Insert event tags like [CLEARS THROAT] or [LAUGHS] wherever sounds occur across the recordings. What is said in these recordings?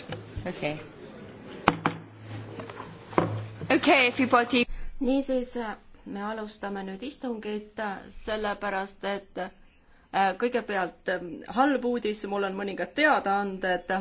okei okay.. okei okay,, everybody. niisiis, äh, me alustame nüüd istungit, äh, sellepärast et äh, kõigepealt halb uudis, mul on mõningad teadaanded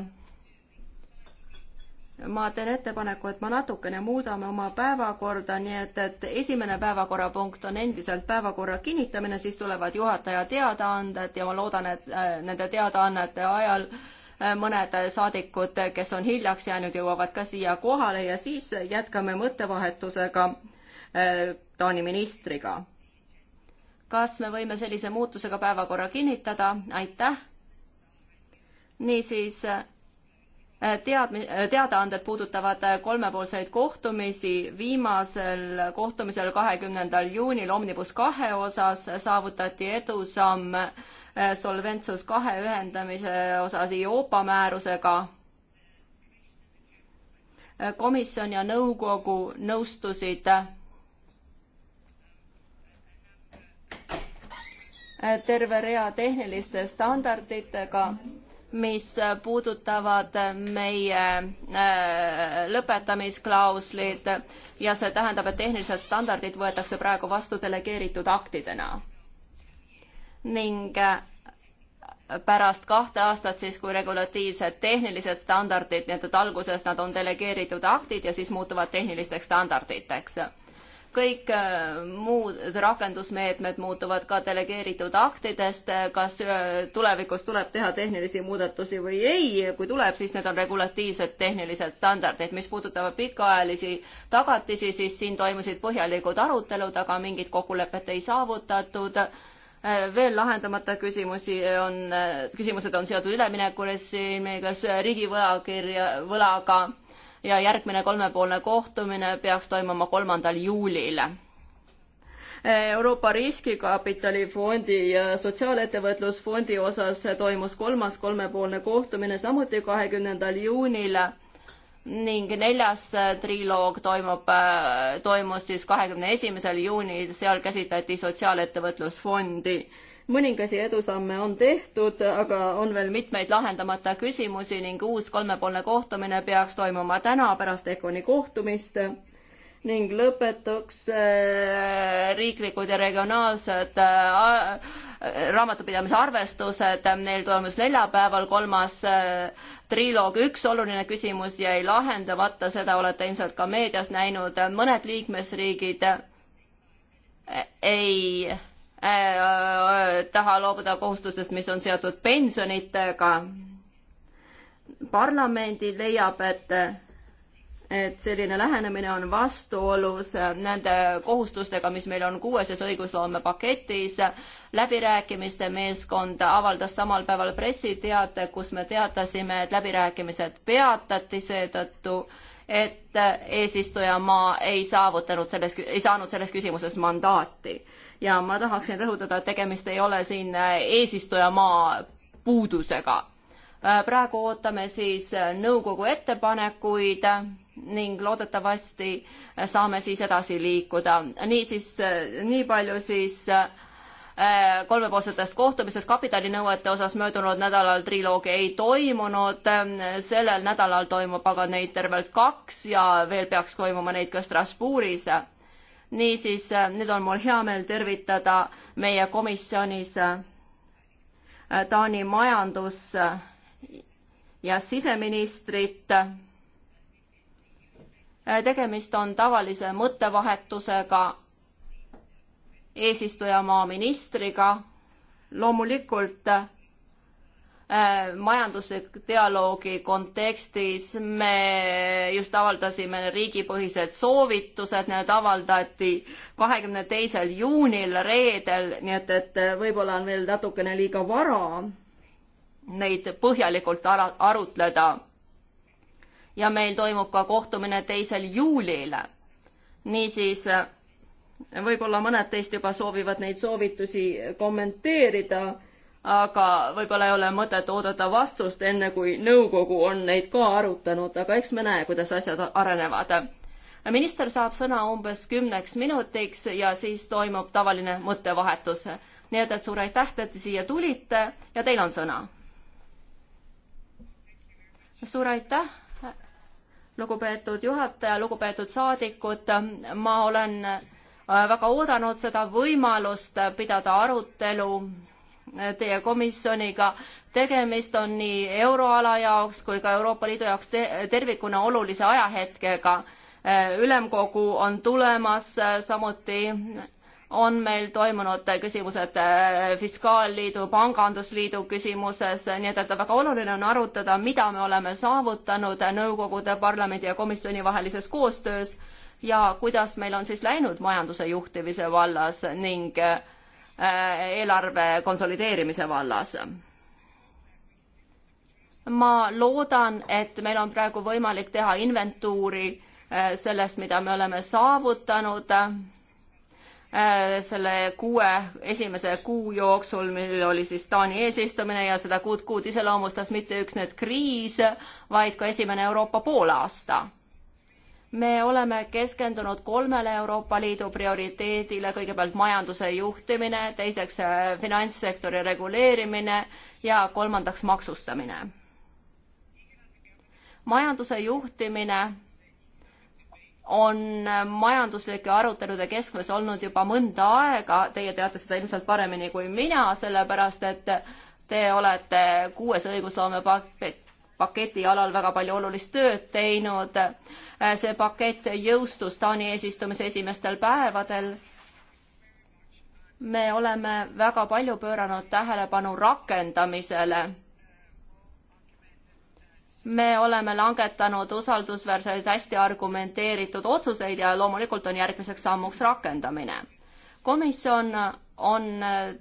ma teen ettepaneku, et ma natukene muudame oma päevakorda, nii et, et esimene päevakorrapunkt on endiselt päevakorra kinnitamine, siis tulevad juhataja teadaanded ja ma loodan, et nende teadaannete ajal äh, Äh, mõned saadikud, kes on hiljaks jäänud, jõuavad ka siia kohale ja siis jätkame mõttevahetusega äh, Taani ministriga. kas me võime sellise muutusega päevakorra kinnitada? aitäh. niisiis äh, tead-, teadaanded puudutavad kolmepoolseid kohtumisi. viimasel kohtumisel, kahekümnendal juunil Omnibus kahe osas saavutati edusamm Äh, Solventsus kahe ühendamise osas Euroopa määrusega. Äh, komisjon ja nõukogu nõustusid äh, terve rea tehniliste standarditega, mis puudutavad meie lõpetamisklauslid ja see tähendab, et tehnilised standardid võetakse praegu vastu delegeeritud aktidena ning äh, pärast kahte aastat siis, kui regulatiivsed tehnilised standardid, nii et alguses nad on delegeeritud aktid ja siis muutuvad tehnilisteks standarditeks. kõik äh, muud rakendusmeetmed muutuvad ka delegeeritud aktidest, äh, kas tulevikus tuleb teha tehnilisi muudatusi või ei, kui tuleb, siis need on regulatiivsed tehnilised standardid. mis puudutavad pikaajalisi tagatisi, siis siin toimusid põhjalikud arutelud, aga mingit kokkulepet ei saavutatud Äh, veel lahendamata küsimusi äh, on, äh, küsimused on seotud üleminekurežiimiga, riigivõlakirja, võlaga ja järgmine kolmepoolne kohtumine peaks toimuma kolmandal juulil. Euroopa Riskikapitalifondi ja Sotsiaalettevõtlusfondi osas toimus kolmas kolmepoolne kohtumine samuti kahekümnendal juunil ning neljas äh, triloog toimub, äh, toimus siis kahekümne esimesel juunil, seal käsitleti sotsiaalettevõtlusfondi. mõningasi edusamme on tehtud, aga on veel mitmeid lahendamata küsimusi ning uus kolmepoolne kohtumine peaks toimuma täna pärast EKONi kohtumist ning lõpetuks äh, riiklikud ja regionaalsed raamatupidamise arvestused, neil toimus neljapäeval kolmas äh, triloog, üks oluline küsimus jäi lahendamata, seda olete ilmselt ka meedias näinud, mõned liikmesriigid äh, ei äh, taha loobuda kohustustest, mis on seotud pensionitega. parlament leiab, et et selline lähenemine on vastuolus nende kohustustega, mis meil on kuueses õigusloomepaketis. läbirääkimiste meeskond avaldas samal päeval pressiteate, kus me teatasime, et läbirääkimised peatati seetõttu, et eesistujamaa ei saavutanud selles, ei saanud selles küsimuses mandaati. ja ma tahaksin rõhutada, et tegemist ei ole siin eesistujamaa puudusega praegu ootame siis nõukogu ettepanekuid ning loodetavasti saame siis edasi liikuda. niisiis, nii palju siis äh, kolmepoolsetest kohtumistest kapitalinõuete osas möödunud nädalal triloogi ei toimunud, sellel nädalal toimub aga neid tervelt kaks ja veel peaks toimuma neid ka Strasbourgis. niisiis, nüüd on mul hea meel tervitada meie komisjonis äh, Taani majandus- ja siseministrit Äh, tegemist on tavalise mõttevahetusega eesistujamaa ministriga. loomulikult äh, majanduslik dialoogi kontekstis me just avaldasime riigipõhised soovitused, need avaldati kahekümne teisel juunil reedel, nii et, et äh, võib-olla on veel natukene liiga vara neid põhjalikult arutleda ja meil toimub ka kohtumine teisel juulil. niisiis võib-olla mõned teist juba soovivad neid soovitusi kommenteerida, aga võib-olla ei ole mõtet oodata vastust, enne kui nõukogu on neid ka arutanud, aga eks me näe, kuidas asjad arenevad. minister saab sõna umbes kümneks minutiks ja siis toimub tavaline mõttevahetus. nii et, et suur aitäh, et te siia tulite ja teil on sõna. suur aitäh lugupeetud juhataja, lugupeetud saadikud, ma olen äh, väga oodanud seda võimalust pidada arutelu äh, teie komisjoniga. tegemist on nii euroala jaoks kui ka Euroopa Liidu jaoks te tervikuna olulise ajahetkega. Äh, ülemkogu on tulemas, samuti on meil toimunud küsimused äh, Fiskaalliidu, Pangandusliidu küsimuses, nii et, et väga oluline on arutada, mida me oleme saavutanud nõukogude, parlamendi ja komisjoni vahelises koostöös ja kuidas meil on siis läinud majanduse juhtimise vallas ning äh, eelarve konsolideerimise vallas ma loodan, et meil on praegu võimalik teha inventuuri äh, sellest, mida me oleme saavutanud Äh, selle kuue, esimese kuu jooksul, mil oli siis Taani eesistumine ja seda kuud, kuud iseloomustas mitte üksnes kriis, vaid ka esimene Euroopa poolaasta. me oleme keskendunud kolmele Euroopa Liidu prioriteedile, kõigepealt majanduse juhtimine, teiseks äh, finantssektori reguleerimine ja kolmandaks maksustamine. majanduse juhtimine on majanduslike arutelude keskmes olnud juba mõnda aega, teie teate seda ilmselt paremini kui mina, sellepärast et te olete kuues õigusloome paketi alal väga palju olulist tööd teinud. see pakett jõustus Taani eesistumise esimestel päevadel. me oleme väga palju pööranud tähelepanu rakendamisele me oleme langetanud usaldusväärseid, hästi argumenteeritud otsuseid ja loomulikult on järgmiseks sammuks rakendamine. komisjon on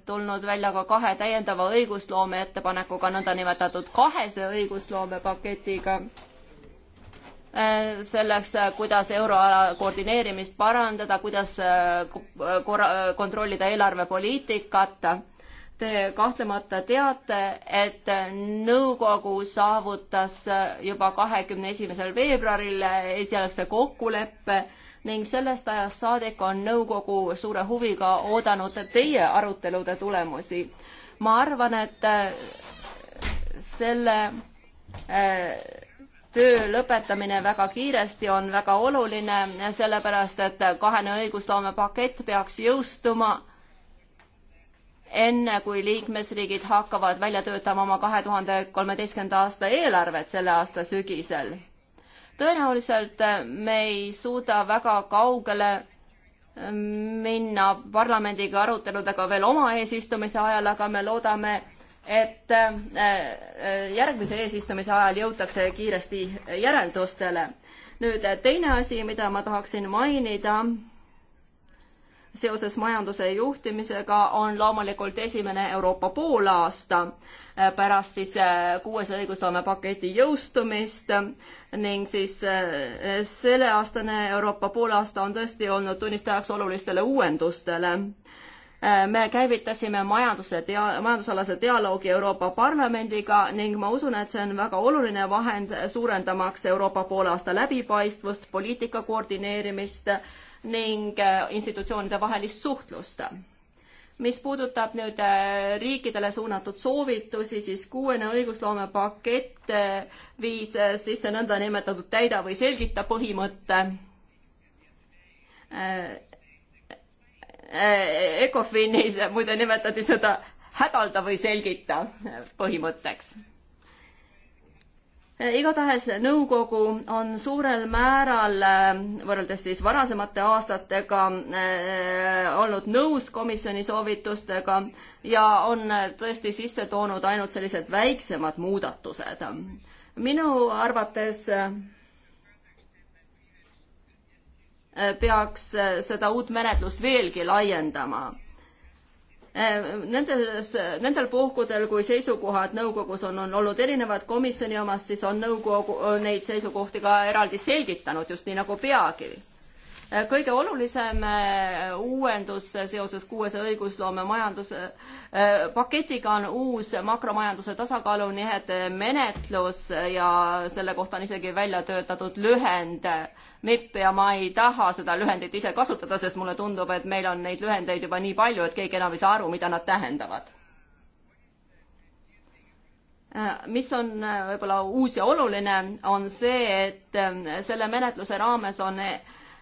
tulnud välja ka kahe täiendava õigusloome ettepanekuga, nõndanimetatud kahese õigusloome paketiga, äh, selleks, kuidas euroala koordineerimist parandada, kuidas äh, korra-, kontrollida eelarvepoliitikat Te kahtlemata teate, et nõukogu saavutas juba kahekümne esimesel veebruaril esialgse kokkuleppe ning sellest ajast saadik on nõukogu suure huviga oodanud teie arutelude tulemusi. ma arvan, et selle äh, töö lõpetamine väga kiiresti on väga oluline, sellepärast et kahene õigusloomepakett peaks jõustuma enne kui liikmesriigid hakkavad välja töötama oma kahe tuhande kolmeteistkümnenda aasta eelarvet selle aasta sügisel. tõenäoliselt me ei suuda väga kaugele minna parlamendiga aruteludega veel oma eesistumise ajal, aga me loodame, et äh, äh, järgmise eesistumise ajal jõutakse kiiresti järeldustele. nüüd teine asi, mida ma tahaksin mainida seoses majanduse juhtimisega on loomulikult esimene Euroopa poolaasta pärast siis äh, kuues õigusloome paketi jõustumist ning siis äh, selleaastane Euroopa poolaasta on tõesti olnud tunnistajaks olulistele uuendustele äh, me käivitasime majanduse dia-, majandusalase dialoogi Euroopa Parlamendiga ning ma usun, et see on väga oluline vahend suurendamaks Euroopa poolaasta läbipaistvust, poliitika koordineerimist ning äh, institutsioonide vahelist suhtlust. mis puudutab nüüd äh, riikidele suunatud soovitusi, siis kuuene õigusloome pakett äh, viis sisse nõndanimetatud täida või selgita põhimõtte. Ecofinis muide nimetati seda hädalda või selgita põhimõtteks Eh, igatahes nõukogu on suurel määral eh, võrreldes siis varasemate aastatega eh, olnud nõus komisjoni soovitustega ja on tõesti sisse toonud ainult sellised väiksemad muudatused. minu arvates peaks seda uut menetlust veelgi laiendama Äh, Nendes, nendel puhkudel, kui seisukohad nõukogus on, on olnud erinevad komisjoni omast, siis on nõukogu äh, neid seisukohti ka eraldi selgitanud, just nii nagu peagi kõige olulisem eh, uuendus seoses kuuese õigusloome majanduse eh, paketiga on uus makromajanduse tasakaalu nihete eh, menetlus ja selle kohta on isegi välja töötatud lühend MIP ja ma ei taha seda lühendit ise kasutada, sest mulle tundub, et meil on neid lühendeid juba nii palju, et keegi enam ei saa aru, mida nad tähendavad mis on võib-olla uus ja oluline, on see, et selle menetluse raames on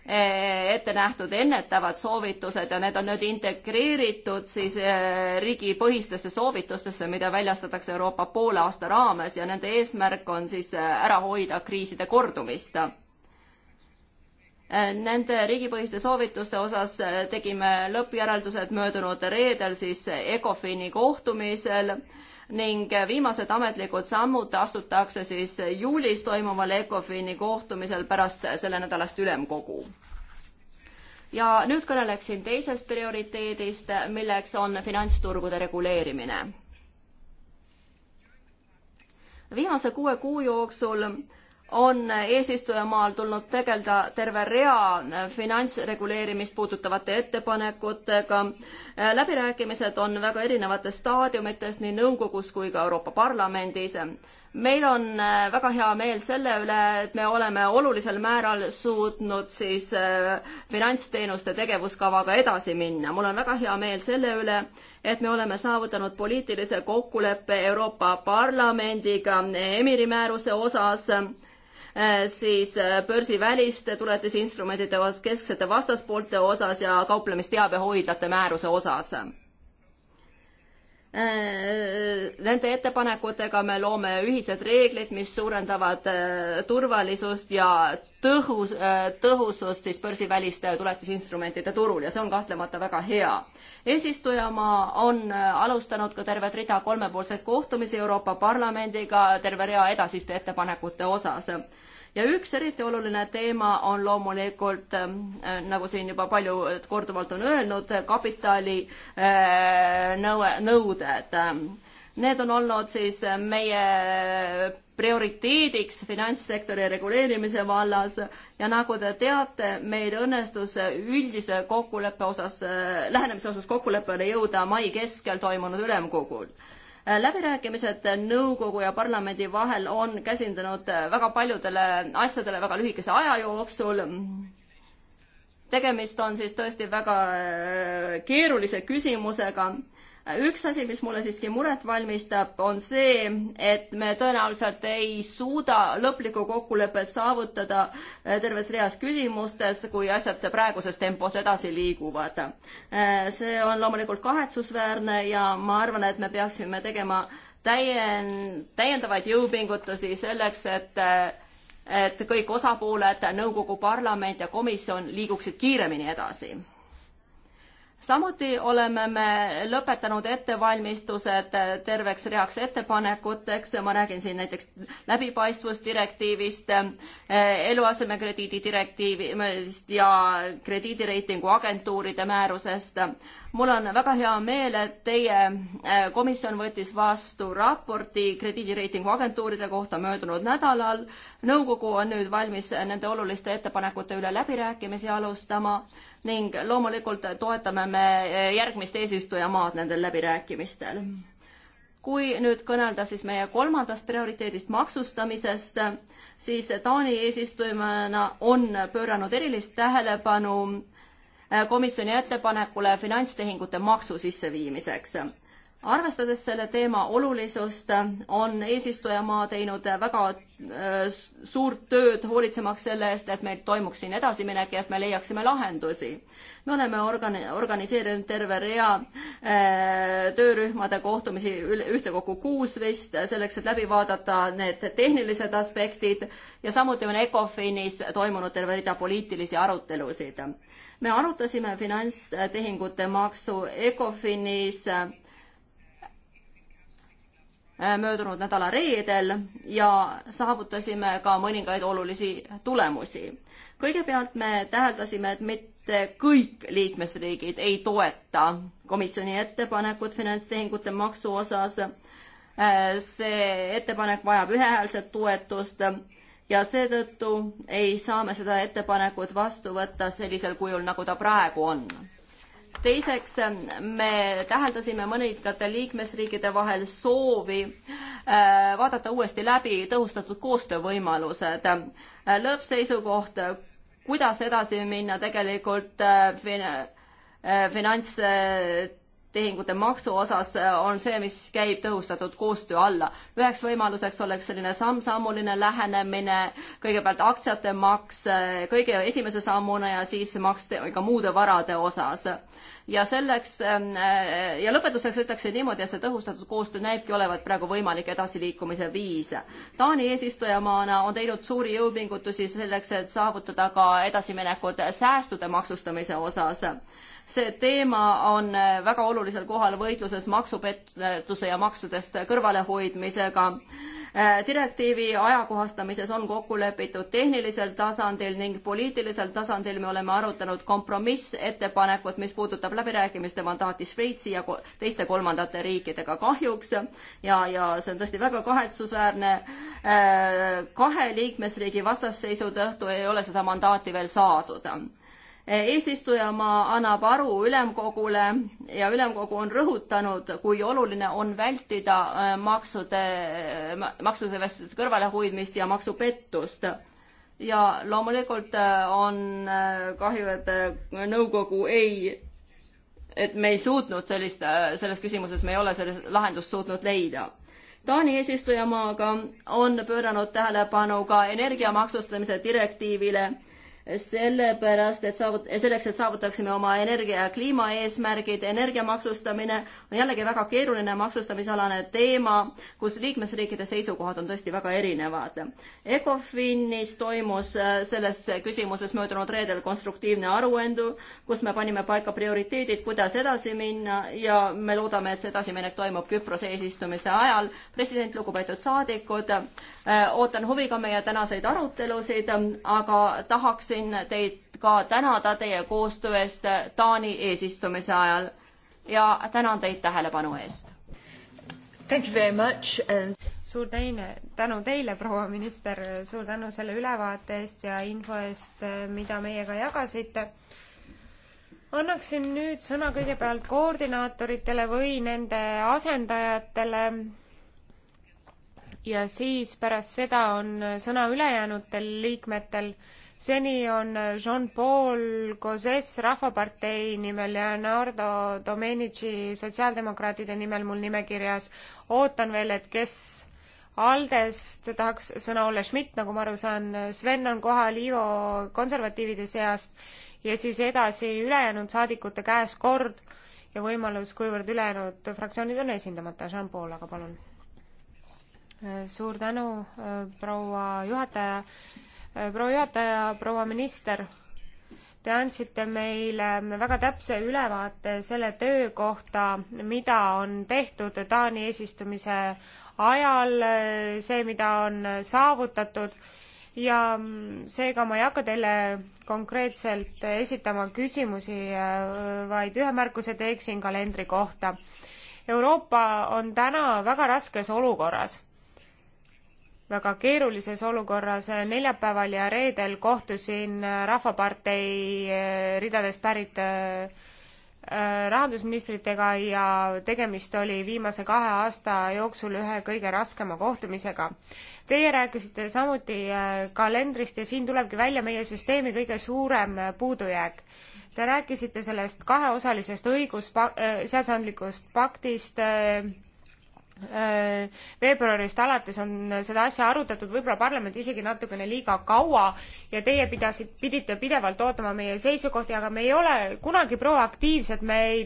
Eh, ette nähtud ennetavad soovitused ja need on nüüd integreeritud siis eh, riigipõhistesse soovitustesse, mida väljastatakse Euroopa poolaasta raames ja nende eesmärk on siis eh, ära hoida kriiside kordumist. Nende riigipõhiste soovituste osas tegime lõppjäreldused möödunud reedel siis ECOFIN-i kohtumisel ning viimased ametlikud sammud astutakse siis juulis toimuval ECOFIN-i kohtumisel pärast sellenädalast ülemkogu. ja nüüd kõneleksin teisest prioriteedist, milleks on finantsturgude reguleerimine. viimase kuue kuu jooksul on eesistujamaal tulnud tegeleda terve rea äh, finantsreguleerimist puudutavate ettepanekutega. Äh, läbirääkimised on väga erinevates staadiumites nii nõukogus kui ka Euroopa Parlamendis. meil on äh, väga hea meel selle üle, et me oleme olulisel määral suutnud siis finantsteenuste tegevuskavaga edasi minna. mul on väga hea meel selle üle, et me oleme saavutanud poliitilise kokkuleppe Euroopa Parlamendiga Emiri määruse osas Äh, siis äh, börsiväliste tuletisinstrumentide osas, kesksete vastaspoolte osas ja kauplemisteabehoidlate määruse osas Äh, nende ettepanekutega me loome ühised reeglid, mis suurendavad äh, turvalisust ja tõhus, äh, tõhusust siis börsiväliste tuletisinstrumentide turul ja see on kahtlemata väga hea. eesistujamaa on alustanud ka tervet rida kolmepoolseid kohtumisi Euroopa Parlamendiga terve rea edasiste ettepanekute osas ja üks eriti oluline teema on loomulikult, ähm, äh, nagu siin juba palju korduvalt on öelnud, kapitali äh, nõue, nõuded. Need on olnud siis meie prioriteediks finantssektori reguleerimise vallas ja nagu te teate, meil õnnestus üldise kokkuleppe osas, lähenemise osas kokkuleppele jõuda mai keskel toimunud ülemkogul Äh, läbirääkimised nõukogu ja parlamendi vahel on käsindanud äh, väga paljudele asjadele väga lühikese aja jooksul. tegemist on siis tõesti väga äh, keerulise küsimusega üks asi, mis mulle siiski muret valmistab, on see, et me tõenäoliselt ei suuda lõplikku kokkulepet saavutada eh, terves reas küsimustes, kui asjad praeguses tempos edasi liiguvad. Eh, see on loomulikult kahetsusväärne ja ma arvan, et me peaksime tegema täien-, täiendavaid jõupingutusi selleks, et eh, et kõik osapooled, nõukogu, parlament ja komisjon liiguksid kiiremini edasi samuti oleme me lõpetanud ettevalmistused terveks reaks ettepanekuteks, ma räägin siin näiteks läbipaistvusdirektiivist, eluasemekrediidi direktiivist ja krediidireitingu agentuuride määrusest mul on väga hea meel, et teie äh, komisjon võttis vastu raporti krediidireitingu agentuuride kohta möödunud nädalal. nõukogu on nüüd valmis nende oluliste ettepanekute üle läbirääkimisi alustama ning loomulikult toetame me äh, järgmist eesistujamaad nendel läbirääkimistel kui nüüd kõnelda siis meie kolmandast prioriteedist maksustamisest, siis Taani eesistujana on pööranud erilist tähelepanu äh, Äh, komisjoni ettepanekule finantstehingute maksu sisseviimiseks. arvestades selle teema olulisust, on eesistujamaa teinud väga äh, suurt tööd hoolitsemaks selle eest, et meil toimuks siin edasiminek ja et me leiaksime lahendusi. me oleme organi-, organiseerinud terve rea äh, töörühmade kohtumisi, ühtekokku kuus vist, selleks, et läbi vaadata need tehnilised aspektid ja samuti on ECOFINis toimunud terve rida poliitilisi arutelusid me arutasime finantstehingute maksu ECOFINis äh, möödunud nädala reedel ja saavutasime ka mõningaid olulisi tulemusi. kõigepealt me täheldasime, et mitte kõik liikmesriigid ei toeta komisjoni ettepanekut finantstehingute maksu osas. Äh, see ettepanek vajab ühehäälset toetust ja seetõttu ei saa me seda ettepanekut vastu võtta sellisel kujul, nagu ta praegu on. teiseks, me täheldasime mõningate liikmesriikide vahel soovi äh, vaadata uuesti läbi tõhustatud koostöövõimalused. lõppseisukoht, kuidas edasi minna tegelikult äh, fin-, äh, finants tehingute maksu osas äh, on see, mis käib tõhustatud koostöö alla. üheks võimaluseks oleks selline samm-sammuline lähenemine, kõigepealt aktsiate maks äh, kõige esimese sammuna ja siis maks ka muude varade osas. ja selleks ähm, äh, ja lõpetuseks ütleksin niimoodi, et see tõhustatud koostöö näibki olevat praegu võimalik edasiliikumise viis. Taani eesistujamaana on teinud suuri jõupingutusi selleks, et saavutada ka edasiminekud säästude maksustamise osas see teema on äh, väga olulisel kohal võitluses maksupettuse ja maksudest kõrvalehoidmisega. Äh, direktiivi ajakohastamises on kokku lepitud tehnilisel tasandil ning poliitilisel tasandil me oleme arutanud kompromissettepanekut, mis puudutab läbirääkimiste mandaati Šveitsi ja teiste kolmandate riikidega kahjuks ja, ja see on tõesti väga kahetsusväärne. Äh, kahe liikmesriigi vastasseisu tõttu ei ole seda mandaati veel saadud eesistujamaa annab aru ülemkogule ja ülemkogu on rõhutanud, kui oluline on vältida äh, maksude, maksudest kõrvalehoidmist ja maksupettust. ja loomulikult äh, on äh, kahju, et nõukogu ei, et me ei suutnud sellist, selles küsimuses me ei ole sellist lahendust suutnud leida Taani eesistujamaaga on pööranud tähelepanu ka energiamaksustamise direktiivile sellepärast, et saavut-, selleks, et saavutaksime oma energia ja kliimaeesmärgid, energia maksustamine on jällegi väga keeruline maksustamisalane teema, kus liikmesriikide seisukohad on tõesti väga erinevad. ECOFINis toimus äh, selles küsimuses möödunud reedel konstruktiivne aruandu, kus me panime paika prioriteedid, kuidas edasi minna ja me loodame, et see edasiminek toimub Küprose eesistumise ajal. president, lugupeetud saadikud, äh, ootan huviga meie tänaseid arutelusid, aga tahaksin tahaksin teid ka tänada teie koostöö eest Taani eesistumise ajal ja tänan teid tähelepanu eest. And... suur teine, tänu teile, proua minister, suur tänu selle ülevaate eest ja info eest, mida meiega jagasite annaksin nüüd sõna kõigepealt koordinaatoritele või nende asendajatele ja siis pärast seda on sõna ülejäänutel liikmetel seni on Jean-Paul Gauzes Rahvapartei nimel ja Leonardo Domenici sotsiaaldemokraatide nimel mul nimekirjas. ootan veel, et kes Aldest tahaks sõna Olle Schmidt, nagu ma aru saan, Sven on kohal Ivo konservatiivide seast ja siis edasi ülejäänud saadikute käes kord ja võimalus, kuivõrd ülejäänud fraktsioonid on esindamata. Jean-Paul, aga palun. suur tänu, proua juhataja Äh, proua juhataja, proua minister, te andsite meile väga täpse ülevaate selle töö kohta, mida on tehtud Taani eesistumise ajal, see, mida on saavutatud ja seega ma ei hakka teile konkreetselt esitama küsimusi, äh, vaid ühe märkuse teeksin kalendri kohta. Euroopa on täna väga raskes olukorras väga keerulises olukorras. neljapäeval ja reedel kohtusin Rahvapartei eh, ridadest pärit eh, eh, rahandusministritega ja tegemist oli viimase kahe aasta jooksul ühe kõige raskema kohtumisega. Teie rääkisite samuti kalendrist ja siin tulebki välja meie süsteemi kõige suurem puudujääk. Te rääkisite sellest kaheosalisest õigus, seadusandlikust paktist Äh, veebruarist alates on seda asja arutatud võib-olla parlament isegi natukene liiga kaua ja teie pidasid, pidite pidevalt ootama meie seisukohti, aga me ei ole kunagi proaktiivsed, me ei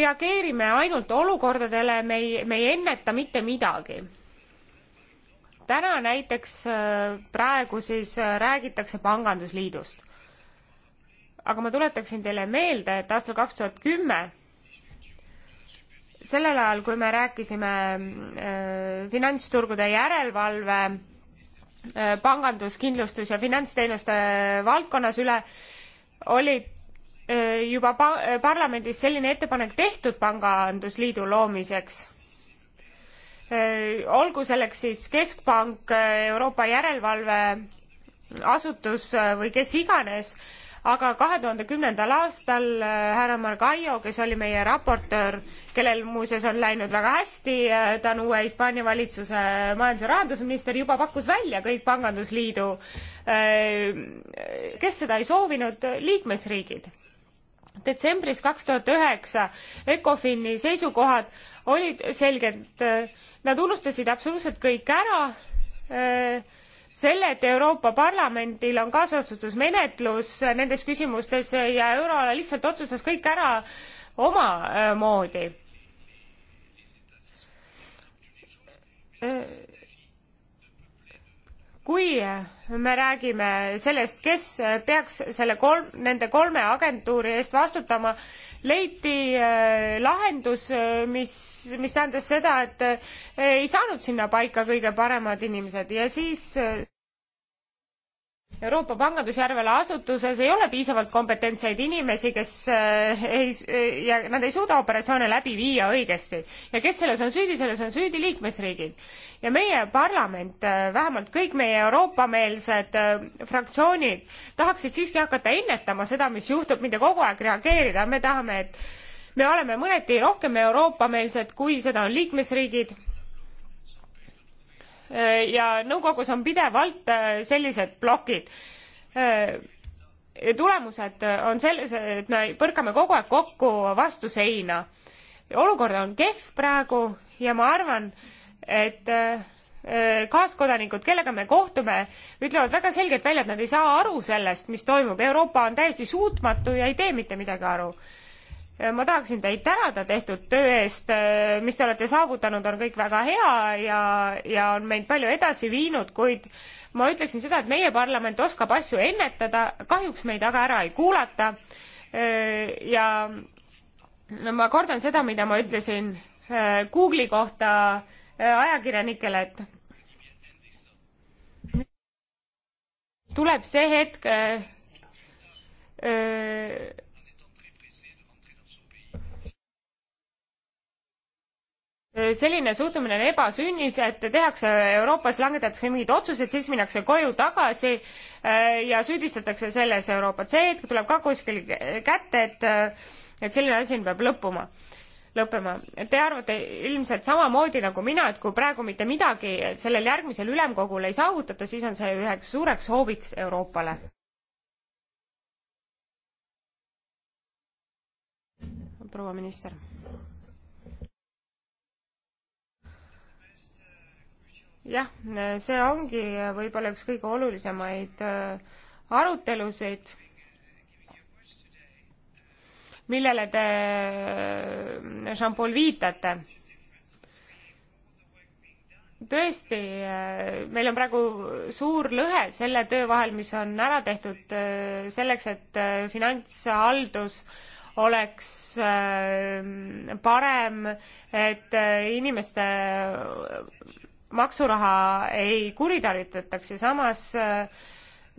reageerime ainult olukordadele, me ei, me ei enneta mitte midagi. täna näiteks äh, praegu siis äh, räägitakse pangandusliidust. aga ma tuletaksin teile meelde, et aastal kaks tuhat kümme sellel ajal, kui me rääkisime äh, finantsturgude järelevalve äh, pangandus, kindlustus ja finantsteenuste valdkonnas üle, oli äh, juba pa-, parlamendis selline ettepanek tehtud pangandusliidu loomiseks. olgu selleks siis Keskpank, Euroopa Järelevalveasutus või kes iganes aga kahe tuhande kümnendal aastal äh, härra Margallo, kes oli meie raportöör, kellel muuseas on läinud väga hästi, äh, ta on uue Hispaania valitsuse majandus- ja rahandusminister, juba pakkus välja kõik pangandusliidu, äh, kes seda ei soovinud, liikmesriigid detsembris kaks tuhat üheksa ECOFIN-i seisukohad olid selged, nad unustasid absoluutselt kõik ära selle, et Euroopa Parlamendil on kaasotsustusmenetlus nendes küsimustes ja euroala lihtsalt otsustas kõik ära omamoodi äh, kui me räägime sellest, kes peaks selle kolm, nende kolme agentuuri eest vastutama, leiti äh, lahendus, äh, mis, mis tähendas seda, et äh, ei saanud sinna paika kõige paremad inimesed ja siis Euroopa Pangandusjärvele asutuses ei ole piisavalt kompetentseid inimesi, kes eh, ei, eh, ja nad ei suuda operatsioone läbi viia õigesti. ja kes selles on süüdi, selles on süüdi liikmesriigid. ja meie parlament, eh, vähemalt kõik meie Euroopa-meelsed fraktsioonid tahaksid siiski hakata ennetama seda, mis juhtub, mitte kogu aeg reageerida, me tahame, et me oleme mõneti rohkem Euroopa-meelsed, kui seda on liikmesriigid Äh, ja nõukogus on pidevalt äh, sellised plokid. Äh, tulemused on selles, et me põrkame kogu aeg kokku vastu seina. olukord on kehv praegu ja ma arvan, et kaaskodanikud, kellega me kohtume, ütlevad väga selgelt välja, et nad ei saa aru sellest, mis toimub. Euroopa on täiesti suutmatu ja ei tee mitte midagi aru ma tahaksin teid tänada tehtud töö eest, äh, mis te olete saavutanud, on kõik väga hea ja, ja on meid palju edasi viinud, kuid ma ütleksin seda, et meie parlament oskab asju ennetada, kahjuks meid aga ära ei kuulata. Äh, ja ma kordan seda, mida ma ütlesin äh, Google'i kohta ajakirjanikele, et tuleb see hetk, Äh, selline suhtumine on ebasünnis, et tehakse Euroopas, langetatakse mingid otsused, siis minnakse koju tagasi äh, ja süüdistatakse selles Euroopat. see hetk tuleb ka kuskil kätte, et, äh, et selline asi peab lõppuma, lõppema. Te arvate ilmselt samamoodi nagu mina, et kui praegu mitte midagi sellel järgmisel ülemkogul ei saavutata, siis on see üheks suureks hoobiks Euroopale. proua minister jah, see ongi võib-olla üks kõige olulisemaid äh, arutelusid, millele te, äh, Jean-Paul, viitate. tõesti, äh, meil on praegu suur lõhe selle töö vahel, mis on ära tehtud selleks, et finantshaldus oleks parem, et inimeste maksuraha ei kuritarvitataks ja samas äh,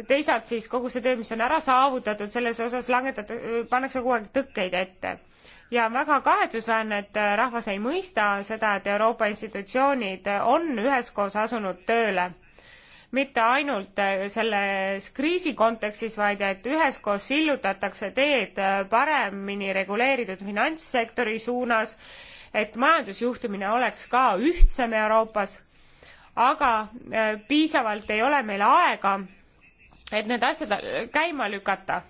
teisalt siis kogu see töö, mis on ära saavutatud, selles osas langetada, äh, pannakse kogu aeg tõkkeid ette. ja on väga kahetsusväärne, et äh, rahvas ei mõista seda, et Euroopa institutsioonid on üheskoos asunud tööle mitte ainult selles kriisi kontekstis, vaid et üheskoos sillutatakse teed paremini reguleeritud finantssektori suunas, et majandusjuhtimine oleks ka ühtsem Euroopas aga äh, piisavalt ei ole meil aega, et need asjad äh, käima lükata.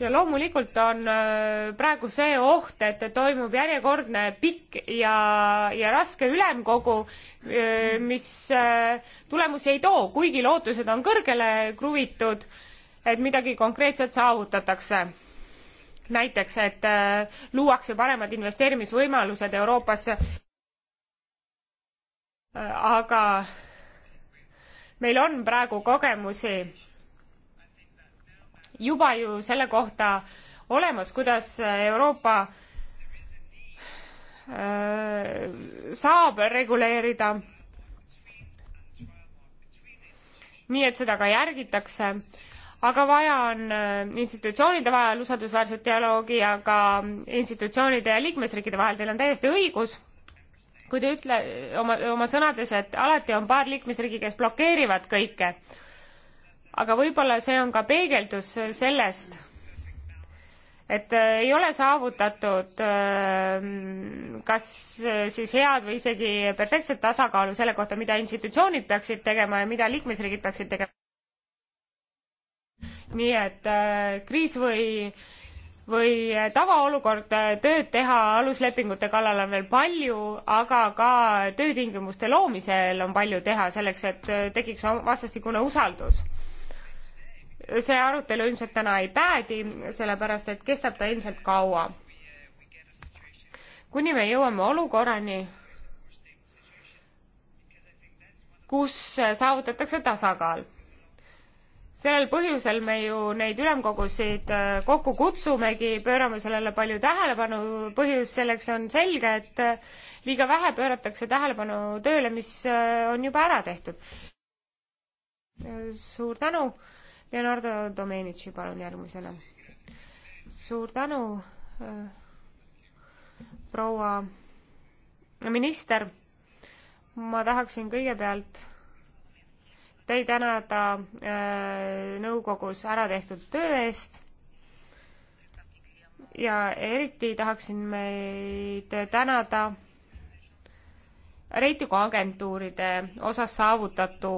ja loomulikult on äh, praegu see oht, et toimub järjekordne pikk ja, ja raske ülemkogu, mis tulemusi ei too, kuigi lootused on kõrgele kruvitud, et midagi konkreetset saavutatakse näiteks, et äh, luuakse paremad investeerimisvõimalused Euroopasse. Äh, aga meil on praegu kogemusi juba ju selle kohta olemas, kuidas Euroopa äh, saab reguleerida. nii et seda ka järgitakse aga vaja on äh, institutsioonide vahel usaldusväärset dialoogi ja ka institutsioonide ja liikmesriikide vahel, teil on täiesti õigus, kui te ütle oma, oma sõnades, et alati on paar liikmesriigi, kes blokeerivad kõike. aga võib-olla see on ka peegeldus sellest, et äh, ei ole saavutatud äh, kas siis head või isegi perfektset tasakaalu selle kohta, mida institutsioonid peaksid tegema ja mida liikmesriigid peaksid tegema nii et äh, kriis või või tavaolukord, äh, tööd teha aluslepingute kallal on veel palju, aga ka töötingimuste loomisel on palju teha selleks, et äh, tekiks vastastikune usaldus. see arutelu ilmselt täna ei päädi, sellepärast et kestab ta ilmselt kaua. kuni me jõuame olukorrani, kus saavutatakse tasakaal sellel põhjusel me ju neid ülemkogusid äh, kokku kutsumegi, pöörame sellele palju tähelepanu, põhjus selleks on selge, et äh, liiga vähe pööratakse tähelepanu tööle, mis äh, on juba ära tehtud. suur tänu, Leonardo Domenici, palun järgmisena. suur tänu, proua minister, ma tahaksin kõigepealt teid tänada äh, nõukogus ära tehtud töö eest ja eriti tahaksin meid tänada reitinguagentuuride osas saavutatu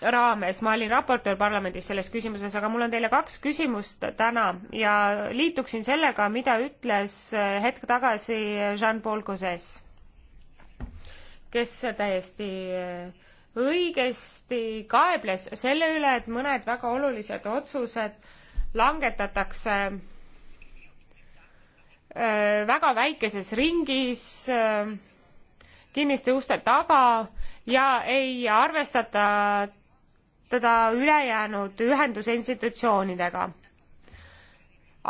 raames, ma olin raportöör parlamendis selles küsimuses, aga mul on teile kaks küsimust täna ja liituksin sellega, mida ütles äh, hetk tagasi Jean-Paul Gauzes, kes täiesti äh, õigesti kaebles selle üle, et mõned väga olulised otsused langetatakse äh, väga väikeses ringis, äh, kinniste uste taga ja ei arvestata teda ülejäänud ühenduse institutsioonidega.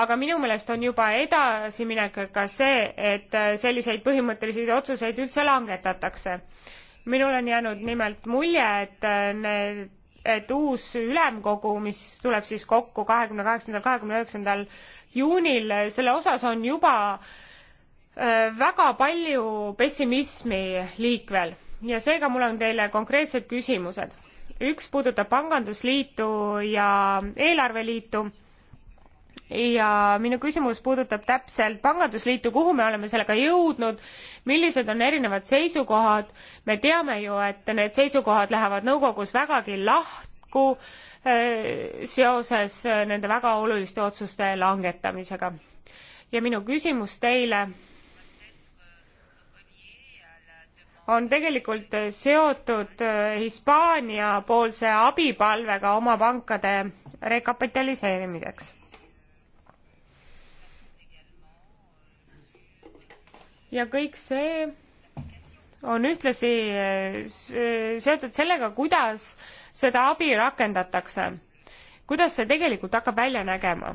aga minu meelest on juba edasiminek ka see, et selliseid põhimõttelisi otsuseid üldse langetatakse minul on jäänud nimelt mulje, et äh, need, et uus ülemkogu, mis tuleb siis kokku kahekümne kaheksandal, kahekümne üheksandal juunil, selle osas on juba äh, väga palju pessimismi liikvel ja seega mul on teile konkreetsed küsimused. üks puudutab pangandusliitu ja eelarveliitu ja minu küsimus puudutab täpselt pangandusliitu, kuhu me oleme sellega jõudnud, millised on erinevad seisukohad, me teame ju, et need seisukohad lähevad nõukogus vägagi lahku äh, seoses äh, nende väga oluliste otsuste langetamisega. ja minu küsimus teile on tegelikult äh, seotud Hispaania poolse abipalvega oma pankade rekapitaliseerimiseks ja kõik see on ühtlasi eh, seotud sellega, kuidas seda abi rakendatakse, kuidas see tegelikult hakkab välja nägema.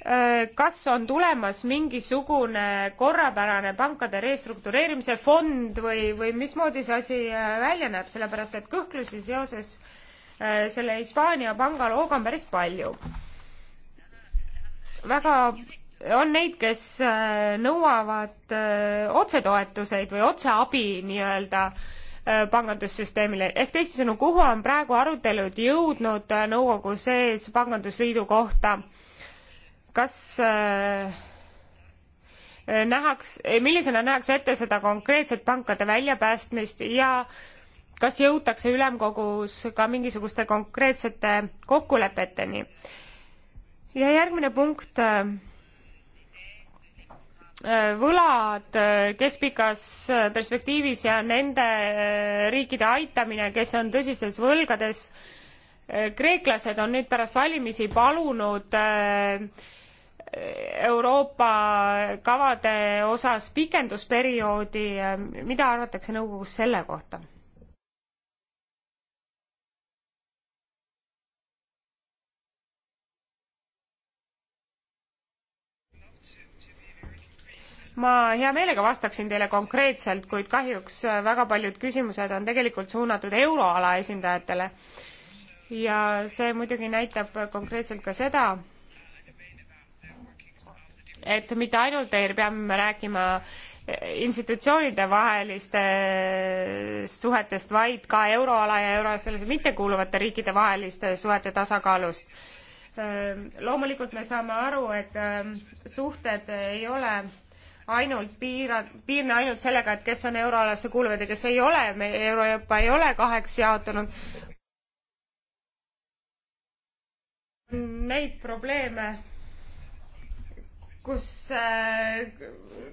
Eh, kas on tulemas mingisugune korrapärane pankade restruktureerimise fond või, või mismoodi see asi eh, välja näeb, sellepärast et kõhklusi seoses selle Hispaania panga looga on päris palju. väga on neid, kes äh, nõuavad äh, otsetoetuseid või otseabi nii-öelda äh, pangandussüsteemile, ehk teisisõnu, kuhu on praegu arutelud jõudnud nõukogu sees pangandusliidu kohta? kas äh, nähaks, millisena nähakse ette seda konkreetset pankade väljapäästmist ja kas jõutakse ülemkogus ka mingisuguste konkreetsete kokkulepeteni? ja järgmine punkt äh, Äh, võlad äh, keskpikas äh, perspektiivis ja nende riikide aitamine, kes on tõsistes võlgades. kreeklased on nüüd pärast valimisi palunud Euroopa kavade osas pikendusperioodi. mida arvatakse nõukogus selle kohta? ma hea meelega vastaksin teile konkreetselt, kuid kahjuks väga paljud küsimused on tegelikult suunatud euroala esindajatele. ja see muidugi näitab konkreetselt ka seda, et mitte ainult ei pea me rääkima institutsioonide vahelistest suhetest, vaid ka euroala ja eurosalasse mittekuuluvate riikide vaheliste suhete tasakaalust loomulikult me saame aru, et ähm, suhted ei ole ainult piira, piirne ainult sellega, et kes on euroalasse kuuluvad ja kes ei ole, me Euroopa ei ole kaheks jaotunud. Neid probleeme, kus äh,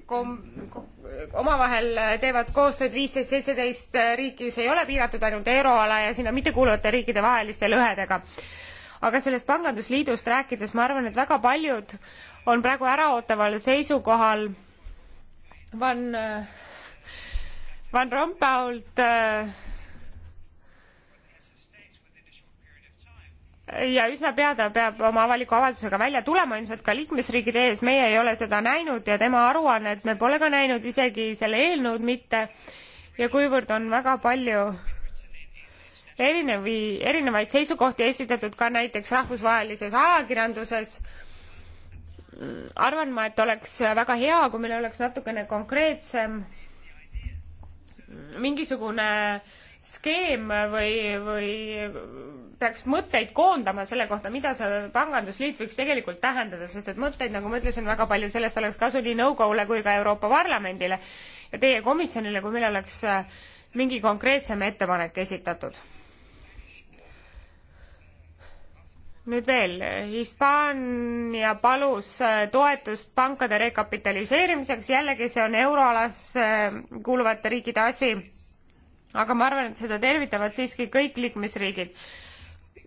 kom-, kom, omavahel teevad koostööd viisteist, seitseteist riiki, see ei ole piiratud ainult euroala ja sinna mittekuuluvate riikide vaheliste lõhedega aga sellest pangandusliidust rääkides ma arvan et väga paljud on praegu äraootaval seisukohal Van, eh, Van Rompuilt eh, ja üsna pea ta peab oma avaliku avaldusega välja tulema ilmselt ka liikmesriigide ees, meie ei ole seda näinud ja tema aruannet me pole ka näinud, isegi selle eelnõud mitte. ja kuivõrd on väga palju erinevi, erinevaid seisukohti esitatud ka näiteks rahvusvahelises ajakirjanduses arvan ma, et oleks väga hea, kui meil oleks natukene konkreetsem mingisugune skeem või, või peaks mõtteid koondama selle kohta, mida see pangandusliit võiks tegelikult tähendada, sest et mõtteid, nagu ma ütlesin, väga palju, sellest oleks kasu nii nõukogule kui ka Euroopa Parlamendile ja teie komisjonile, kui meil oleks mingi konkreetsem ettepanek esitatud nüüd veel, Hispaania palus äh, toetust pankade rekapitaliseerimiseks, jällegi see on euroalasse äh, kuuluvate riikide asi, aga ma arvan, et seda tervitavad siiski kõik liikmesriigid.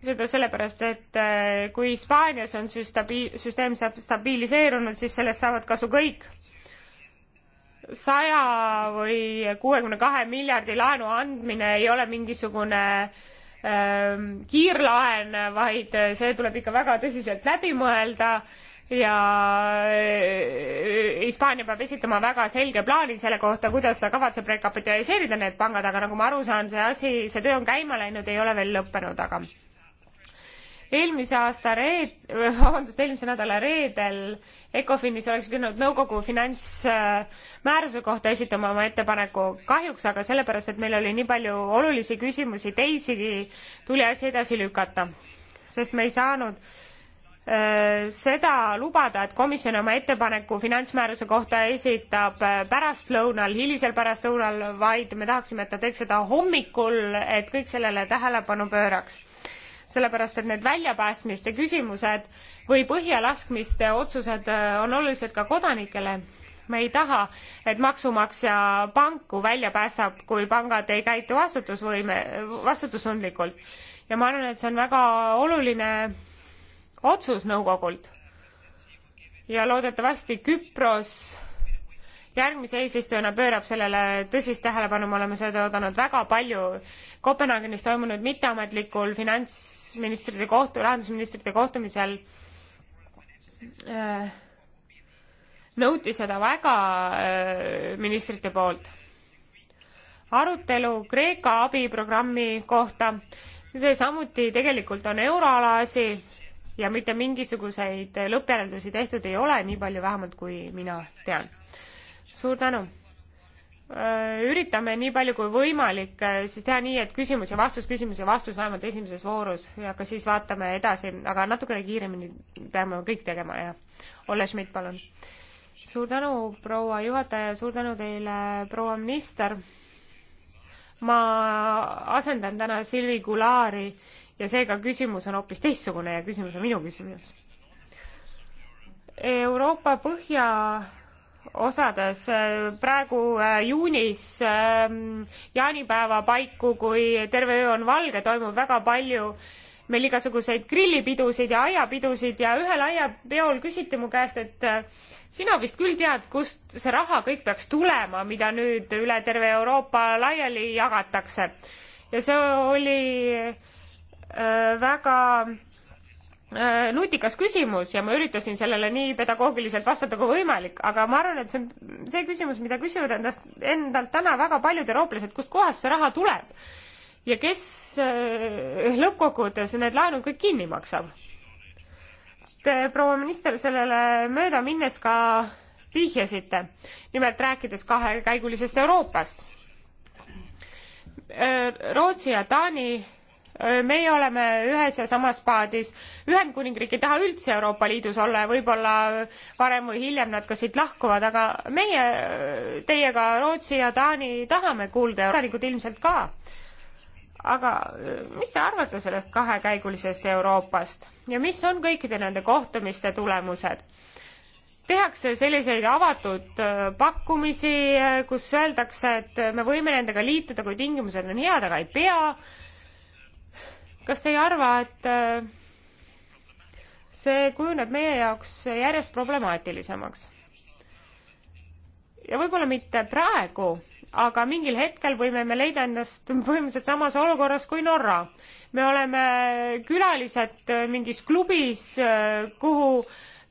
seda sellepärast, et äh, kui Hispaanias on siis stabi-, süsteem saab stabiliseerunud, siis sellest saavad kasu kõik. saja või kuuekümne kahe miljardi laenu andmine ei ole mingisugune äh, Ähm, kiirlaen, vaid see tuleb ikka väga tõsiselt läbi mõelda ja äh, Hispaania peab esitama väga selge plaani selle kohta, kuidas ta kavatseb rekapitaliseerida need pangad, aga nagu ma aru saan, see asi, see töö on käima läinud, ei ole veel lõppenud, aga eelmise aasta reed-, [LAUGHS] vabandust, eelmise nädala reedel ECOFINis oleks pidanud nõukogu finantsmääruse kohta esitama oma ettepaneku. kahjuks aga sellepärast, et meil oli nii palju olulisi küsimusi teisigi, tuli asi edasi lükata, sest me ei saanud äh, seda lubada, et komisjon oma ettepaneku finantsmääruse kohta esitab äh, pärastlõunal, hilisel pärastlõunal, vaid me tahaksime, et ta teeks seda hommikul, et kõik sellele tähelepanu pööraks sellepärast et need väljapäästmiste küsimused või põhjalaskmiste otsused äh, on olulised ka kodanikele me ei taha et maksumaksja panku välja päästab kui pangad ei käitu vastutusvõime vastutustundlikult ja ma arvan et see on väga oluline otsus nõukogult ja loodetavasti küpros järgmise eesistujana pöörab sellele tõsist tähelepanu, me oleme seda oodanud väga palju. Kopenhaagenis toimunud mitteametlikul finantsministrite kohtu, rahandusministrite kohtumisel äh, nõuti seda väga äh, ministrite poolt. arutelu Kreeka abiprogrammi kohta, see samuti tegelikult on euroala asi ja mitte mingisuguseid lõppjäreldusi tehtud ei ole, nii palju vähemalt, kui mina tean suur tänu! Äh, üritame nii palju kui võimalik äh, siis teha nii, et küsimus ja vastus, küsimus ja vastus vähemalt esimeses voorus ja ka siis vaatame edasi, aga natukene kiiremini peame kõik tegema ja Olle Schmidt, palun. suur tänu, proua juhataja, suur tänu teile, proua minister. ma asendan täna Silvi Kulaari ja seega küsimus on hoopis teistsugune ja küsimus on minu küsimus. Euroopa põhja osades äh, praegu äh, juunis ähm, jaanipäeva paiku, kui terve öö on valge, toimub väga palju meil igasuguseid grillipidusid ja aiapidusid ja ühel aiapeol küsiti mu käest, et äh, sina vist küll tead, kust see raha kõik peaks tulema, mida nüüd üle terve Euroopa laiali jagatakse. ja see oli väga Äh, nutikas küsimus ja ma üritasin sellele nii pedagoogiliselt vastata kui võimalik, aga ma arvan, et see on see küsimus, mida küsivad endast, endalt täna väga paljud eurooplased, kustkohast see raha tuleb ja kes äh, lõppkokkuvõttes need laenud kõik kinni maksab. Te, proua minister, sellele mööda minnes ka vihjasite, nimelt rääkides kahekäigulisest Euroopast. Äh, Rootsi ja Taani meie oleme ühes ja samas paadis. Ühendkuningriik ei taha üldse Euroopa Liidus olla ja võib-olla varem või hiljem nad ka siit lahkuvad, aga meie teiega, Rootsi ja Taani, tahame kuulda ja kodanikud ilmselt ka. aga äh, mis te arvate sellest kahekäigulisest Euroopast ja mis on kõikide nende kohtumiste tulemused? tehakse selliseid avatud äh, pakkumisi, äh, kus öeldakse, et me võime nendega liituda, kui tingimused on head, aga ei pea kas te ei arva, et äh, see kujuneb meie jaoks järjest problemaatilisemaks? ja võib-olla mitte praegu, aga mingil hetkel võime me leida ennast põhimõtteliselt samas olukorras kui Norra. me oleme külalised mingis klubis, äh, kuhu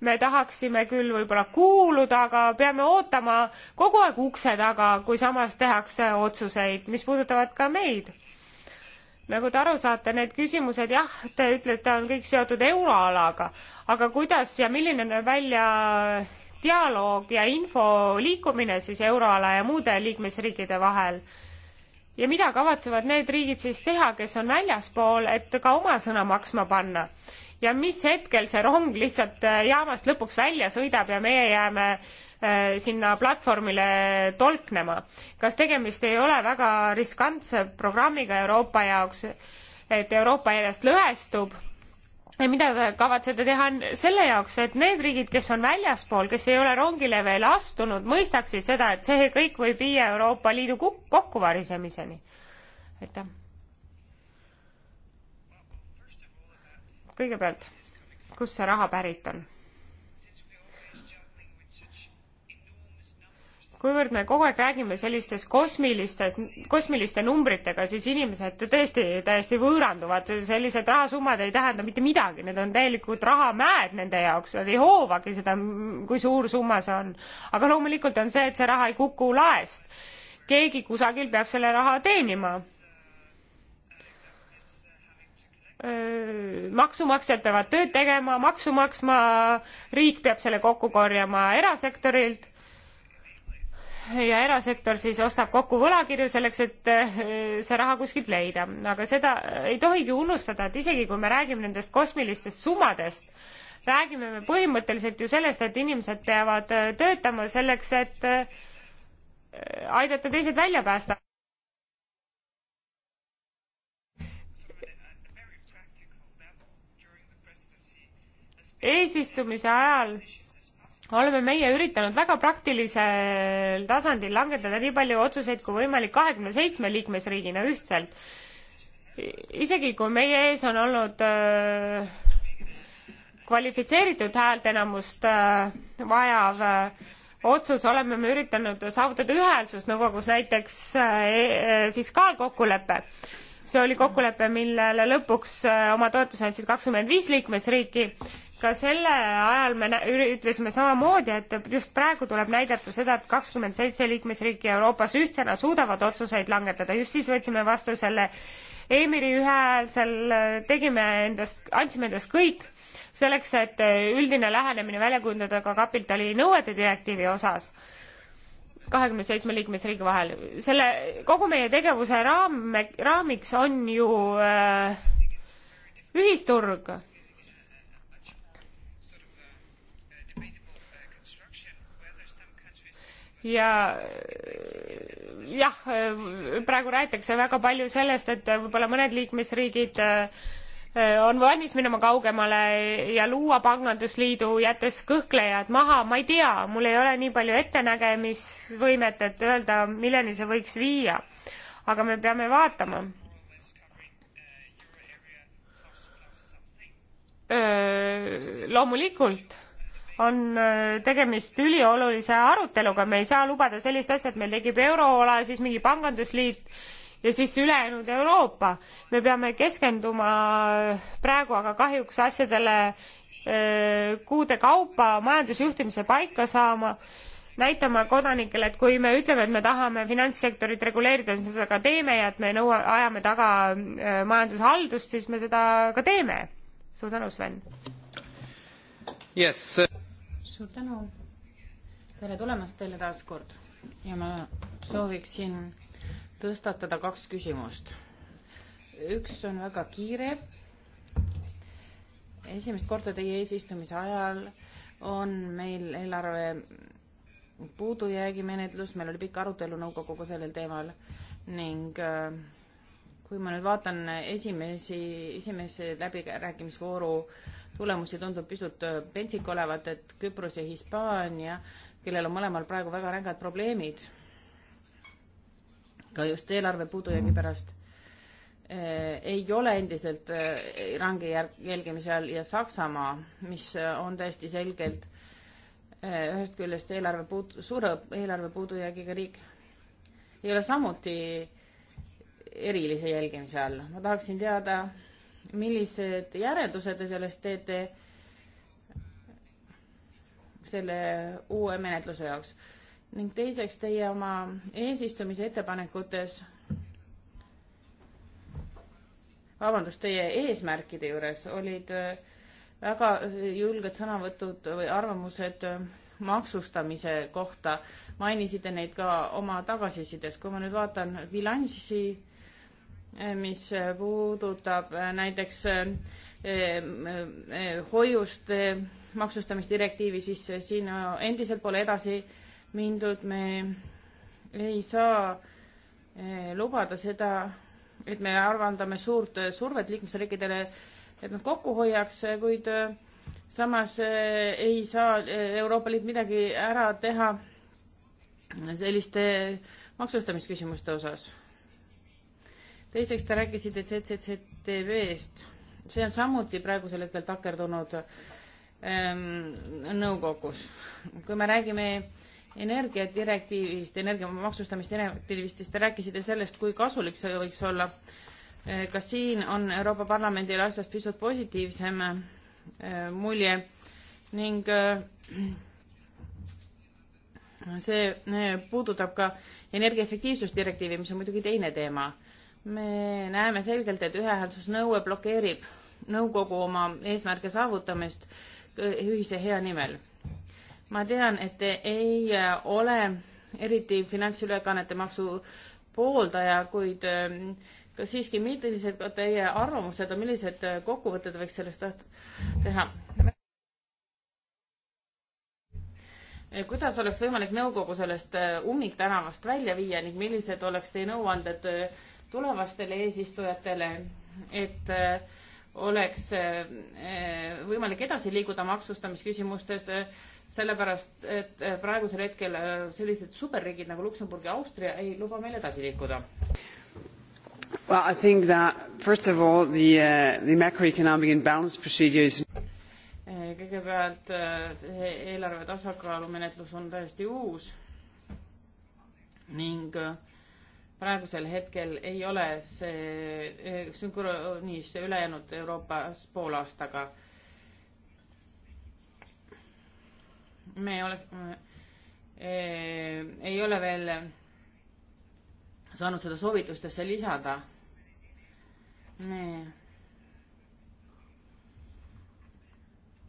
me tahaksime küll võib-olla kuuluda, aga peame ootama kogu aeg ukse taga, kui samas tehakse otsuseid, mis puudutavad ka meid nagu te aru saate, need küsimused, jah, te ütlete, on kõik seotud euroalaga, aga kuidas ja milline näeb välja dialoog ja info liikumine siis euroala ja muude liikmesriikide vahel? ja mida kavatsevad need riigid siis teha, kes on väljaspool, et ka oma sõna maksma panna? ja mis hetkel see rong lihtsalt jaamast lõpuks välja sõidab ja meie jääme äh, Äh, sinna platvormile tolknema. kas tegemist ei ole väga riskantse programmiga Euroopa jaoks, et Euroopa järjest lõhestub? ja mida te kavatsete teha selle jaoks, et need riigid, kes on väljaspool, kes ei ole rongile veel astunud, mõistaksid seda, et see kõik võib viia Euroopa Liidu kokkuvarisemiseni? aitäh. kõigepealt, kust see raha pärit on? kuivõrd me kogu aeg räägime sellistes kosmilistes, kosmiliste numbritega, siis inimesed tõesti täiesti võõranduvad, sellised rahasummad ei tähenda mitte midagi, need on täielikud rahamäed nende jaoks, nad ei hoovagi seda, kui suur summa see on. aga loomulikult on see, et see raha ei kuku laest. keegi kusagil peab selle raha teenima maksumaksjad peavad tööd tegema, maksu maksma, riik peab selle kokku korjama erasektorilt ja erasektor siis ostab kokku võlakirju selleks, et eh, see raha kuskilt leida. aga seda ei tohigi unustada, et isegi kui me räägime nendest kosmilistest summadest, räägime me põhimõtteliselt ju sellest, et inimesed peavad eh, töötama selleks, et eh, aidata teised välja päästa. eesistumise ajal oleme meie üritanud väga praktilisel tasandil langetada nii palju otsuseid kui võimalik kahekümne seitsme liikmesriigina ühtselt. isegi kui meie ees on olnud öö, äh, kvalifitseeritud häälteenamust äh, vajav äh, otsus oleme me üritanud saavutada ühehäälsust nõukogus näiteks e, e, fiskaalkokkulepe see oli kokkulepe millele lõpuks oma toetuse andsid kakskümmend viis liikmesriiki ka selle ajal me ütlesime samamoodi, et just praegu tuleb näidata seda, et kakskümmend seitse liikmesriiki Euroopas ühtsena suudavad otsuseid langetada, just siis võtsime vastu selle Emiri ühehäälsel, tegime endast, andsime endast kõik selleks, et üldine lähenemine välja kujundada ka kapitalinõuete direktiivi osas kahekümne seitsme liikmesriigi vahel. selle, kogu meie tegevuse raam, raamiks on ju äh, ühisturg ja äh, jah, äh, praegu räägitakse väga palju sellest, et äh, võib-olla mõned liikmesriigid on valmis minema kaugemale ja luua pangandusliidu, jättes kõhklejad maha, ma ei tea, mul ei ole nii palju ettenägemisvõimet, et öelda, milleni see võiks viia. aga me peame vaatama. loomulikult on äh, tegemist üliolulise aruteluga, me ei saa lubada sellist asja, et meil tekib euroala, siis mingi pangandusliit ja siis ülejäänud Euroopa. me peame keskenduma äh, praegu aga kahjuks asjadele äh, kuude kaupa majandusjuhtimise paika saama, näitama kodanikele, et kui me ütleme, et me tahame finantssektorit reguleerida, siis me seda ka teeme ja et me nõua, ajame taga majandushaldust, siis me seda ka teeme. suur tänu, Sven! Yes suur tänu. tere tulemast teile taas kord ja ma sooviksin tõstatada kaks küsimust. üks on väga kiire. esimest korda teie eesistumise ajal on meil eelarve puudujäägi menetlus, meil oli pikk arutelu nõukoguga sellel teemal ning äh, kui ma nüüd vaatan esimesi, esimese läbirääkimisvooru äh, tulemusi tundub pisut äh, pentsik olevat, et Küpros ja Hispaania, kellel on mõlemal praegu väga rängad probleemid, ka just eelarve puudujäägi pärast, äh, ei ole endiselt äh, range jälgimise all ja Saksamaa, mis on täiesti selgelt ühest küljest eelarve puud-, suure eelarve puudujäägiga riik, ei ole samuti erilise jälgimise all. ma tahaksin teada, millised järeldused te sellest teete selle uue menetluse jaoks? ning teiseks, teie oma eesistumise ettepanekutes, vabandust, teie eesmärkide juures olid äh, väga julged sõnavõtud või arvamused äh, maksustamise kohta, mainisite neid ka oma tagasisides. kui ma nüüd vaatan bilanssi, mis puudutab äh, näiteks äh, äh, hoiuste maksustamisdirektiivi, siis siin endiselt pole edasi mindud, me ei saa lubada seda, et me arvandame suurt survet liikmesriikidele, et nad kokku hoiaks, kuid samas ei saa Euroopa Liit midagi ära teha selliste maksustamisküsimuste osas teiseks te rääkisite CCCTV-st, see on samuti praegusel hetkel takerdunud ähm, nõukogus. kui me räägime energiadirektiivist, energia maksustamist direktiivist, siis te rääkisite sellest, kui kasulik see võiks olla. Eh, kas siin on Euroopa Parlamendil asjast pisut positiivsem äh, mulje ning äh, see puudutab ka energiaefektiivsusdirektiivi, mis on muidugi teine teema äh, me näeme selgelt, et ühehäälsusnõue blokeerib nõukogu oma eesmärke saavutamist äh, ühise hea nimel. ma tean, et te ei äh, ole eriti finantsülekannete maksu pooldaja, kuid äh, kas siiski, millised teie arvamused on, millised kokkuvõtted võiks sellest teha? kuidas oleks võimalik nõukogu sellest ummiktänavast välja viia ning millised oleks teie nõuanded no tulevastele eesistujatele, et äh, oleks äh, võimalik edasi liiguda maksustamisküsimustes, äh, sellepärast et praegusel hetkel sellised superriigid nagu Luksemburg ja Austria ei luba meil edasi liikuda. Well, I think that first of all the uh, the macroeconomic imbalance procedure is kõigepealt see eelarve tasakaalu menetlus on täiesti uus ning uh, praegusel hetkel ei ole see eh, sünkroniis ülejäänud Euroopas poolaastaga. me ole- eh,, ei ole veel saanud seda soovitustesse lisada. me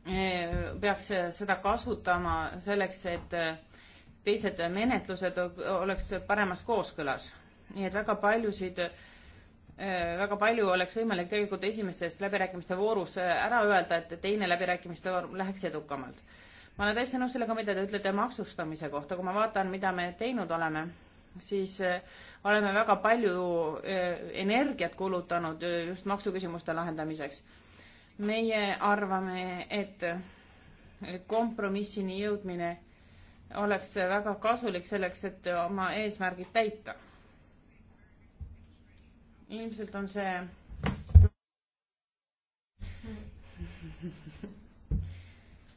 eh, peaks seda kasutama selleks, et teised menetlused oleks paremas kooskõlas nii et väga paljusid, äh, väga palju oleks võimalik tegelikult esimeses läbirääkimiste voorus äh, ära öelda, et teine läbirääkimiste voor läheks edukamalt. ma olen täiesti nõus sellega, mida te ütlete maksustamise kohta, kui ma vaatan, mida me teinud oleme, siis äh, oleme väga palju energiat kulutanud just maksuküsimuste lahendamiseks. meie arvame, et kompromissini jõudmine oleks väga kasulik selleks, et oma eesmärgid täita ilmselt on see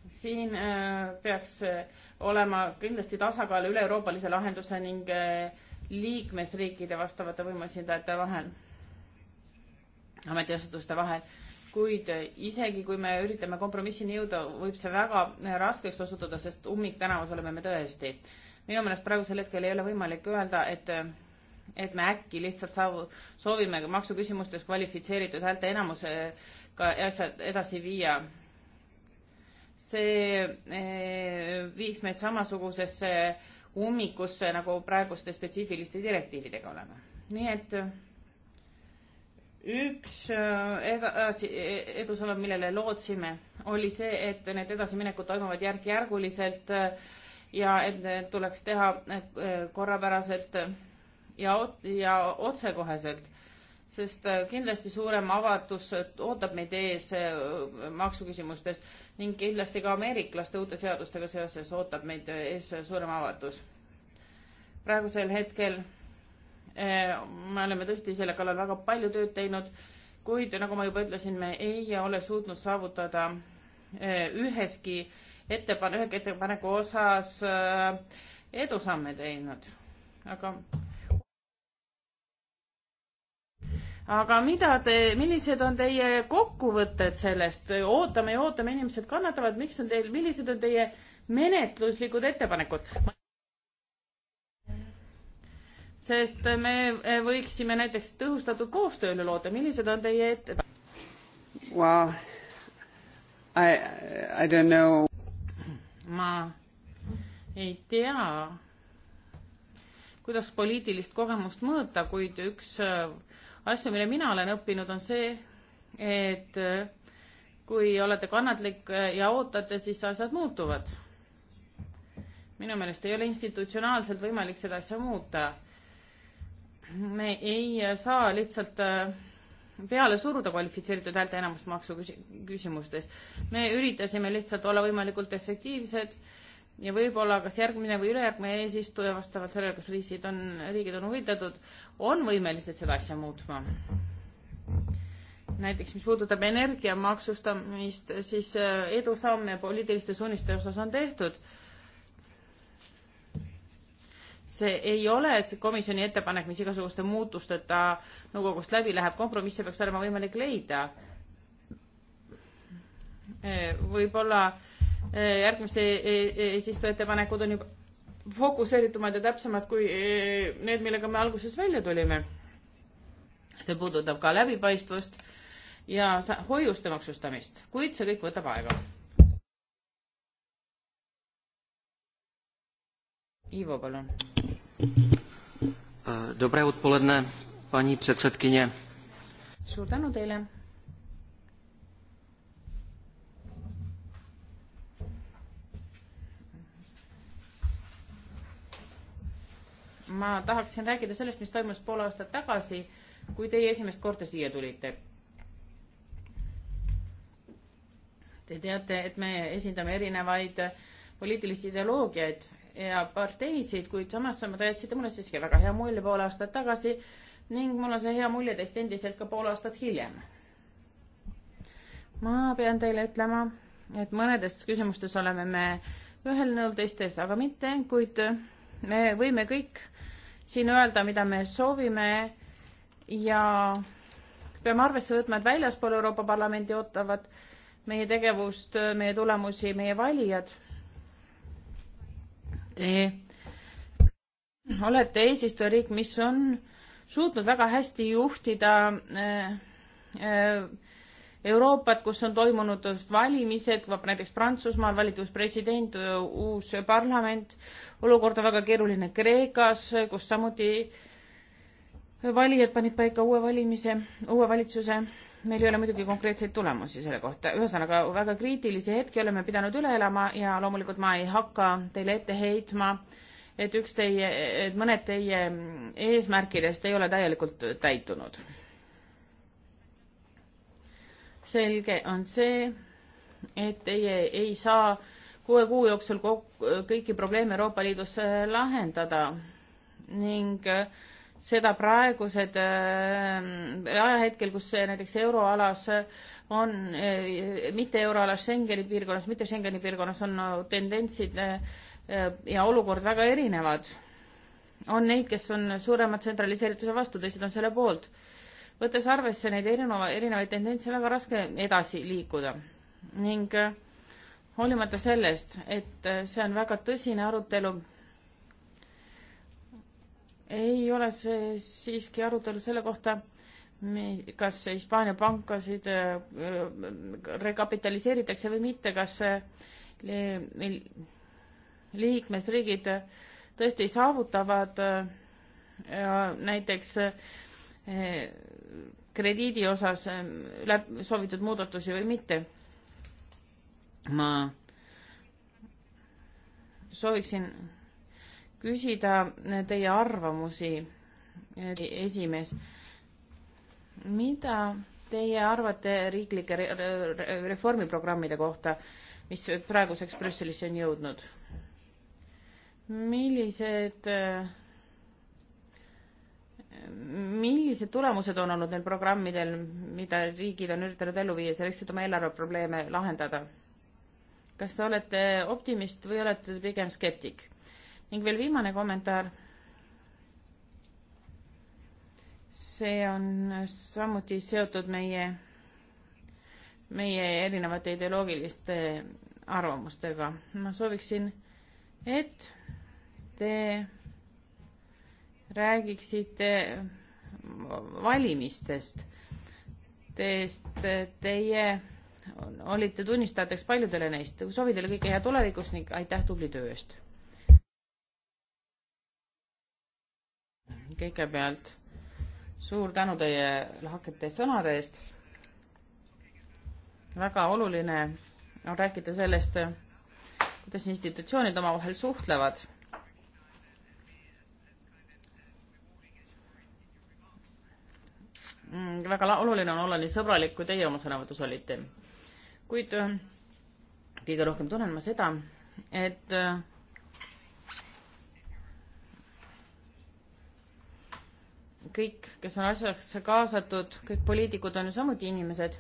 siin äh, peaks äh, olema kindlasti tasakaal üle-euroopalise lahenduse ning äh, liikmesriikide vastavate võimuesindajate vahel, ametiasutuste vahel. kuid isegi, kui me üritame kompromissini jõuda, võib see väga raskeks osutuda, sest ummiktänavas oleme me tõesti. minu meelest praegusel hetkel ei ole võimalik öelda, et et me äkki lihtsalt saavu-, soovime maksuküsimustes kvalifitseeritud häälteenamusega asjad edasi viia. see eh, viiks meid samasugusesse ummikusse, nagu praeguste spetsiifiliste direktiividega oleme. nii et üks eh, edasi, eh, edusamm, millele lootsime, oli see, et need edasiminekud toimuvad järk-järguliselt ja et tuleks teha korrapäraselt ja, ja otsekoheselt, sest äh, kindlasti suurem avatus äh, ootab meid ees äh, maksuküsimustes ning kindlasti ka ameeriklaste uute seadustega seoses ootab meid ees suurem avatus. praegusel hetkel me oleme tõesti selle kallal väga palju tööd teinud, kuid nagu ma juba ütlesin, me ei ole suutnud saavutada üheski ettepan-, ühegi ettepaneku osas edusamme teinud. aga aga mida te, millised on teie kokkuvõtted sellest, ootame ja ootame, inimesed kannatavad, miks on teil, millised on teie menetluslikud ettepanekud? sest me võiksime näiteks tõhustatud koostööle loota, millised on teie ette- well,? I, I don't know. ma ei tea, kuidas poliitilist kogemust mõõta, kuid üks äh, asju, mille mina olen õppinud, on see, et äh, kui olete kannatlik äh, ja ootate, siis asjad muutuvad. minu meelest ei ole institutsionaalselt võimalik seda asja muuta. me ei äh, saa lihtsalt peale suruda kvalifitseeritud häälteenamust maksuküsimustes. me üritasime lihtsalt olla võimalikult efektiivsed ja võib-olla kas järgmine või ülejärgmine eesistuja vastavalt sellele, kas riigid on, riigid on huvitatud, on võimelised seda asja muutma. näiteks, mis puudutab energia maksustamist, siis äh, edusamme poliitiliste suuniste osas on tehtud. see ei ole see komisjoni ettepanek, mis igasuguste muutusteta nõukogust läbi läheb, kompromisse peaks olema võimalik leida. Äh, võib-olla äh, järgmiste e-, e-, eesistuja ettepanekud on juba fookuseeritumad ja täpsemad kui e, need, millega me alguses välja tulime. see puudutab ka läbipaistvust ja hoiuste maksustamist, kuid see kõik võtab aega. Ivo, palun. Äh, dobré odpoledne, paní předsedkyně. suur tänu teile ma tahaksin rääkida sellest, mis toimus pool aastat tagasi, kui teie esimest korda siia tulite. Te teate, et me esindame erinevaid poliitilisi ideoloogiaid ja parteisid, kuid samas te jätsite mulle siiski väga hea mulje pool aastat tagasi ning mul on see hea mulje teist endiselt ka pool aastat hiljem. ma pean teile ütlema, et mõnedes küsimustes oleme me ühel nõul, teistes aga mitte, kuid me võime kõik siin öelda, mida me soovime ja peame arvesse võtma, et väljaspool Euroopa Parlamendi ootavad meie tegevust, meie tulemusi, meie valijad. Te olete eesistujariik, mis on suutnud väga hästi juhtida äh, äh, Euroopat, kus on toimunud valimised, näiteks Prantsusmaal valitud president, uus parlament, olukord on väga keeruline Kreekas, kus samuti valijad panid paika uue valimise, uue valitsuse. meil ei ole muidugi konkreetseid tulemusi selle kohta, ühesõnaga väga kriitilisi hetki oleme pidanud üle elama ja loomulikult ma ei hakka teile ette heitma, et üks teie, et mõned teie eesmärkidest ei ole täielikult täitunud selge on see, et teie ei saa kuue kuu jooksul kõiki probleeme Euroopa Liidus äh, lahendada ning äh, seda praegused äh, ajahetkel, kus näiteks euroalas on äh,, mitte euroalas Schengeni piirkonnas, mitte Schengeni piirkonnas on tendentsid äh, äh, ja olukord väga erinevad. on neid, kes on suurema tsentraliseerituse vastu, teised on selle poolt äh, võttes arvesse neid erineva, erinevaid tendentse, väga raske edasi liikuda. ning äh, hoolimata sellest, et äh, see on väga tõsine arutelu, ei ole see siiski arutelu selle kohta, kas Hispaania pankasid äh, rekapitaliseeritakse või mitte, kas liikmesriigid tõesti saavutavad näiteks krediidi osas ähm, läb-, soovitud muudatusi või mitte. ma sooviksin küsida teie arvamusi, e-, esimees. mida teie arvate riiklike re re reformiprogrammide kohta, mis praeguseks Brüsselisse on jõudnud? millised äh, millised tulemused on olnud neil programmidel, mida riigid on üritanud ellu viia selleks, et oma eelarveprobleeme lahendada? kas te olete optimist või olete pigem skeptik? ning veel viimane kommentaar. see on samuti seotud meie, meie erinevate ideoloogiliste arvamustega. ma sooviksin, et te räägiksite valimistest, sest teie olite tunnistajateks paljudele neist. soovin teile kõike head tulevikus ning aitäh tubli töö eest. kõigepealt suur tänu teie lahkete sõnade eest. väga oluline on rääkida sellest, kuidas institutsioonid omavahel suhtlevad Mm, väga oluline on olla nii sõbralik, kui teie oma sõnavõtus olite. kuid äh, kõige rohkem tunnen ma seda, et äh, kõik, kes on asjasse kaasatud, kõik poliitikud on ju samuti inimesed.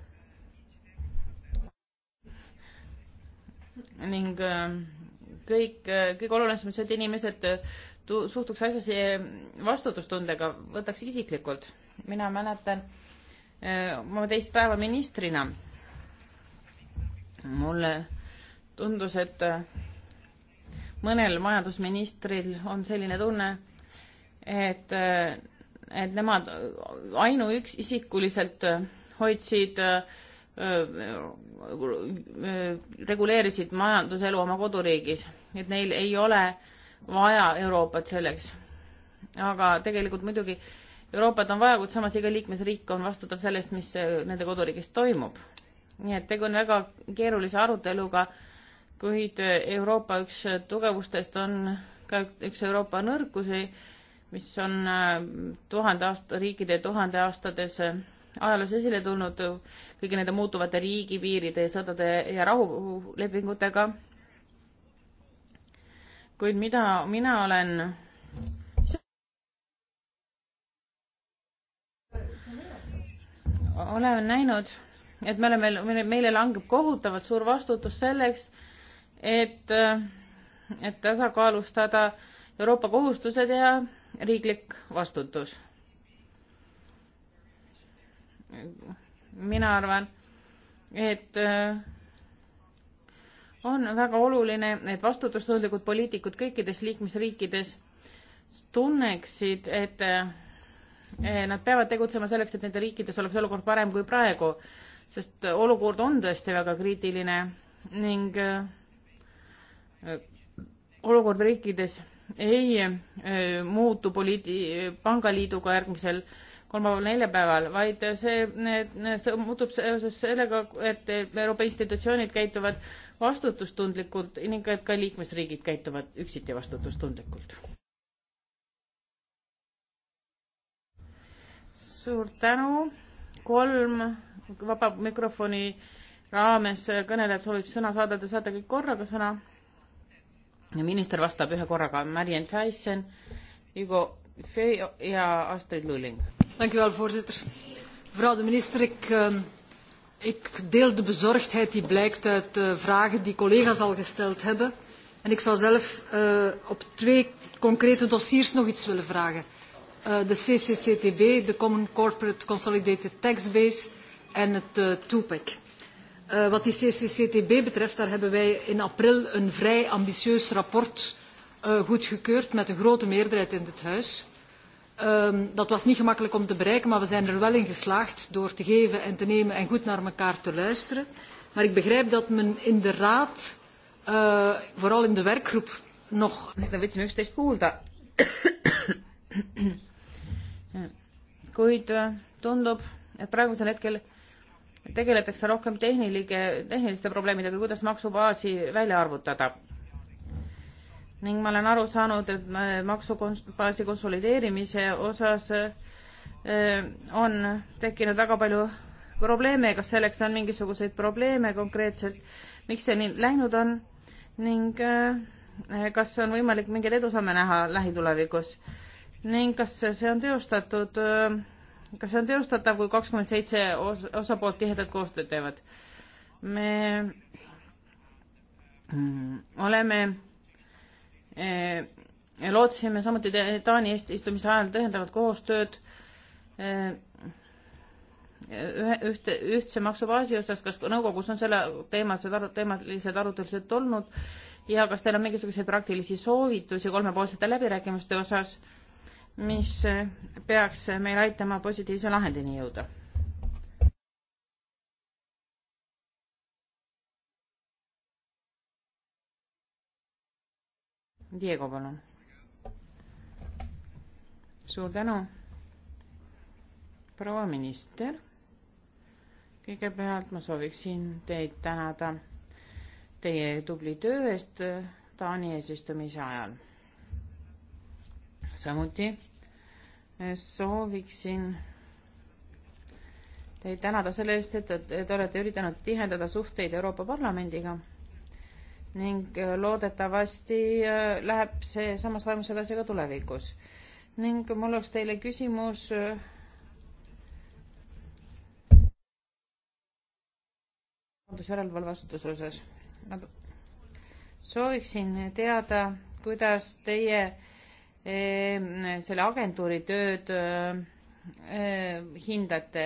ning äh, kõik, kõige olulisem on see, et inimesed suhtuks asjasse vastutustundega, võtaks isiklikult mina mäletan eh, oma teist päeva ministrina. mulle tundus, et eh, mõnel majandusministril on selline tunne, et, eh, et nemad ainuüksisikuliselt hoidsid reguleerisid majanduselu oma koduriigis, et neil ei ole vaja Euroopat selleks. aga tegelikult muidugi äh, Euroopat on vaja, kuid samas iga liikmesriik on vastutav selle eest, mis nende koduriigis toimub. nii et tegu on väga keerulise aruteluga, kuid Euroopa üks tugevustest on ka üks Euroopa nõrkusi, mis on äh, tuhande aasta, riikide tuhandeaastades äh, ajaloos esile tulnud kõigi nende muutuvate riigipiiride ja sõdade ja rahulepingutega. kuid mida mina olen oleme näinud, et me oleme, meile langeb kohutavalt suur vastutus selleks, et, et tasakaalustada Euroopa kohustused ja riiklik vastutus. mina arvan, et on väga oluline, et vastutustundlikud poliitikud kõikides liikmesriikides tunneksid, et Eh, nad peavad tegutsema selleks, et nende riikides oleks olukord parem kui praegu, sest olukord on tõesti väga kriitiline ning eh, olukord riikides ei eh, muutu poliiti-, pangaliiduga järgmisel kolmapäeval, neljapäeval, vaid see, see muutub seoses sellega, et Euroopa institutsioonid käituvad vastutustundlikult ning et ka liikmesriigid käituvad üksiti vastutustundlikult. suur tänu, kolm vaba mikrofoni raames kõnelejad soovib sõna saada, te saate kõik korraga sõna. ja minister vastab ühe korraga, Mariann Tyson, Hugo Fee ja Astrid Luling. Mevrouw de minister, ik, uh, ik deel de bezorgdheid die blijkt uit de vragen die collega's al gesteld hebben. En ik zou zelf uh, op twee concrete dossiers nog iets willen vragen. Uh, uh, de CCCTB, de Common Corporate Consolidated Tax Base en het uh, eh, TOEPAC. Uh, eh, wat die CCCTB betreft, daar hebben wij in april een vrij ambitieus rapport uh, goedgekeurd met een grote meerderheid in dit huis. Um, dat was niet gemakkelijk om te bereiken, maar we zijn er wel in geslaagd door te geven en te nemen en goed naar elkaar te luisteren. Maar ik begrijp dat men in de raad, uh, vooral in de werkgroep, nog... Dan weet je nog steeds kuulda kuid äh, tundub, et praegusel hetkel tegeletakse rohkem tehnilike, tehniliste probleemidega, kuidas maksubaasi välja arvutada. ning ma olen aru saanud, et äh, maksubaasi konsolideerimise osas äh, on tekkinud väga palju probleeme, kas selleks on mingisuguseid probleeme konkreetselt, miks see nii läinud on ning kas on võimalik mingeid edusamme näha lähitulevikus? ning kas see on teostatud, äh, kas see on teostatav, kui kakskümmend seitse osapoolt tihedat koostööd teevad? me mm, oleme, äh, lootsime samuti Taani eestistumise ajal täiendavat koostööd äh, ühe, ühte, ühtse maksubaasi osas, kas nõukogus on selle teemalised aru-, teemalised arutelused olnud ja kas teil on mingisuguseid praktilisi soovitusi kolmepoolsete läbirääkimiste osas äh, mis peaks meil aitama positiivse lahendini jõuda. Diego, palun. suur tänu, proua minister. kõigepealt ma sooviksin teid tänada teie tubli töö eest Taani eesistumise ajal samuti eh, sooviksin teid tänada selle eest, et te olete üritanud tihendada suhteid Euroopa Parlamendiga ning eh, loodetavasti eh, läheb see samas vaimus edasi ka tulevikus. ning mul oleks teile küsimus kaubandusjärelevalve asutuse osas. ma sooviksin teada, kuidas teie Ehm, selle agentuuri tööd ehm, hindate?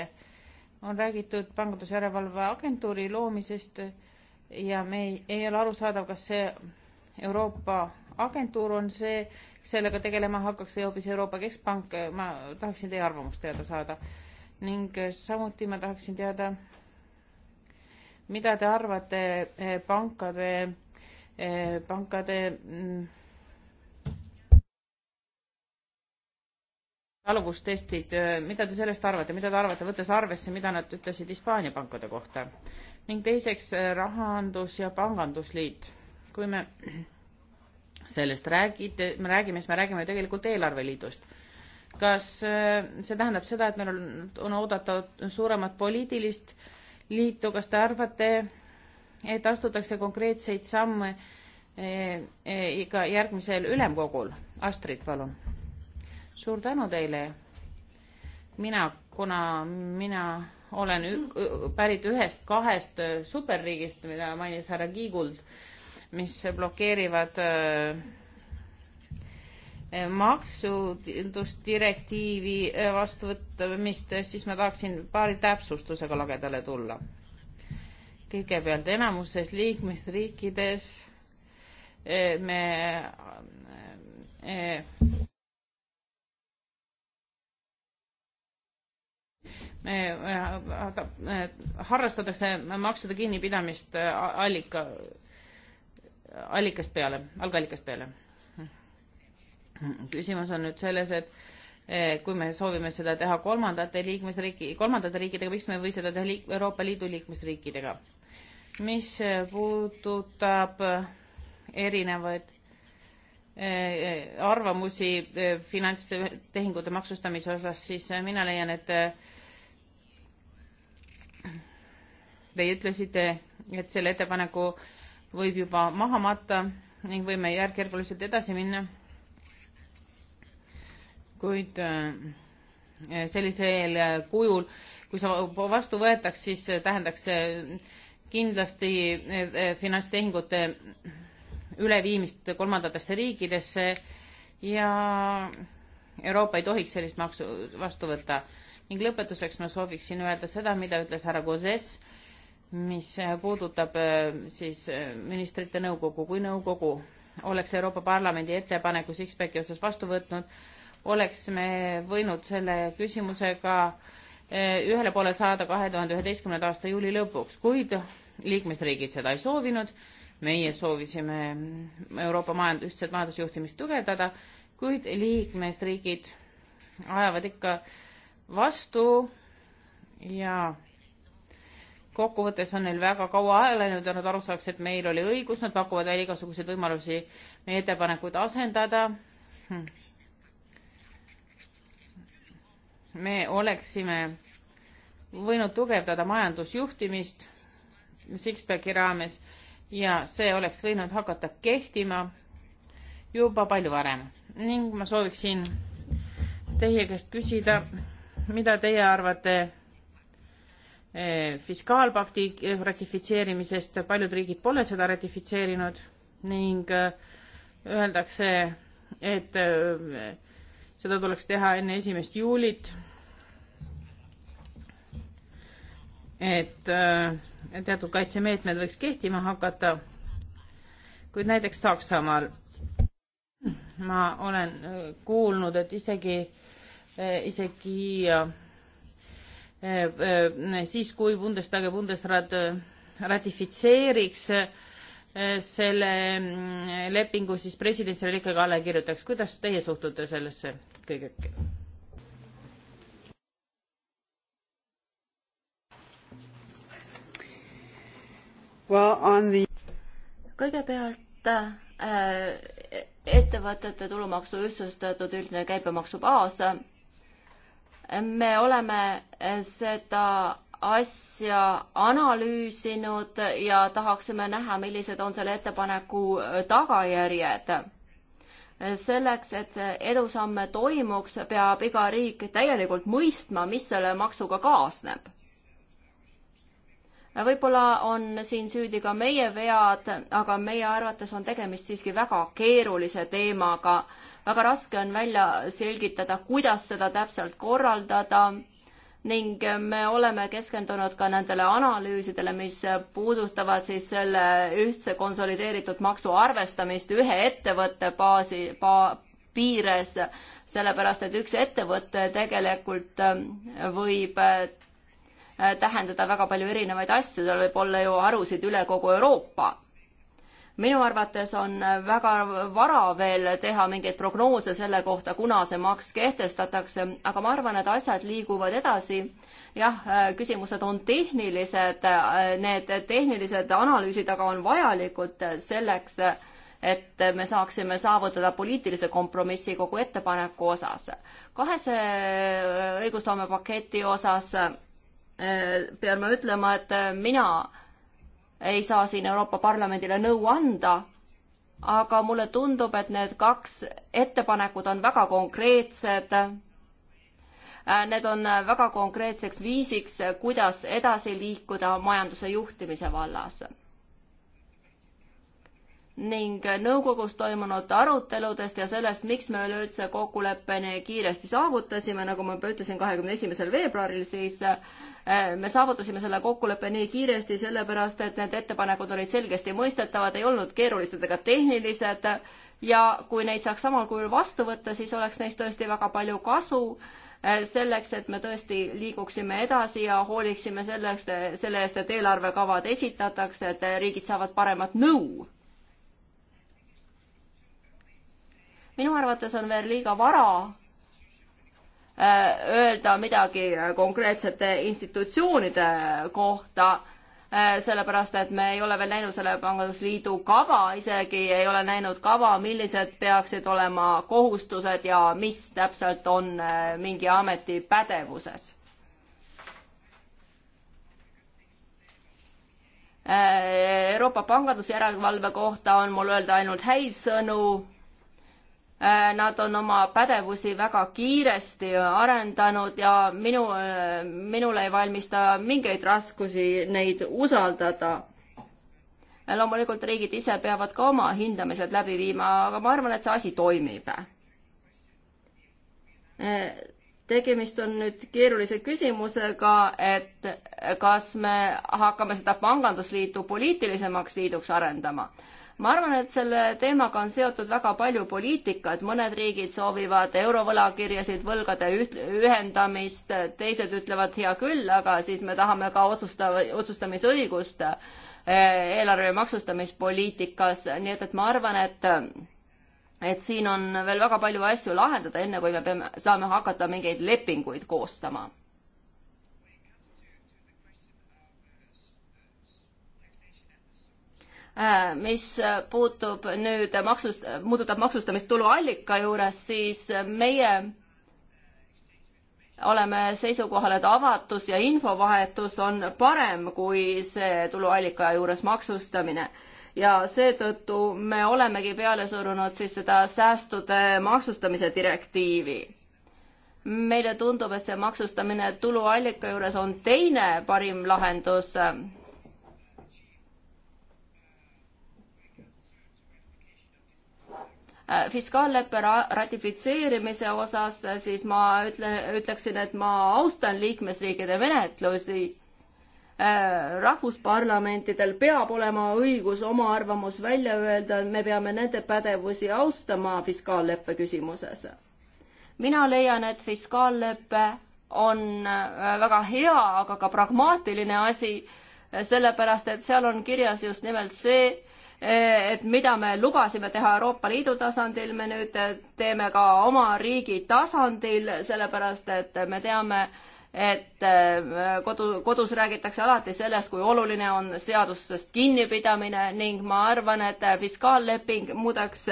on räägitud pangandusjärelevalve agentuuri loomisest ja me ei, ei ole arusaadav, kas see Euroopa agentuur on see, sellega tegelema hakkaks või hoopis Euroopa Keskpank, ma tahaksin teie arvamust teada saada. ning samuti ma tahaksin teada, mida te arvate eh, pankade, eh, pankade mm, taluvustestid, mida te sellest arvate, mida te arvate, võttes arvesse, mida nad ütlesid Hispaania pankade kohta? ning teiseks Rahandus- ja Pangandusliit. kui me [CLEARS THROAT] sellest räägite, me räägime, siis me räägime tegelikult eelarveliidust. kas see tähendab seda, et meil on, on oodata suuremat poliitilist liitu, kas te arvate, et astutakse konkreetseid samme ka järgmisel ülemkogul? Astrid, palun suur tänu teile. mina, kuna mina olen pärit ühest-kahest äh, superriigist, mida mainis härra Kiiguld, mis blokeerivad äh, maksundusdirektiivi äh, vastuvõtmist, siis ma tahaksin paari täpsustusega lagedale tulla. kõigepealt enamuses liikmesriikides äh, me, me, me Äh, äh, äh, harrastatakse maksude kinnipidamist allika, allikast peale, algallikast peale. küsimus on nüüd selles, et kui me soovime seda teha kolmandate liikmesriiki, kolmandate riikidega, miks me ei või seda teha liik-, Euroopa Liidu liikmesriikidega? mis puudutab erinevaid arvamusi finantstehingute maksustamise osas, siis mina leian, et Teie ütlesite, et selle ettepaneku võib juba maha matta ning võime järk-järguliselt edasi minna. kuid äh, sellisel kujul, kui see vastu võetaks, siis tähendaks see kindlasti äh, finantstehingute üleviimist kolmandatesse riikidesse ja Euroopa ei tohiks sellist maksu vastu võtta. ning lõpetuseks ma sooviksin öelda seda, mida ütles härra Gozes mis äh, puudutab äh, siis äh, ministrite nõukogu, kui nõukogu oleks Euroopa Parlamendi ettepaneku Sixpacki osas vastu võtnud, oleks me võinud selle küsimusega ühele poole saada kahe tuhande üheteistkümnenda aasta juuli lõpuks, kuid liikmesriigid seda ei soovinud, meie soovisime Euroopa majand-, ühtset majandusjuhtimist tugevdada, kuid liikmesriigid ajavad ikka vastu ja kokkuvõttes on neil väga kaua aega läinud ja nad aru saaks, et meil oli õigus, nad pakuvad välja igasuguseid võimalusi meie ettepanekuid asendada hm.. me oleksime võinud tugevdada majandusjuhtimist Sixpacki raames ja see oleks võinud hakata kehtima juba palju varem ning ma sooviksin teie käest küsida, mida teie arvate Eh, fiskaalpakti eh, ratifitseerimisest, paljud riigid pole seda ratifitseerinud ning eh, öeldakse, et seda tuleks teha enne esimest juulit. et teatud kaitsemeetmed võiks kehtima hakata. kuid näiteks Saksamaal ma olen kuulnud, et isegi, isegi Äh, äh, siis, kui Bundestag ja Bundesrat äh, ratifitseeriks selle mm, lepingu, siis president selle ikkagi alla kirjutaks. kuidas teie suhtute sellesse kõige? kõigepealt äh, ettevõtete tulumaksu ühtsustatud üldine käibemaksubaas me oleme eh, seda asja analüüsinud ja tahaksime näha, millised on selle ettepaneku eh, tagajärjed. Eh, selleks, et edusamme toimuks, peab iga riik täielikult mõistma, mis selle maksuga kaasneb võib-olla on siin süüdi ka meie vead, aga meie arvates on tegemist siiski väga keerulise teemaga väga raske on välja selgitada, kuidas seda täpselt korraldada ning me oleme keskendunud ka nendele analüüsidele, mis puudutavad siis selle ühtse konsolideeritud maksu arvestamist ühe ettevõtte baasi ba,, piires, sellepärast et üks ettevõte tegelikult ähm, võib äh, tähendada väga palju erinevaid asju, seal võib olla ju harusid üle kogu Euroopa minu arvates on väga vara veel teha mingeid prognoose selle kohta, kuna see maks kehtestatakse, aga ma arvan, et asjad liiguvad edasi. jah, küsimused on tehnilised, need tehnilised analüüsid aga on vajalikud selleks, et me saaksime saavutada poliitilise kompromissi kogu ettepaneku osas. kahese õigusloomepaketi osas eh, pean ma ütlema, et mina ei saa siin Euroopa Parlamendile nõu anda, aga mulle tundub, et need kaks ettepanekut on väga konkreetsed. Äh, need on väga konkreetseks viisiks, kuidas edasi liikuda majanduse juhtimise vallas ning nõukogus toimunud aruteludest ja sellest, miks me üleüldse kokkuleppeni kiiresti saavutasime, nagu ma juba ütlesin, kahekümne esimesel veebruaril, siis eh, me saavutasime selle kokkuleppe nii kiiresti, sellepärast et need ettepanekud olid selgesti mõistetavad, ei olnud keerulised ega tehnilised ja kui neid saaks samal kujul vastu võtta, siis oleks neist tõesti väga palju kasu eh, selleks, et me tõesti liiguksime edasi ja hooliksime selleks, eh, selle eest, et eelarvekavad esitatakse, et riigid saavad paremat nõu minu arvates on veel liiga vara äh, öelda midagi äh, konkreetsete institutsioonide kohta, äh, sellepärast et me ei ole veel näinud selle pangandusliidu kava, isegi ei ole näinud kava, millised peaksid olema kohustused ja mis täpselt on mingi ameti pädevuses Euroopa pangandusjärelevalve kohta on mul öelda ainult häid sõnu. Äh, nad on oma pädevusi väga kiiresti arendanud ja minu, äh, minule ei valmista mingeid raskusi neid usaldada loomulikult riigid ise peavad ka oma hindamised läbi viima, aga ma arvan, et see asi toimib. Äh, tegemist on nüüd keerulise küsimusega, et kas me hakkame seda pangandusliitu poliitilisemaks liiduks arendama ma arvan, et selle teemaga on seotud väga palju poliitikat, mõned riigid soovivad eurovõlakirjasid, võlgade üht-, ühendamist, teised ütlevad hea küll, aga siis me tahame ka otsusta-, otsustamisõigust eh, eelarve maksustamispoliitikas, nii et, et ma arvan, et et siin on veel väga palju asju lahendada, enne kui me peame, saame hakata mingeid lepinguid koostama Äh, mis äh, puutub nüüd maksust, muudutab maksustamist tuluallika juures, siis äh, meie oleme seisukohal, et avatus ja infovahetus on parem kui see tuluallika juures maksustamine. ja seetõttu me olemegi peale surunud siis seda säästude maksustamise direktiivi meile tundub, et see maksustamine tuluallika juures on teine parim lahendus Äh, fiskaalleppe ratifitseerimise osas, äh, siis ma ütle, ütleksin, et ma austan liikmesriikide menetlusi. Äh, rahvusparlamentidel peab olema õigus oma arvamus välja öelda, me peame nende pädevusi austama fiskaalleppe küsimuses. mina leian, et fiskaallepe on väga hea, aga ka pragmaatiline asi, sellepärast et seal on kirjas just nimelt see, et mida me lubasime teha Euroopa Liidu tasandil, me nüüd teeme ka oma riigi tasandil, sellepärast et me teame, et äh, kodu, kodus räägitakse alati sellest, kui oluline on seadustest kinnipidamine ning ma arvan, et fiskaalleping muudaks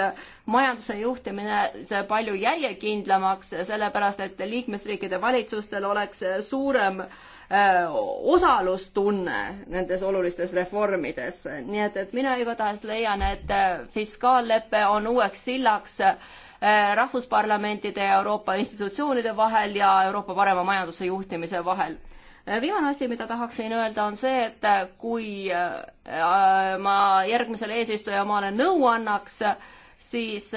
majanduse juhtimise palju järjekindlamaks, sellepärast et liikmesriikide valitsustel oleks suurem äh, Äh, osalustunne nendes olulistes reformides, nii et, et mina igatahes leian, et äh, fiskaallepe on uueks sillaks äh, rahvusparlamentide ja Euroopa institutsioonide vahel ja Euroopa parema majanduse juhtimise vahel viimane asi, mida tahaksin öelda, on see, et kui ma järgmisele eesistujamaale nõu annaks, siis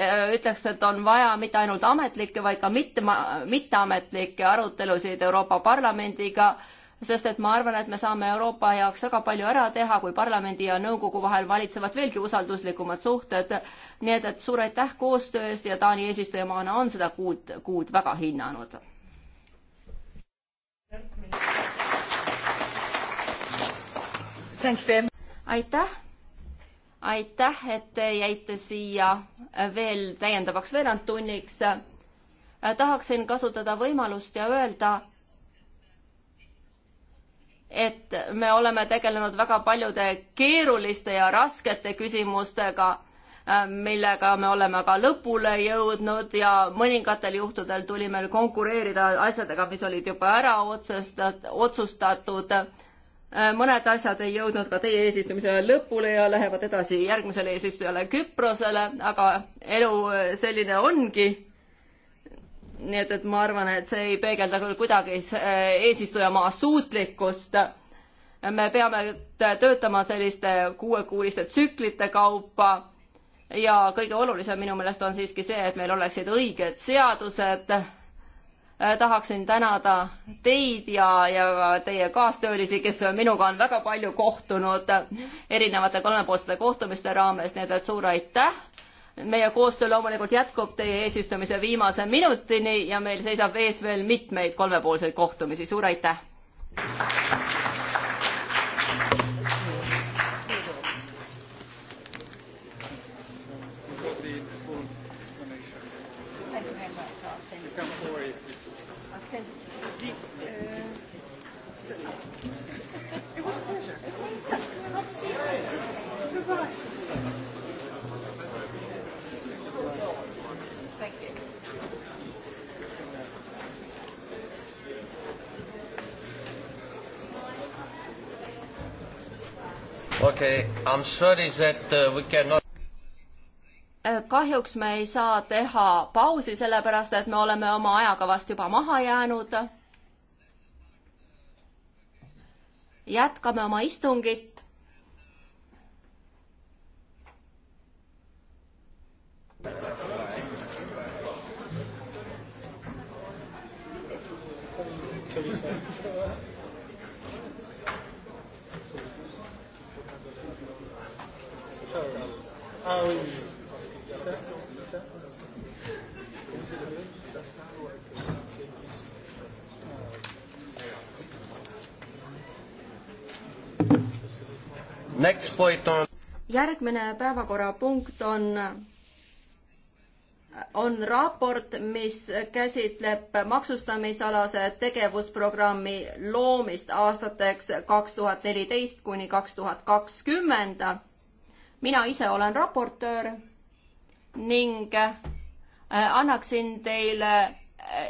Äh, ütleks, et on vaja mitte ainult ametlikke, vaid ka mitte, mitteametlikke arutelusid Euroopa Parlamendiga, sest et ma arvan, et me saame Euroopa jaoks väga palju ära teha, kui parlamendi ja nõukogu vahel valitsevad veelgi usalduslikumad suhted. nii et, et suur aitäh koostöö eest ja Taani eesistujamaana on seda kuud, kuud väga hinnanud. aitäh aitäh, et te jäite siia äh, veel täiendavaks veerandtunniks. Äh, tahaksin kasutada võimalust ja öelda, et me oleme tegelenud väga paljude keeruliste ja raskete küsimustega, äh, millega me oleme ka lõpule jõudnud ja mõningatel juhtudel tuli meil konkureerida asjadega, mis olid juba ära otsestat-, otsustatud Äh, mõned asjad ei jõudnud ka teie eesistumise ajal lõpule ja lähevad edasi järgmisele eesistujale Küprosele, aga elu äh, selline ongi. nii et, et ma arvan, et see ei peegelda küll kuidagi äh, eesistujamaa suutlikkust. me peame töötama selliste kuuekuuliste tsüklite kaupa ja kõige olulisem minu meelest on siiski see, et meil oleksid õiged seadused Äh, tahaksin tänada teid ja, ja ka teie kaastöölisi, kes minuga on väga palju kohtunud erinevate kolmepoolsete kohtumiste raames, nii et, et suur aitäh. meie koostöö loomulikult jätkub teie eesistumise viimase minutini ja meil seisab ees veel mitmeid kolmepoolseid kohtumisi, suur aitäh. okay. Uh, cannot... Äh, kahjuks me ei saa teha pausi, sellepärast et me oleme oma ajakavast juba maha jäänud. jätkame oma istungit. Feliz Ah oui. Ça, ça. Next point on järgmine päevakorrapunkt on, on raport, mis käsitleb maksustamisalase tegevusprogrammi loomist aastateks kaks tuhat neliteist kuni kaks tuhat kakskümmend mina ise olen raportöör ning äh, annaksin teile äh,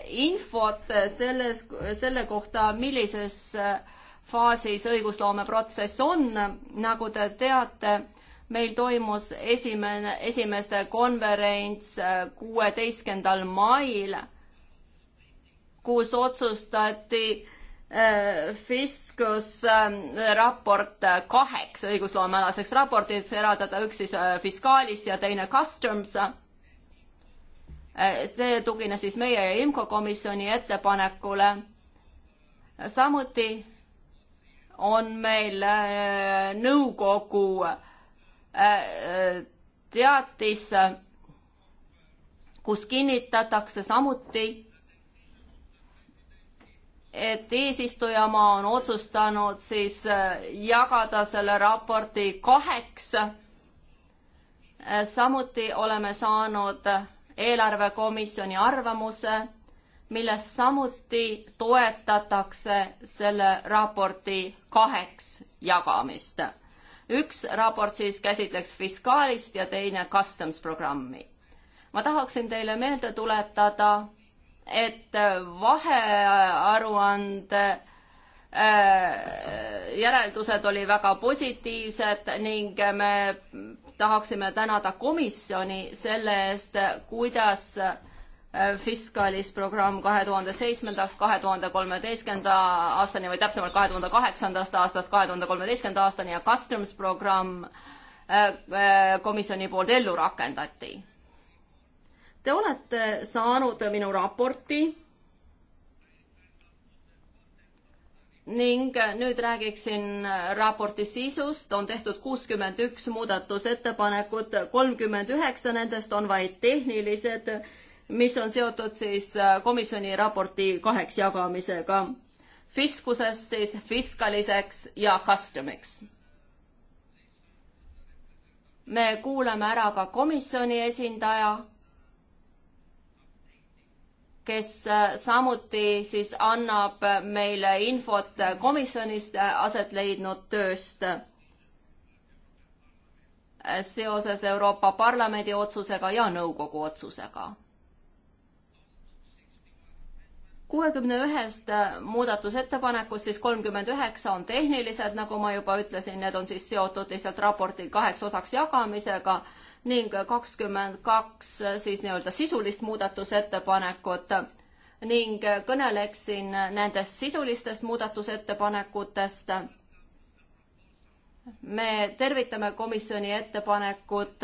infot selles, selle kohta, millises äh, faasis õigusloomeprotsess on. nagu te teate, meil toimus esimene, esimeste konverents kuueteistkümnendal mail, kus otsustati Äh, fiskus ähm, raport äh, kaheks õigusloomealaseks raportiks eraldada, üks siis äh, Fiskaalis ja teine Customs. see tugines siis meie ja IMCO komisjoni ettepanekule. samuti on meil nõukogu teatis, kus kinnitatakse samuti et eesistujamaa on otsustanud siis äh, jagada selle raporti kaheks. Äh, samuti oleme saanud eelarvekomisjoni arvamuse, milles samuti toetatakse selle raporti kaheks jagamist. üks raport siis käsitleks fiskaalist ja teine customs programmi. ma tahaksin teile meelde tuletada, et äh, vahearuande äh, järeldused oli väga positiivsed ning me tahaksime tänada komisjoni selle eest, kuidas äh, Fiskalis programm kahe tuhande seitsmendaks, kahe tuhande kolmeteistkümnenda aastani või täpsemalt kahe tuhande kaheksandast aastast kahe tuhande kolmeteistkümnenda aastani ja Customs programm komisjoni poolt ellu rakendati Te olete saanud minu raporti ning nüüd räägiksin raporti sisust. on tehtud kuuskümmend üks muudatusettepanekut, kolmkümmend üheksa nendest on vaid tehnilised, mis on seotud siis komisjoni raporti kaheks jagamisega. fiskusest siis fiskaliseks ja customiks me kuulame ära ka komisjoni esindaja kes äh, samuti siis annab meile infot komisjonis äh, aset leidnud tööst äh, seoses Euroopa Parlamendi otsusega ja nõukogu otsusega. kuuekümne ühest muudatusettepanekust siis kolmkümmend üheksa on tehnilised, nagu ma juba ütlesin, need on siis seotud lihtsalt raporti kaheks osaks jagamisega ning kakskümmend kaks äh, siis nii-öelda sisulist muudatusettepanekut ning äh, kõneleksin nendest sisulistest muudatusettepanekutest. me tervitame komisjoni ettepanekut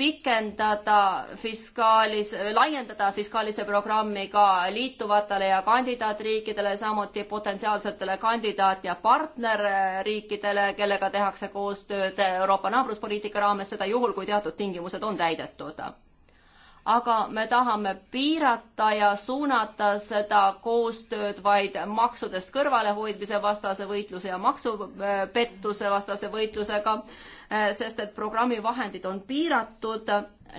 pikendada fiskaalis, laiendada fiskaalise programmi ka liituvatele ja kandidaatriikidele, samuti potentsiaalsetele kandidaat- ja partnerriikidele, kellega tehakse koostööd Euroopa naabruspoliitika raames, seda juhul, kui teatud tingimused on täidetud aga me tahame piirata ja suunata seda koostööd vaid maksudest kõrvalehoidmise vastase võitluse ja maksupettuse vastase võitlusega, sest et programmi vahendid on piiratud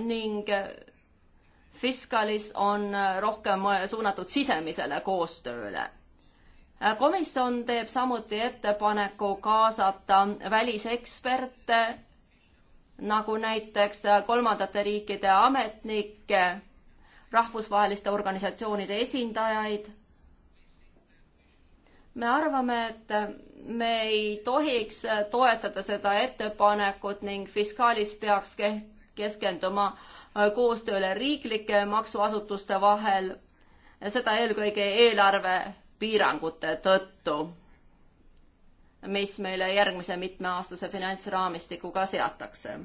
ning Fiskalis on rohkem suunatud sisemisele koostööle. komisjon teeb samuti ettepaneku kaasata väliseksperte nagu näiteks kolmandate riikide ametnikke, rahvusvaheliste organisatsioonide esindajaid. me arvame, et me ei tohiks toetada seda ettepanekut ning fiskaalis peaks keskenduma koostööle riiklike maksuasutuste vahel, seda eelkõige eelarvepiirangute tõttu mis meile järgmise mitmeaastase finantsraamistikuga seatakse.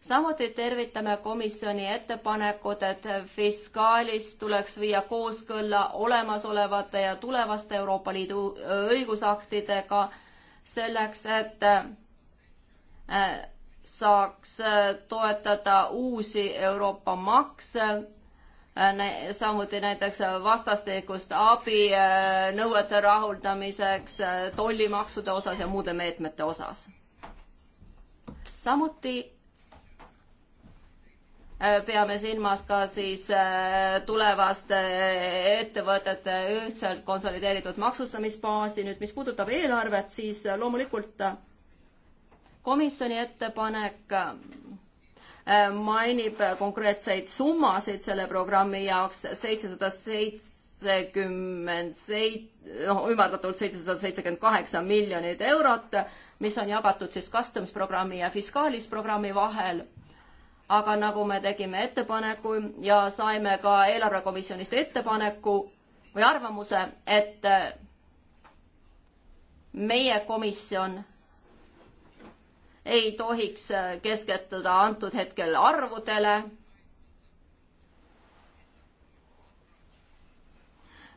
samuti tervitame komisjoni ettepanekut, et fiskaalist tuleks viia kooskõlla olemasolevate ja tulevaste Euroopa Liidu õigusaktidega selleks, et äh, saaks äh, toetada uusi Euroopa makse Äh, samuti näiteks vastastikust abi äh, nõuete rahuldamiseks, äh, tollimaksude osas ja muude meetmete osas. samuti peame silmas ka siis tulevast ettevõtete ühtselt konsolideeritud maksustamisbaasi. nüüd, mis puudutab eelarvet, siis loomulikult komisjoni ettepanek Äh, mainib konkreetseid summasid selle programmi jaoks seitsesada seitsekümmend seit-, noh, ümardatult seitsesada seitsekümmend kaheksa miljonit eurot, mis on jagatud siis customs programmi ja fiskaalis programmi vahel. aga nagu me tegime ettepaneku ja saime ka eelarvekomisjonist ettepaneku või arvamuse, et meie komisjon ei tohiks äh, keskenduda antud hetkel arvudele.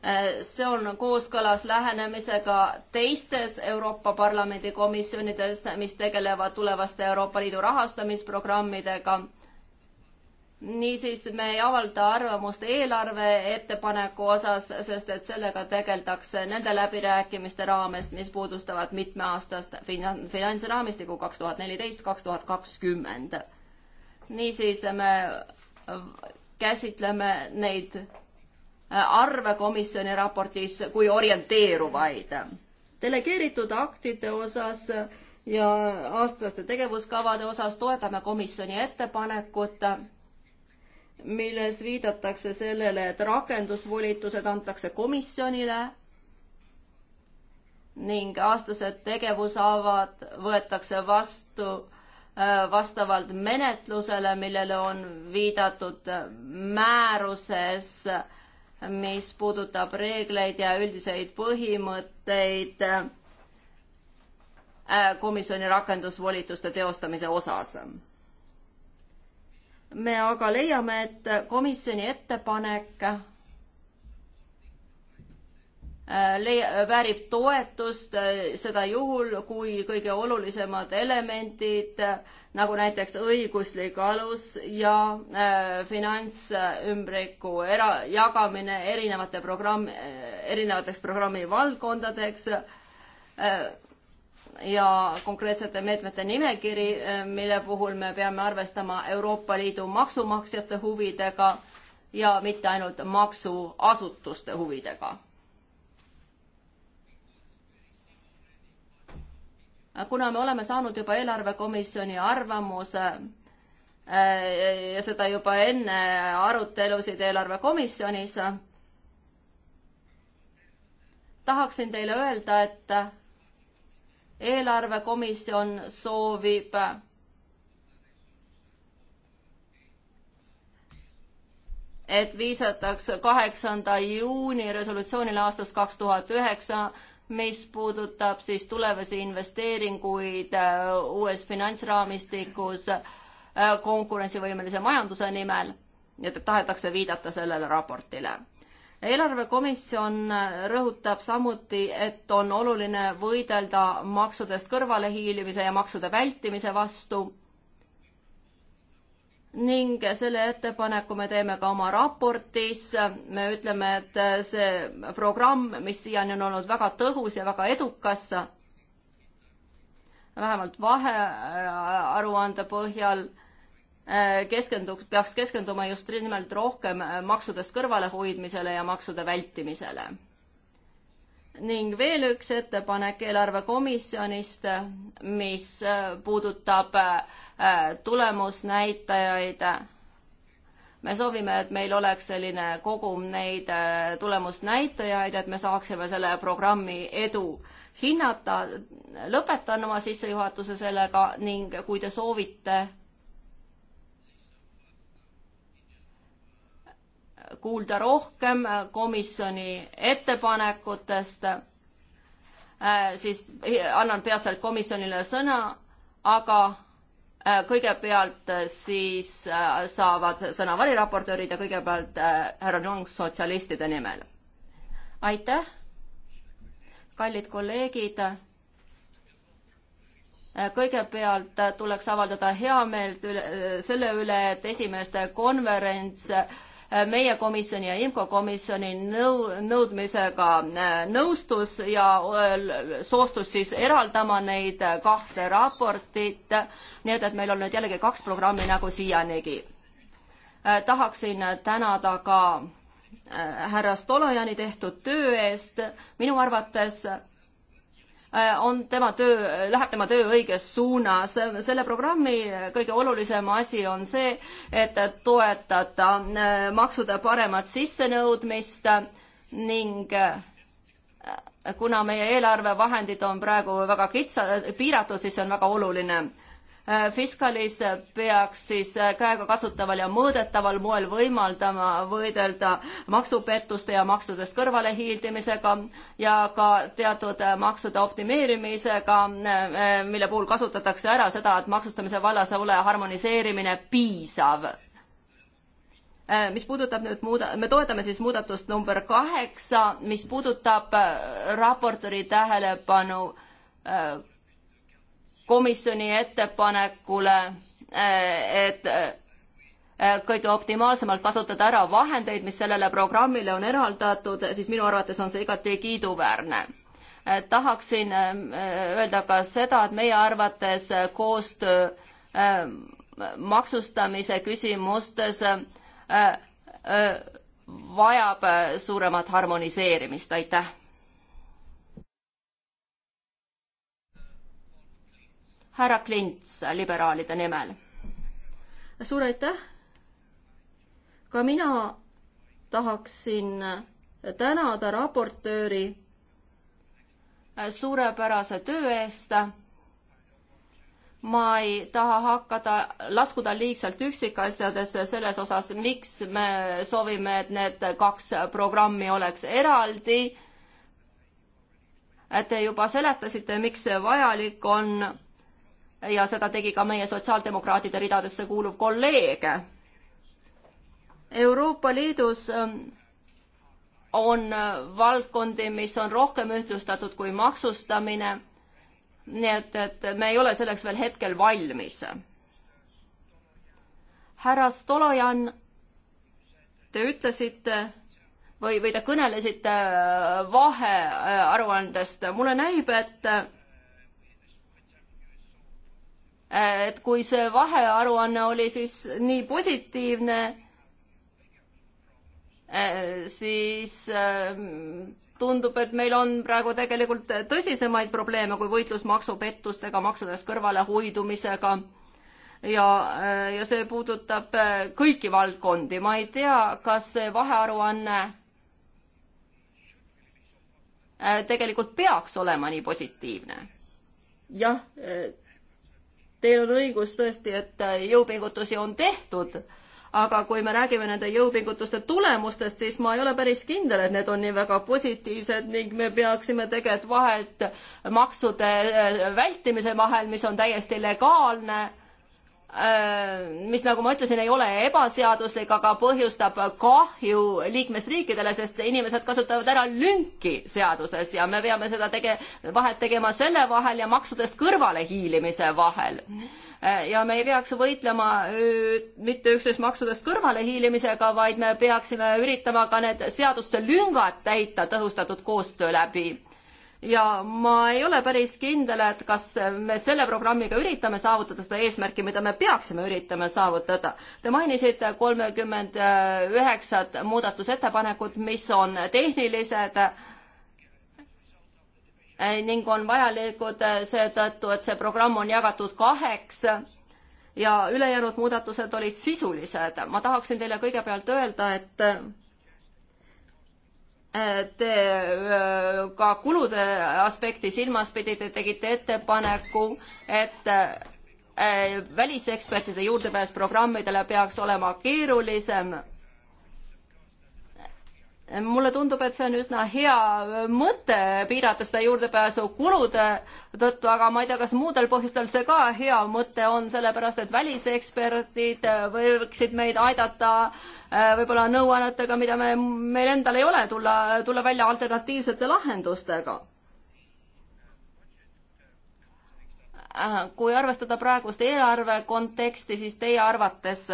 Äh, see on kooskõlas lähenemisega teistes Euroopa Parlamendi komisjonides, mis tegelevad tulevaste Euroopa Liidu rahastamisprogrammidega niisiis me ei avalda arvamust eelarve ettepaneku osas, sest et sellega tegeldakse nende läbirääkimiste raames, mis puudustavad mitmeaastast finan-, finantsraamistikku kaks tuhat neliteist, kaks tuhat kakskümmend. niisiis me käsitleme neid äh, arve komisjoni raportis kui orienteeruvaid. delegeeritud aktide osas ja aastaste tegevuskavade osas toetame komisjoni ettepanekut milles viidatakse sellele, et rakendusvolitused antakse komisjonile ning aastased tegevusavad võetakse vastu äh, vastavalt menetlusele, millele on viidatud määruses, mis puudutab reegleid ja üldiseid põhimõtteid äh, komisjoni rakendusvolituste teostamise osas me aga leiame, et komisjoni ettepanek äh, leia-, väärib toetust, äh, seda juhul, kui kõige olulisemad elemendid äh, nagu näiteks õiguslik alus ja äh, finantsümbriku era-, jagamine erinevate programm, erinevateks programmi valdkondadeks äh,, ja konkreetsete meetmete nimekiri, eh, mille puhul me peame arvestama Euroopa Liidu maksumaksjate huvidega ja mitte ainult maksuasutuste huvidega. kuna me oleme saanud juba eelarvekomisjoni arvamuse eh, ja seda juba enne arutelusid eelarvekomisjonis, tahaksin teile öelda, et eelarvekomisjon soovib et viisataks kaheksanda juuni resolutsioonile aastast kaks tuhat üheksa, mis puudutab siis tulevasi investeeringuid äh, uues finantsraamistikus äh, konkurentsivõimelise majanduse nimel, nii et tahetakse viidata sellele raportile eelarvekomisjon rõhutab samuti, et on oluline võidelda maksudest kõrvalehiilimise ja maksude vältimise vastu. ning selle ettepaneku me teeme ka oma raportis. me ütleme, et see programm, mis siiani on olnud väga tõhus ja väga edukas, vähemalt vahearuande põhjal Äh, keskenduks, peaks keskenduma just nimelt rohkem äh, maksudest kõrvalehoidmisele ja maksude vältimisele. ning veel üks ettepanek eelarvekomisjonist, mis äh, puudutab tulemusnäitajaid. me soovime, et meil oleks selline kogum neid tulemusnäitajaid, et me saaksime selle programmi edu hinnata. lõpetan oma sissejuhatuse sellega ning kui te soovite kuulda rohkem komisjoni ettepanekutest, äh, siis annan peatselt komisjonile sõna, aga äh, kõigepealt äh, siis saavad sõna variraportöörid ja kõigepealt härra Nung sotsialistide nimel. aitäh, kallid kolleegid kõigepealt tuleks avaldada heameelt üle, selle üle, et esimeste konverents Äh, meie komisjoni ja IMCO komisjoni nõu, nõudmisega äh, nõustus ja äh, soostus siis eraldama neid kahte raportit, nii et, et meil on nüüd jällegi kaks programmi nagu siianigi. tahaksin tänada ka härra Stolojani tehtud töö eest, minu arvates Äh, on tema töö, läheb tema töö õiges suunas. selle programmi kõige olulisem asi on see, et toetada äh, maksude paremat sissenõudmist ning äh, kuna meie eelarvevahendid on praegu väga kitsa, piiratud, siis see on väga oluline Äh, Fiskalis peaks siis äh, käegakatsutaval ja mõõdetaval moel võimaldama võidelda maksupettuste ja maksudest kõrvalehiildimisega ja ka teatud äh, maksude optimeerimisega, mille puhul kasutatakse ära seda, et maksustamise vallas ei ole harmoniseerimine piisav mis puudutab nüüd muuda-, me toetame siis muudatust number kaheksa, mis puudutab raportööri tähelepanu komisjoni ettepanekule, eh, et eh, kõige optimaalsemalt kasutada ära vahendeid, mis sellele programmile on eraldatud, siis minu arvates on see igati kiiduväärne. Eh, tahaksin öelda ka seda, et meie arvates koostöö maksustamise küsimustes vajab suuremat harmoniseerimist, aitäh härra Klints liberaalide nimel. suur aitäh! ka mina tahaksin tänada raportööri suurepärase töö eest. ma ei taha hakata, laskuda liigselt üksikasjadesse selles osas, miks me soovime, et need kaks programmi oleks eraldi. Te juba seletasite, miks see vajalik on ja seda tegi ka meie sotsiaaldemokraatide ridadesse kuuluv kolleeg. Euroopa Liidus ähm, on äh, valdkondi, mis on rohkem ühtlustatud kui maksustamine. nii et, et me ei ole selleks veel hetkel valmis. härra Stolojan, te ütlesite või, või te kõnelesite äh, vahearuandest, mulle näib, et äh, et kui see vahearuanne oli siis nii positiivne, eh, siis eh, tundub, et meil on praegu tegelikult tõsisemaid probleeme kui võitlus maksupettustega, maksudest kõrvalehoidumisega. ja, eh, ja see puudutab kõiki valdkondi. ma ei tea, kas see vahearuanne tegelikult peaks olema nii positiivne. jah Teil on õigus tõesti, et jõupingutusi on tehtud, aga kui me räägime nende jõupingutuste tulemustest, siis ma ei ole päris kindel, et need on nii väga positiivsed ning me peaksime tegelikult vahet maksude vältimise vahel, mis on täiesti legaalne Äh, mis, nagu ma ütlesin, ei ole ebaseaduslik, aga põhjustab kahju liikmesriikidele, sest inimesed kasutavad ära lünki seaduses ja me peame seda tege-, vahet tegema selle vahel ja maksudest kõrvalehiilimise vahel. Äh, ja me ei peaks võitlema äh, mitte üksnes maksudest kõrvalehiilimisega, vaid me peaksime üritama ka need seaduste lüngad täita tõhustatud koostöö läbi ja ma ei ole päris kindel, et kas me selle programmiga üritame saavutada seda eesmärki, mida me peaksime üritama saavutada. Te mainisite kolmekümmend üheksat muudatusettepanekut, mis on tehnilised ning on vajalikud seetõttu, et see programm on jagatud kaheks ja ülejäänud muudatused olid sisulised. ma tahaksin teile kõigepealt öelda, et Te äh, ka kulude aspekti silmas pidite, tegite ettepaneku, et äh, välisekspertide juurdepääs programmidele peaks olema keerulisem mulle tundub, et see on üsna hea mõte, piirata seda juurdepääsu kulude tõttu, aga ma ei tea, kas muudel põhjustel see ka hea mõte on, sellepärast et väliseksperdid võiksid meid aidata äh, võib-olla nõuannetega, mida me, meil endal ei ole, tulla, tulla välja alternatiivsete lahendustega äh, kui arvestada praegust eelarve konteksti, siis teie arvates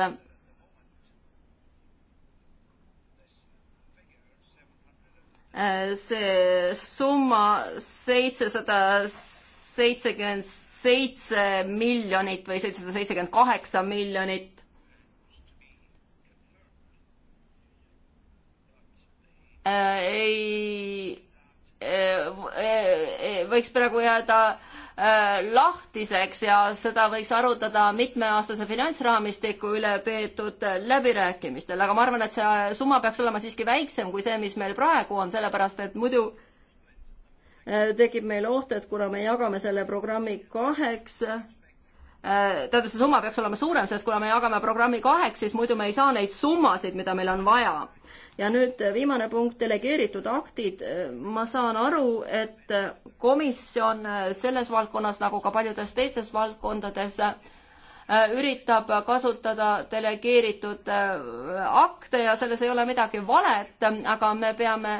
Äh, see summa seitsesada seitsekümmend seitse miljonit või seitsesada seitsekümmend kaheksa miljonit. Äh, ei Eh, eh, võiks praegu jääda eh, lahtiseks ja seda võiks arutada mitmeaastase finantsraamistiku üle peetud läbirääkimistel, aga ma arvan, et see summa peaks olema siiski väiksem kui see, mis meil praegu on, sellepärast et muidu tekib meil oht, et kuna me jagame selle programmi kaheks, Äh, tähendab, see summa peaks olema suurem, sest kuna me jagame programmi kaheks, siis muidu me ei saa neid summasid, mida meil on vaja. ja nüüd äh, viimane punkt, delegeeritud aktid. Äh, ma saan aru, et komisjon selles valdkonnas nagu ka paljudes teistes valdkondades äh, Äh, üritab kasutada delegeeritud äh, akte ja selles ei ole midagi valet, aga me peame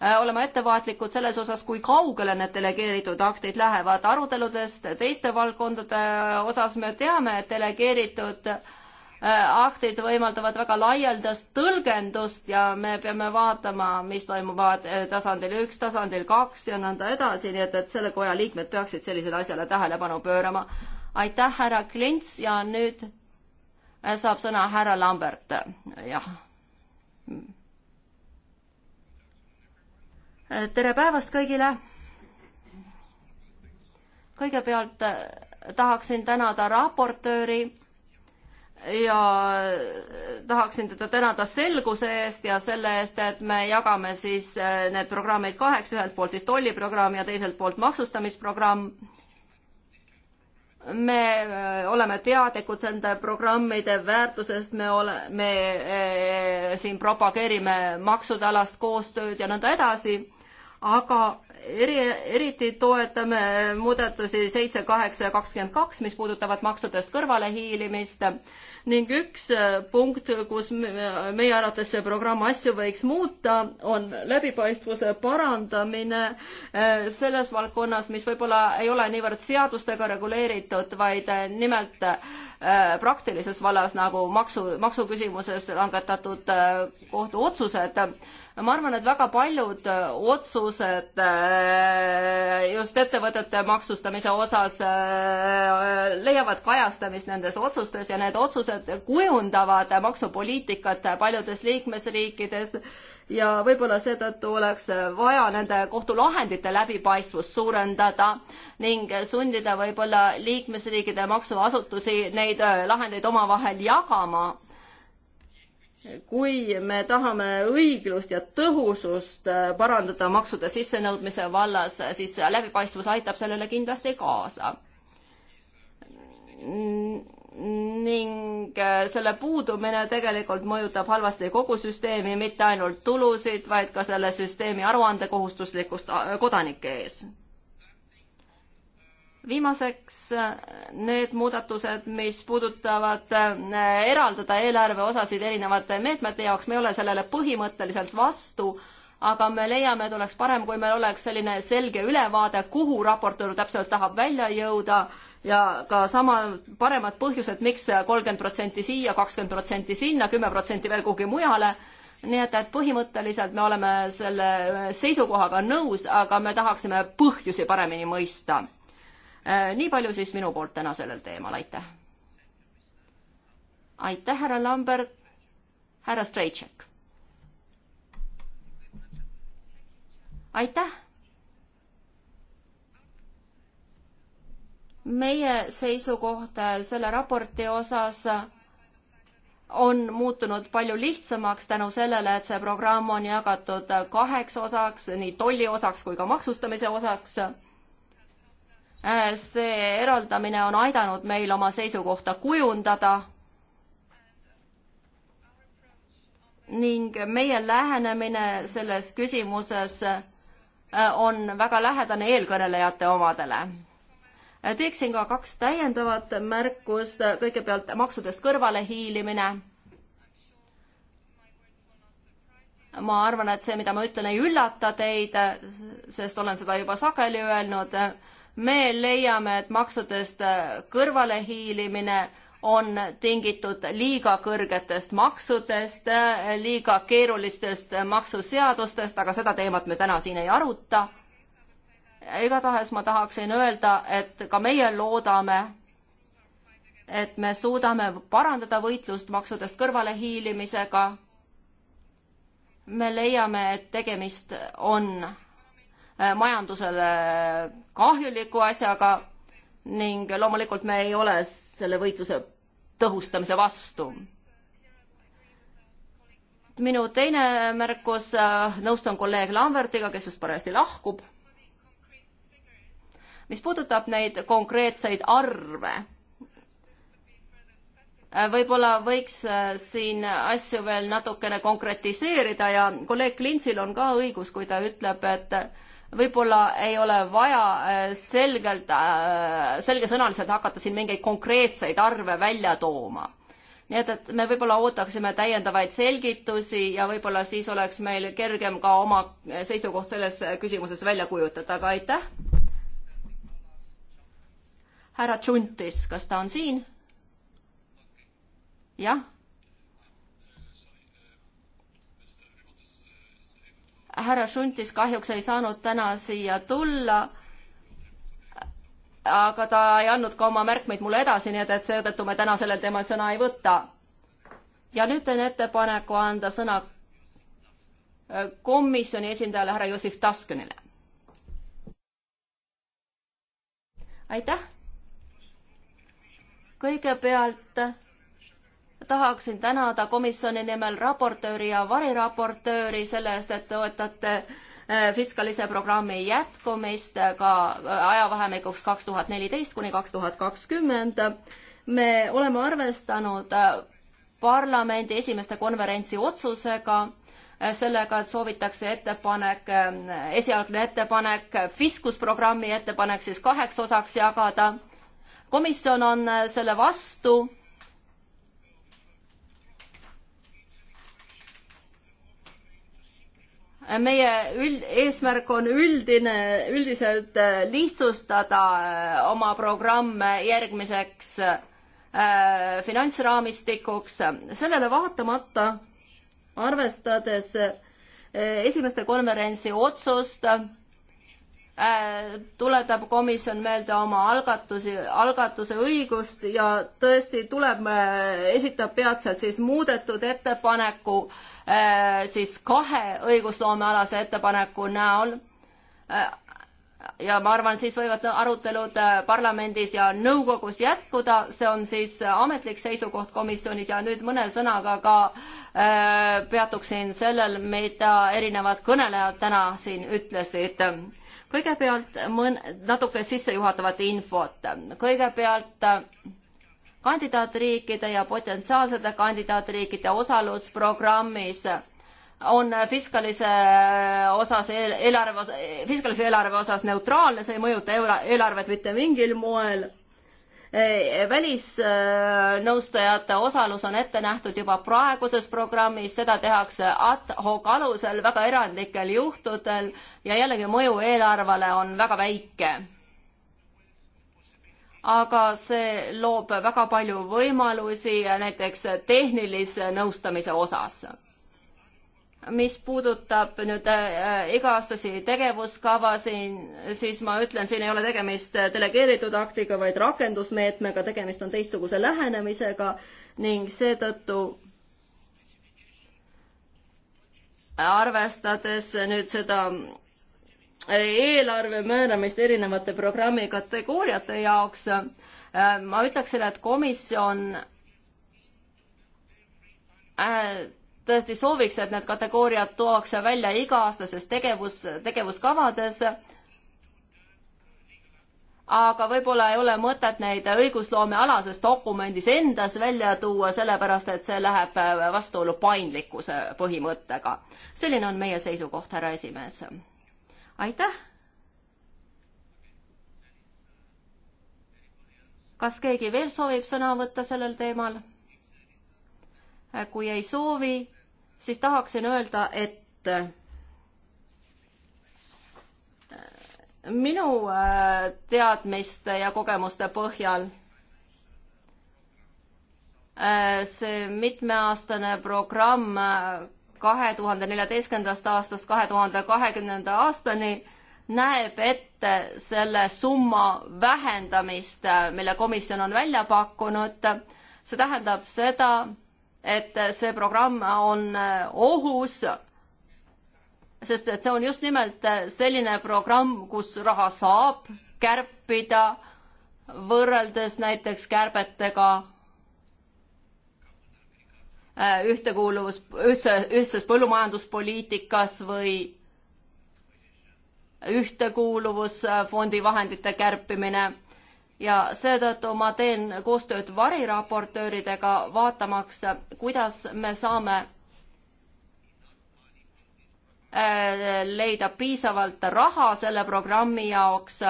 äh, olema ettevaatlikud selles osas, kui kaugele need delegeeritud aktid lähevad. aruteludest teiste valdkondade osas me teame, et delegeeritud aktid võimaldavad väga laialdast tõlgendust ja me peame vaatama, mis toimuvad tasandil üks, tasandil kaks ja nõnda edasi, nii et, et selle koja liikmed peaksid sellisele asjale tähelepanu pöörama aitäh, härra Klints ja nüüd äh, saab sõna härra Lambert, jah. Äh, tere päevast kõigile. kõigepealt äh, tahaksin tänada raportööri ja tahaksin teda tänada selguse eest ja selle eest, et me jagame siis need programmid kaheks, ühelt poolt siis tolliprogramm ja teiselt poolt maksustamisprogramm me äh, oleme teadlikud nende programmide väärtusest, me ole, me äh, siin propageerime maksude alast koostööd ja nõnda edasi, aga eri, eriti toetame muudatusi seitse, kaheksa ja kakskümmend kaks, mis puudutavad maksudest kõrvalehiilimist ning üks äh, punkt, kus meie arvates see programm asju võiks muuta, on läbipaistvuse parandamine äh, selles valdkonnas, mis võib-olla ei ole niivõrd seadustega reguleeritud, vaid äh, nimelt praktilises vallas nagu maksu, maksuküsimuses langetatud kohtuotsused ma arvan, et väga paljud äh, otsused äh, just ettevõtete maksustamise osas äh, leiavad kajastamist nendes otsustes ja need otsused kujundavad maksupoliitikat paljudes liikmesriikides ja võib-olla seetõttu oleks vaja nende kohtulahendite läbipaistvust suurendada ning sundida võib-olla liikmesriikide maksuasutusi neid lahendeid omavahel jagama kui me tahame õiglust ja tõhusust äh, parandada maksude sissenõudmise vallas, äh, siis läbipaistvus aitab sellele kindlasti kaasa. ning äh, selle puudumine tegelikult mõjutab halvasti kogu süsteemi, mitte ainult tulusid, vaid ka selle süsteemi aruandekohustuslikkust kodanike ees viimaseks need muudatused, mis puudutavad äh, eraldada eelarveosasid erinevate meetmete jaoks, me ei ole sellele põhimõtteliselt vastu, aga me leiame, et oleks parem, kui meil oleks selline selge ülevaade, kuhu raportöör täpselt tahab välja jõuda ja ka sama, paremad põhjused miks, miks kolmkümmend protsenti siia, kakskümmend protsenti sinna, kümme protsenti veel kuhugi mujale nii et, et põhimõtteliselt me oleme selle äh, seisukohaga nõus, aga me tahaksime põhjusi paremini mõista Äh, nii palju siis minu poolt täna sellel teemal, aitäh. aitäh, härra Lambert, härra Strejček. aitäh. meie seisukoht äh, selle raporti osas on muutunud palju lihtsamaks tänu sellele, et see programm on jagatud kaheks osaks, nii tolli osaks kui ka maksustamise osaks Äh, see eraldamine on aidanud meil oma seisukohta kujundada ning meie lähenemine selles küsimuses äh, on väga lähedane eelkõnelejate omadele. Äh, teeksin ka kaks täiendavat märkust, kõigepealt maksudest kõrvalehiilimine. ma arvan, et see, mida ma ütlen, ei üllata teid, sest olen seda juba sageli öelnud me leiame, et maksudest äh, kõrvalehiilimine on tingitud liiga kõrgetest maksudest, äh, liiga keerulistest maksuseadustest, aga seda teemat me täna siin ei aruta. igatahes ma tahaksin öelda, et ka meie loodame, et me suudame parandada võitlust maksudest kõrvalehiilimisega. me leiame, et tegemist on Äh, majandusele kahjuliku asjaga ning loomulikult me ei ole selle võitluse tõhustamise vastu. minu teine märkus, äh, nõustun kolleeg Lambertiga, kes just parajasti lahkub. mis puudutab neid konkreetseid arve, äh, võib-olla võiks siin asju veel natukene konkretiseerida ja kolleeg Klintsil on ka õigus, kui ta ütleb, et võib-olla ei ole vaja äh, selgelt, äh, selgesõnaliselt hakata siin mingeid konkreetseid arve välja tooma. nii et, et me võib-olla ootaksime täiendavaid selgitusi ja võib-olla siis oleks meil kergem ka oma seisukoht selles küsimuses välja kujutada, aga aitäh. härra Tšuntis, kas ta on siin? jah härra Šuntis kahjuks ei saanud täna siia tulla. aga ta ei andnud ka oma märkmeid mulle edasi, nii et, et seetõttu me täna sellel teemal sõna ei võta. ja nüüd teen ettepaneku anda sõna äh, komisjoni esindajale härra Jossif Taskenile. aitäh. kõigepealt tahaksin tänada komisjoni nimel raportööri ja variraportööri selle eest, et toetate äh, fiskalise programmi jätkumist ka äh, ajavahemikuks kaks tuhat neliteist kuni kaks tuhat kakskümmend. me oleme arvestanud äh, parlamendi esimeste konverentsi otsusega, sellega, et soovitakse ettepanek, esialgne ettepanek, Fiskus programmi ettepanek siis kaheks osaks jagada. komisjon on selle vastu meie üld, eesmärk on üldine, üldiselt äh, lihtsustada äh, oma programme järgmiseks äh, finantsraamistikuks. sellele vaatamata, arvestades äh, esimeste konverentsi otsust äh,, Äh, tuletab komisjon meelde oma algatusi, algatuse õigust ja tõesti tuleb, äh, esitab peatselt siis muudetud ettepaneku äh, siis kahe õigusloomealase ettepaneku näol. ja ma arvan, siis võivad arutelud parlamendis ja nõukogus jätkuda, see on siis ametlik seisukoht komisjonis ja nüüd mõne sõnaga ka peatuksin sellel, mida erinevad kõnelejad täna siin ütlesid kõigepealt mõn-, natuke sissejuhatavat infot. kõigepealt äh, kandidaatriikide ja potentsiaalsete kandidaatriikide osalus programmis on fiskalise äh, osas eelarve, fiskalise eelarve osas neutraalne, see ei mõjuta eelarvet mitte mingil moel Eh, välisnõustajate osalus on ette nähtud juba praeguses programmis, seda tehakse ad hoc alusel väga erandlikel juhtudel ja jällegi mõju eelarvele on väga väike. aga see loob väga palju võimalusi näiteks tehnilise nõustamise osas mis puudutab nüüd äh, iga-aastasi tegevuskavasid, siis ma ütlen, siin ei ole tegemist äh, delegeeritud aktiga, vaid rakendusmeetmega, tegemist on teistsuguse lähenemisega ning seetõttu arvestades nüüd seda äh, eelarve määramist erinevate programmi kategooriate jaoks, ma ütleks selle, et komisjon tõesti sooviks, et need kategooriad tuuakse välja iga-aastases tegevus, tegevuskavades. aga võib-olla ei ole mõtet neid õigusloomealases dokumendis endas välja tuua, sellepärast et see läheb vastuollu paindlikkuse põhimõttega. selline on meie seisukoht, härra esimees. aitäh. kas keegi veel soovib sõna võtta sellel teemal? Äh, kui ei soovi, siis tahaksin öelda, et äh, minu äh, teadmiste ja kogemuste põhjal see mitmeaastane programm kahe tuhande neljateistkümnendast aastast kahe tuhande kahekümnenda aastani näeb ette selle summa vähendamist, mille komisjon on välja pakkunud. see tähendab seda, et see programm on äh, ohus, sest et see on just nimelt äh, selline programm, kus raha saab kärpida võrreldes näiteks kärbetega äh, ühtekuuluvus, ühtse, ühtses põllumajanduspoliitikas või ühtekuuluvusfondi vahendite kärpimine ja seetõttu ma teen koostööd variraportööridega, vaatamaks, kuidas me saame äh, leida piisavalt raha selle programmi jaoks,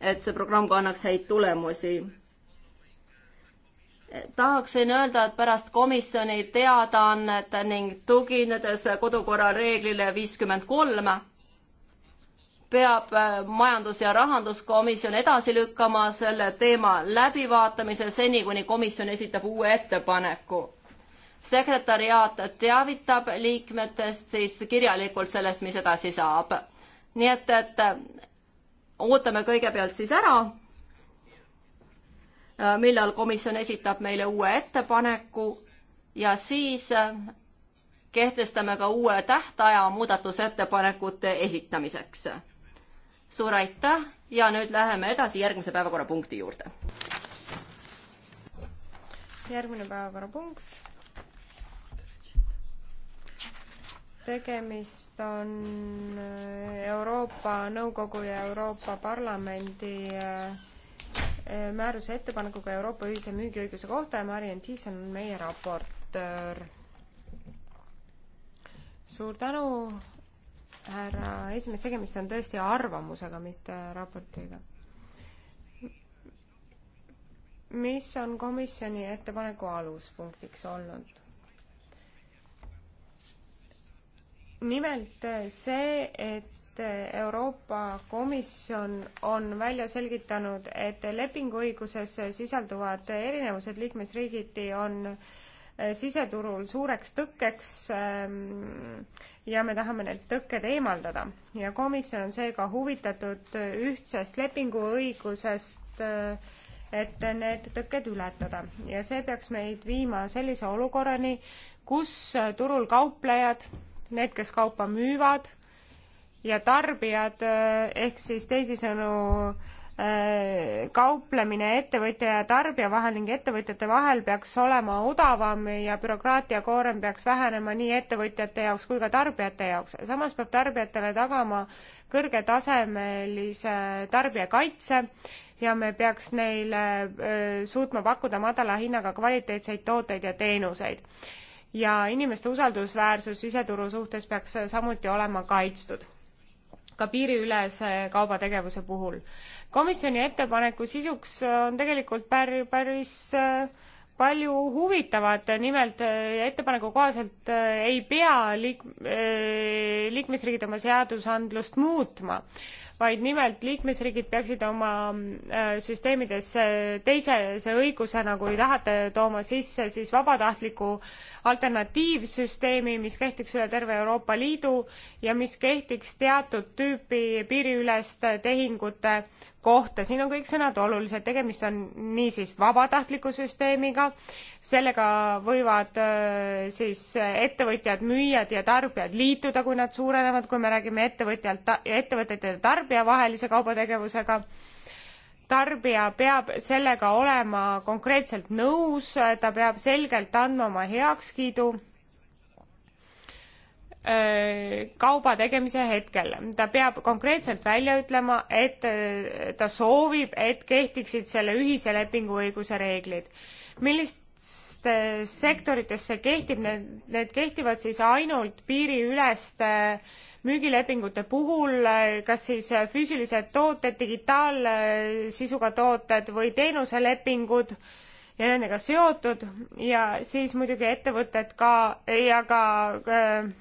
et see programm kannaks häid tulemusi. tahaksin öelda, et pärast komisjoni teadaannet ning tuginedes kodukorra reeglile viiskümmend kolm, peab äh, Majandus- ja Rahanduskomisjon edasi lükkama selle teema läbivaatamise seni, kuni komisjon esitab uue ettepaneku. sekretäriaat teavitab liikmetest siis kirjalikult sellest, mis edasi saab. nii et, et äh, ootame kõigepealt siis ära, äh, millal komisjon esitab meile uue ettepaneku ja siis kehtestame ka uue tähtaja muudatusettepanekute esitamiseks suur aitäh ja nüüd läheme edasi järgmise päevakorrapunkti juurde. järgmine päevakorrapunkt. tegemist on äh, Euroopa Nõukogu ja Euroopa Parlamendi äh, määruse ettepanekuga Euroopa ühise müügiõiguse kohta ja Mariann Tiisson on meie raportöör. suur tänu härra esimees, tegemist on tõesti arvamusega, mitte raportiga. mis on komisjoni ettepaneku aluspunktiks olnud? nimelt see, et Euroopa Komisjon on välja selgitanud, et lepinguõiguses sisalduvad erinevused liikmesriigiti on äh, Äh, siseturul suureks tõkkeks ähm, ja me tahame need tõkked eemaldada. ja komisjon on seega huvitatud ühtsest lepinguõigusest, äh, et need tõkked ületada ja see peaks meid viima sellise olukorrani, kus äh, turul kauplejad, need, kes kaupa müüvad ja tarbijad ehk siis teisisõnu kauplemine ettevõtja ja tarbija vahel ning ettevõtjate vahel peaks olema odavam ja bürokraatiakoorem peaks vähenema nii ettevõtjate jaoks kui ka tarbijate jaoks. samas peab tarbijatele tagama kõrgetasemelise tarbijakaitse ja me peaks neile suutma pakkuda madala hinnaga kvaliteetseid tooteid ja teenuseid. ja inimeste usaldusväärsus siseturu suhtes peaks samuti olema kaitstud ka piiriülese kaubategevuse puhul komisjoni ettepaneku sisuks äh, on tegelikult pär-, päris äh, palju huvitavat, nimelt äh, ettepaneku kohaselt ei pea liik-, liikmesriigid oma seadusandlust muutma vaid nimelt liikmesriigid peaksid oma äh, süsteemidesse äh, teisese õigusena, kui tahate, tooma sisse siis vabatahtliku alternatiivsüsteemi, mis kehtiks üle terve Euroopa Liidu ja mis kehtiks teatud tüüpi piiriüleste tehingute kohta, siin on kõik sõnad olulised, tegemist on niisiis vabatahtliku süsteemiga, sellega võivad äh, siis ettevõtjad, müüjad ja tarbijad liituda, kui nad suurenevad, kui me räägime ettevõtjalt, ettevõtete tarbijatest, tarbijavahelise kaubategevusega. tarbija peab sellega olema konkreetselt nõus, ta peab selgelt andma oma heakskiidu äh, kauba tegemise hetkel. ta peab konkreetselt välja ütlema, et äh, ta soovib, et kehtiksid selle ühise lepinguõiguse reeglid. millistes äh, sektorites see kehtib, need, need kehtivad siis ainult piiriüleste äh, müügilepingute puhul, kas siis füüsilised tooted, digitaalsisuga tooted või teenuselepingud ja nendega seotud ja siis muidugi ettevõtted ka ja ka äh,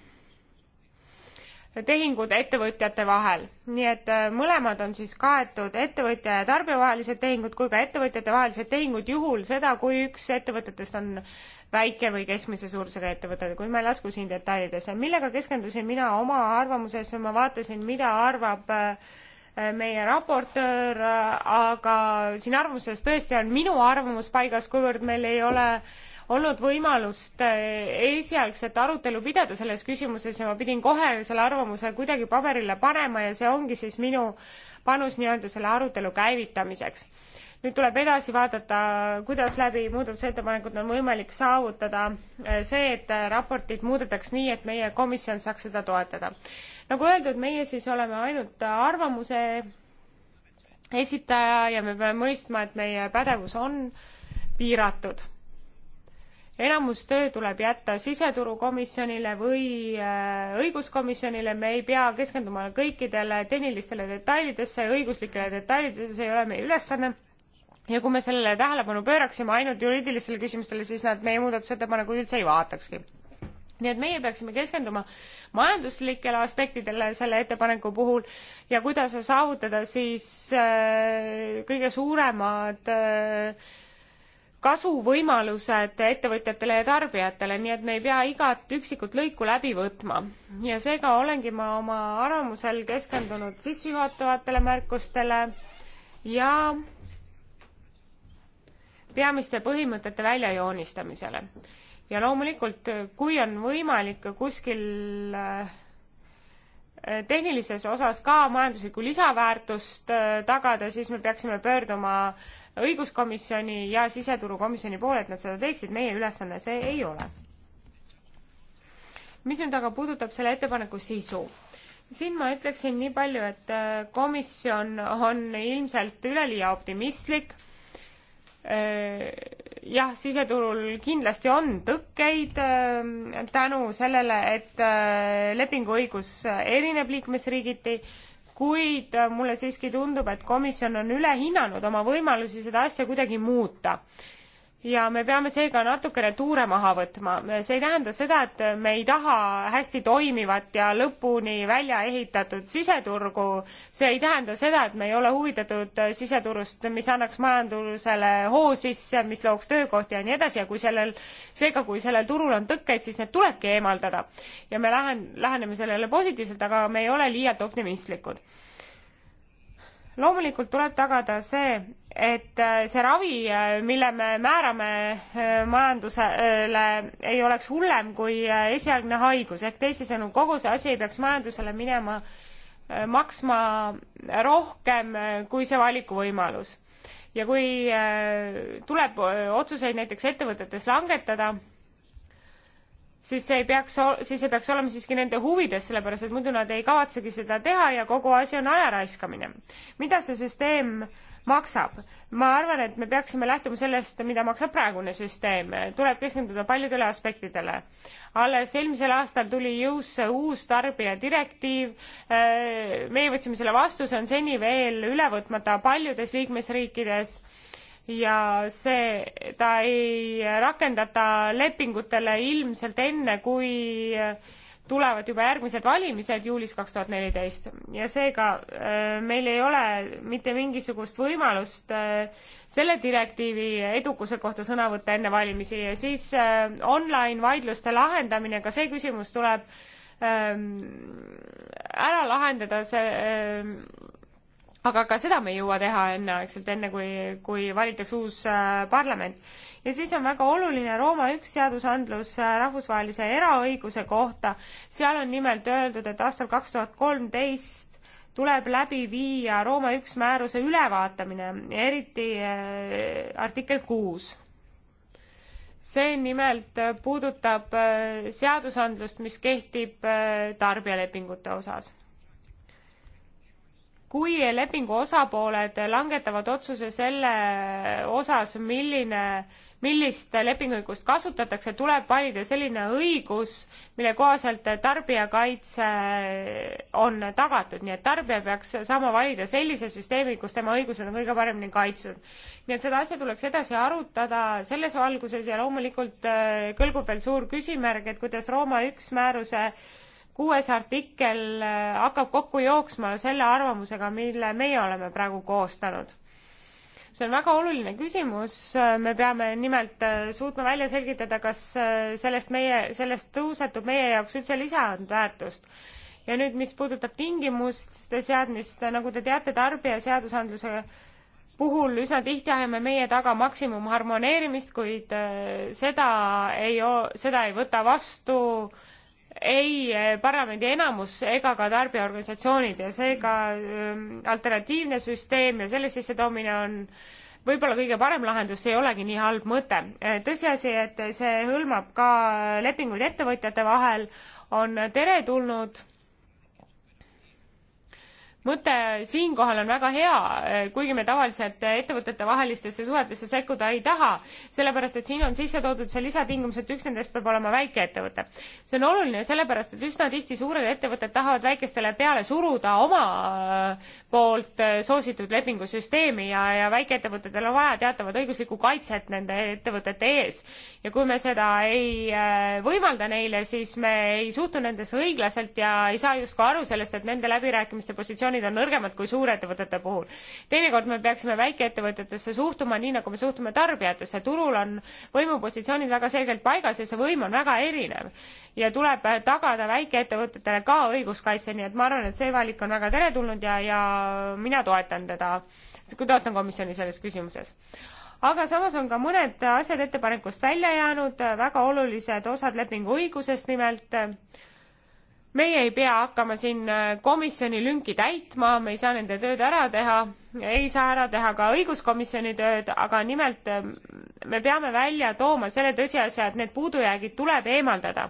tehingud ettevõtjate vahel. nii et äh, mõlemad on siis kaetud ettevõtja ja tarbija vahelised tehingud kui ka ettevõtjate vahelised tehingud juhul seda, kui üks ettevõtetest on väike või keskmise suurusega ettevõte, kuid ma ei lasku siin detailidesse. millega keskendusin mina oma arvamuses, ma vaatasin, mida arvab äh, meie raportöör, äh, aga siin arvamuses tõesti on minu arvamus paigas, kuivõrd meil ei ole äh, olnud võimalust äh, esialgset arutelu pidada selles küsimuses ja ma pidin kohe selle arvamuse kuidagi paberile panema ja see ongi siis minu panus nii-öelda selle arutelu käivitamiseks. nüüd tuleb edasi vaadata, kuidas läbi muudatusettepanekud on võimalik saavutada äh, see, et äh, raportit muudetaks nii, et meie komisjon saaks seda toetada. nagu öeldud, meie siis oleme ainult arvamuse esitaja ja me peame mõistma, et meie pädevus on piiratud enamus töö tuleb jätta siseturukomisjonile või äh, õiguskomisjonile, me ei pea keskenduma kõikidele tehnilistele detailidesse, õiguslikele detailidesse, see ei ole meie ülesanne. ja kui me sellele tähelepanu pööraksime ainult juriidilistele küsimustele, siis nad meie muudatusettepanekuid üldse ei vaatakski nii et meie peaksime keskenduma majanduslikele aspektidele selle ettepaneku puhul ja kuidas saavutada siis äh, kõige suuremad äh, kasuvõimalused ettevõtjatele ja tarbijatele, nii et me ei pea igat üksikut lõiku läbi võtma. ja seega olengi ma oma arvamusel keskendunud sissejuhatavatele märkustele ja peamiste põhimõtete väljajoonistamisele. ja loomulikult, kui on võimalik kuskil äh, tehnilises osas ka majanduslikku lisaväärtust äh, tagada, siis me peaksime pöörduma äh, õiguskomisjoni ja siseturukomisjoni poole, et nad seda teeksid, meie ülesanne see ei ole. mis nüüd aga puudutab selle ettepaneku sisu? siin ma ütleksin nii palju, et äh, komisjon on ilmselt üleliia optimistlik. Äh, jah, siseturul kindlasti on tõkkeid äh, tänu sellele, et lepinguõigus erineb liikmesriigiti kuid äh, mulle siiski tundub, et komisjon on üle hinnanud oma võimalusi seda asja kuidagi muuta ja me peame seega natukene tuure maha võtma. see ei tähenda seda, et me ei taha hästi toimivat ja lõpuni välja ehitatud siseturgu, see ei tähenda seda, et me ei ole huvitatud siseturust, mis annaks majandusele hoo sisse, mis looks töökohti ja nii edasi ja kui sellel, seega kui sellel turul on tõkkeid, siis need tulebki eemaldada. ja me lähen-, läheneme sellele positiivselt, aga me ei ole liialt optimistlikud. loomulikult tuleb tagada see, et äh, see ravi, äh, mille me määrame äh, majandusele, ei oleks hullem kui esialgne haigus, ehk teisisõnu, kogu see asi ei peaks majandusele minema maksma rohkem kui see valikuvõimalus. ja kui tuleb otsuseid näiteks ettevõtetes langetada, siis see ei peaks, siis ei peaks olema siiski nende huvides, sellepärast et muidu nad ei kavatsegi seda teha ja kogu asi on aja raiskamine. mida see süsteem äh, maksab. ma arvan, et me peaksime lähtuma sellest, mida maksab praegune süsteem, tuleb keskenduda paljudele aspektidele. alles eelmisel aastal tuli jõusse uus tarbijadirektiiv, meie võtsime selle vastu, see on seni veel üle võtmata paljudes liikmesriikides ja see, ta ei rakendata lepingutele ilmselt enne, kui tulevad juba järgmised valimised juulis kaks tuhat neliteist ja seega äh, meil ei ole mitte mingisugust võimalust äh, selle direktiivi edukuse kohta sõna võtta enne valimisi ja siis äh, online vaidluste lahendamine, ka see küsimus tuleb ähm, ära lahendada, see ähm, aga ka seda me ei jõua teha enneaegselt, enne kui, kui valitakse uus äh, parlament. ja siis on väga oluline Rooma üks seadusandlus äh, rahvusvahelise eraõiguse kohta, seal on nimelt öeldud, et aastal kaks tuhat kolmteist tuleb läbi viia Rooma üks määruse ülevaatamine, eriti äh, artikkel kuus see nimelt puudutab seadusandlust, mis kehtib tarbijalepingute osas kui lepingu osapooled langetavad otsuse selle osas, milline, millist lepinguõigust kasutatakse, tuleb valida selline õigus, mille kohaselt tarbijakaitse on tagatud, nii et tarbija peaks saama valida sellise süsteemi, kus tema õigused on kõige paremini kaitstud. nii et seda asja tuleks edasi arutada selles valguses ja loomulikult äh, kõlgub veel suur küsimärk, et kuidas Rooma üks määruse kuues artikkel äh, hakkab kokku jooksma selle arvamusega, mille meie oleme praegu koostanud. see on väga oluline küsimus, äh, me peame nimelt äh, suutma välja selgitada, kas sellest meie, sellest tõusetub meie jaoks üldse lisandväärtust. ja nüüd, mis puudutab tingimuste seadmist, nagu te teate, tarbijaseadusandluse puhul üsna tihti ajame meie taga maksimumharmoneerimist, kuid seda ei, seda ei võta vastu äh, ei eh, parlamendi enamus ega ka tarbijaorganisatsioonid ja seega ehm, alternatiivne süsteem ja selle sissetoomine on võib-olla kõige parem lahendus, see ei olegi nii halb mõte. Eh, tõsiasi, et see hõlmab ka lepinguid ettevõtjate vahel, on teretulnud mõte siinkohal on väga hea, kuigi me tavaliselt ettevõtetevahelistesse suhetesse sekkuda ei taha, sellepärast et siin on sisse toodud see lisatingimus, et üks nendest peab olema väikeettevõte. see on oluline sellepärast, et üsna tihti suured ettevõtted tahavad väikestele peale suruda oma äh, poolt äh, soositud lepingusüsteemi ja, ja väikeettevõtetel on vaja teatavat õiguslikku kaitset nende ettevõtete ees. ja kui me seda ei äh, võimalda neile, siis me ei suhtu nendesse õiglaselt ja ei saa justkui aru sellest, et nende läbirääkimiste positsioonid sanktsioonid on nõrgemad kui suurettevõtete puhul. teinekord me peaksime väikeettevõtetesse suhtuma nii, nagu me suhtume tarbijatesse, turul on võimupositsioonid väga selgelt paigas ja see võim on väga erinev. ja tuleb tagada väikeettevõtetele ka õiguskaitse, nii et ma arvan, et see valik on väga teretulnud ja, ja mina toetan teda, toetan komisjoni selles küsimuses aga samas on ka mõned asjad ettepanekust välja jäänud, väga olulised osad lepingu õigusest nimelt meie ei pea hakkama siin äh, komisjoni lünki täitma, me ei saa nende tööd ära teha, ei saa ära teha ka õiguskomisjoni tööd, aga nimelt äh, me peame välja tooma selle tõsiasja, et need puudujäägid tuleb eemaldada.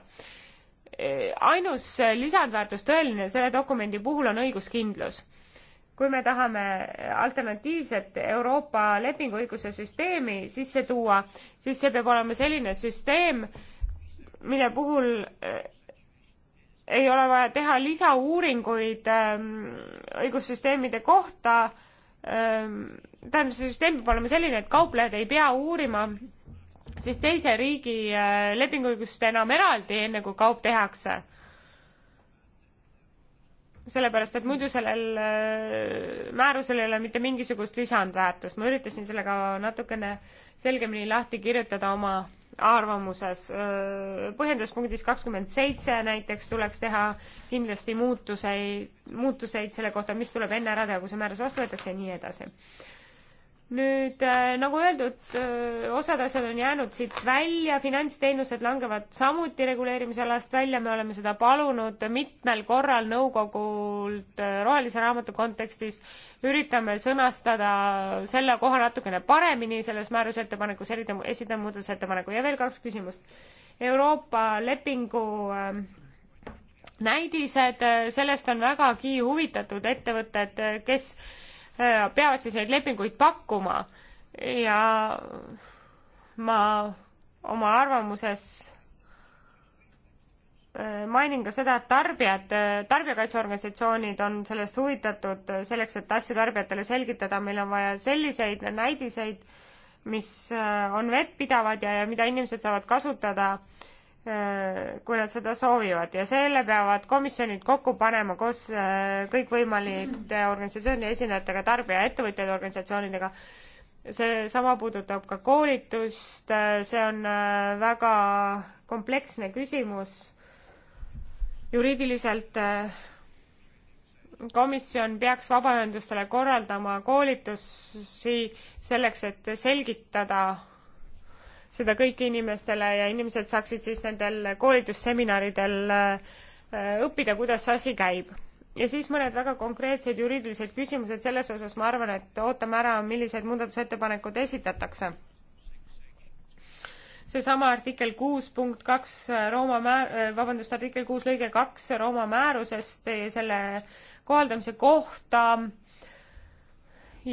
Äh, ainus lisandväärtus tõeline selle dokumendi puhul on õiguskindlus kui me tahame alternatiivset Euroopa lepinguõiguse süsteemi sisse tuua, siis see peab olema selline süsteem, mille puhul ei ole vaja teha lisauuringuid ähm, õigussüsteemide kohta. Ähm, tähendab, see süsteem peab olema selline, et kauplejad ei pea uurima siis teise riigi äh, lepinguõigust enam eraldi, enne kui kaup tehakse. sellepärast, et muidu sellel äh, määrusel ei ole mitte mingisugust lisandväärtust. ma üritasin selle ka natukene selgemini lahti kirjutada oma arvamuses. põhjenduspunktis kakskümmend seitse näiteks tuleks teha kindlasti muutuseid, muutuseid selle kohta, mis tuleb enne ära teha, kui see määrus vastu võetakse ja nii edasi nüüd äh, nagu öeldud, äh, osad asjad on jäänud siit välja, finantsteenused langevad samuti reguleerimisalast välja, me oleme seda palunud mitmel korral nõukogult äh, rohelise raamatu kontekstis. üritame sõnastada selle koha natukene paremini selles määruse ettepanekus, eriti esitan muudatusettepaneku ja veel kaks küsimust. Euroopa lepingu ähm, näidised, sellest on vägagi huvitatud ettevõtted, kes Äh, peavad siis neid lepinguid pakkuma ja ma oma arvamuses äh, mainin ka seda, et tarbijad, äh, tarbijakaitseorganisatsioonid on sellest huvitatud, selleks, et asju tarbijatele selgitada, meil on vaja selliseid näidiseid, mis on vettpidavad ja, ja mida inimesed saavad kasutada äh, Äh, kui nad seda soovivad ja selle peavad komisjonid kokku panema koos äh, kõikvõimalike organisatsioonide esindajatega, tarbijaettevõtjate organisatsioonidega. seesama puudutab ka koolitust, äh, see on väga kompleksne küsimus. juriidiliselt komisjon peaks vabaühendustele korraldama koolitusi selleks, et selgitada seda kõike inimestele ja inimesed saaksid siis nendel koolitusseminaridel äh, õppida, kuidas see asi käib. ja siis mõned väga konkreetsed juriidilised küsimused selles osas, ma arvan, et ootame ära, millised muudatusettepanekud esitatakse. seesama artikkel kuus punkt kaks äh, Rooma määr-, äh, vabandust, artikkel kuus lõige kaks Rooma määrusest ja selle kohaldamise kohta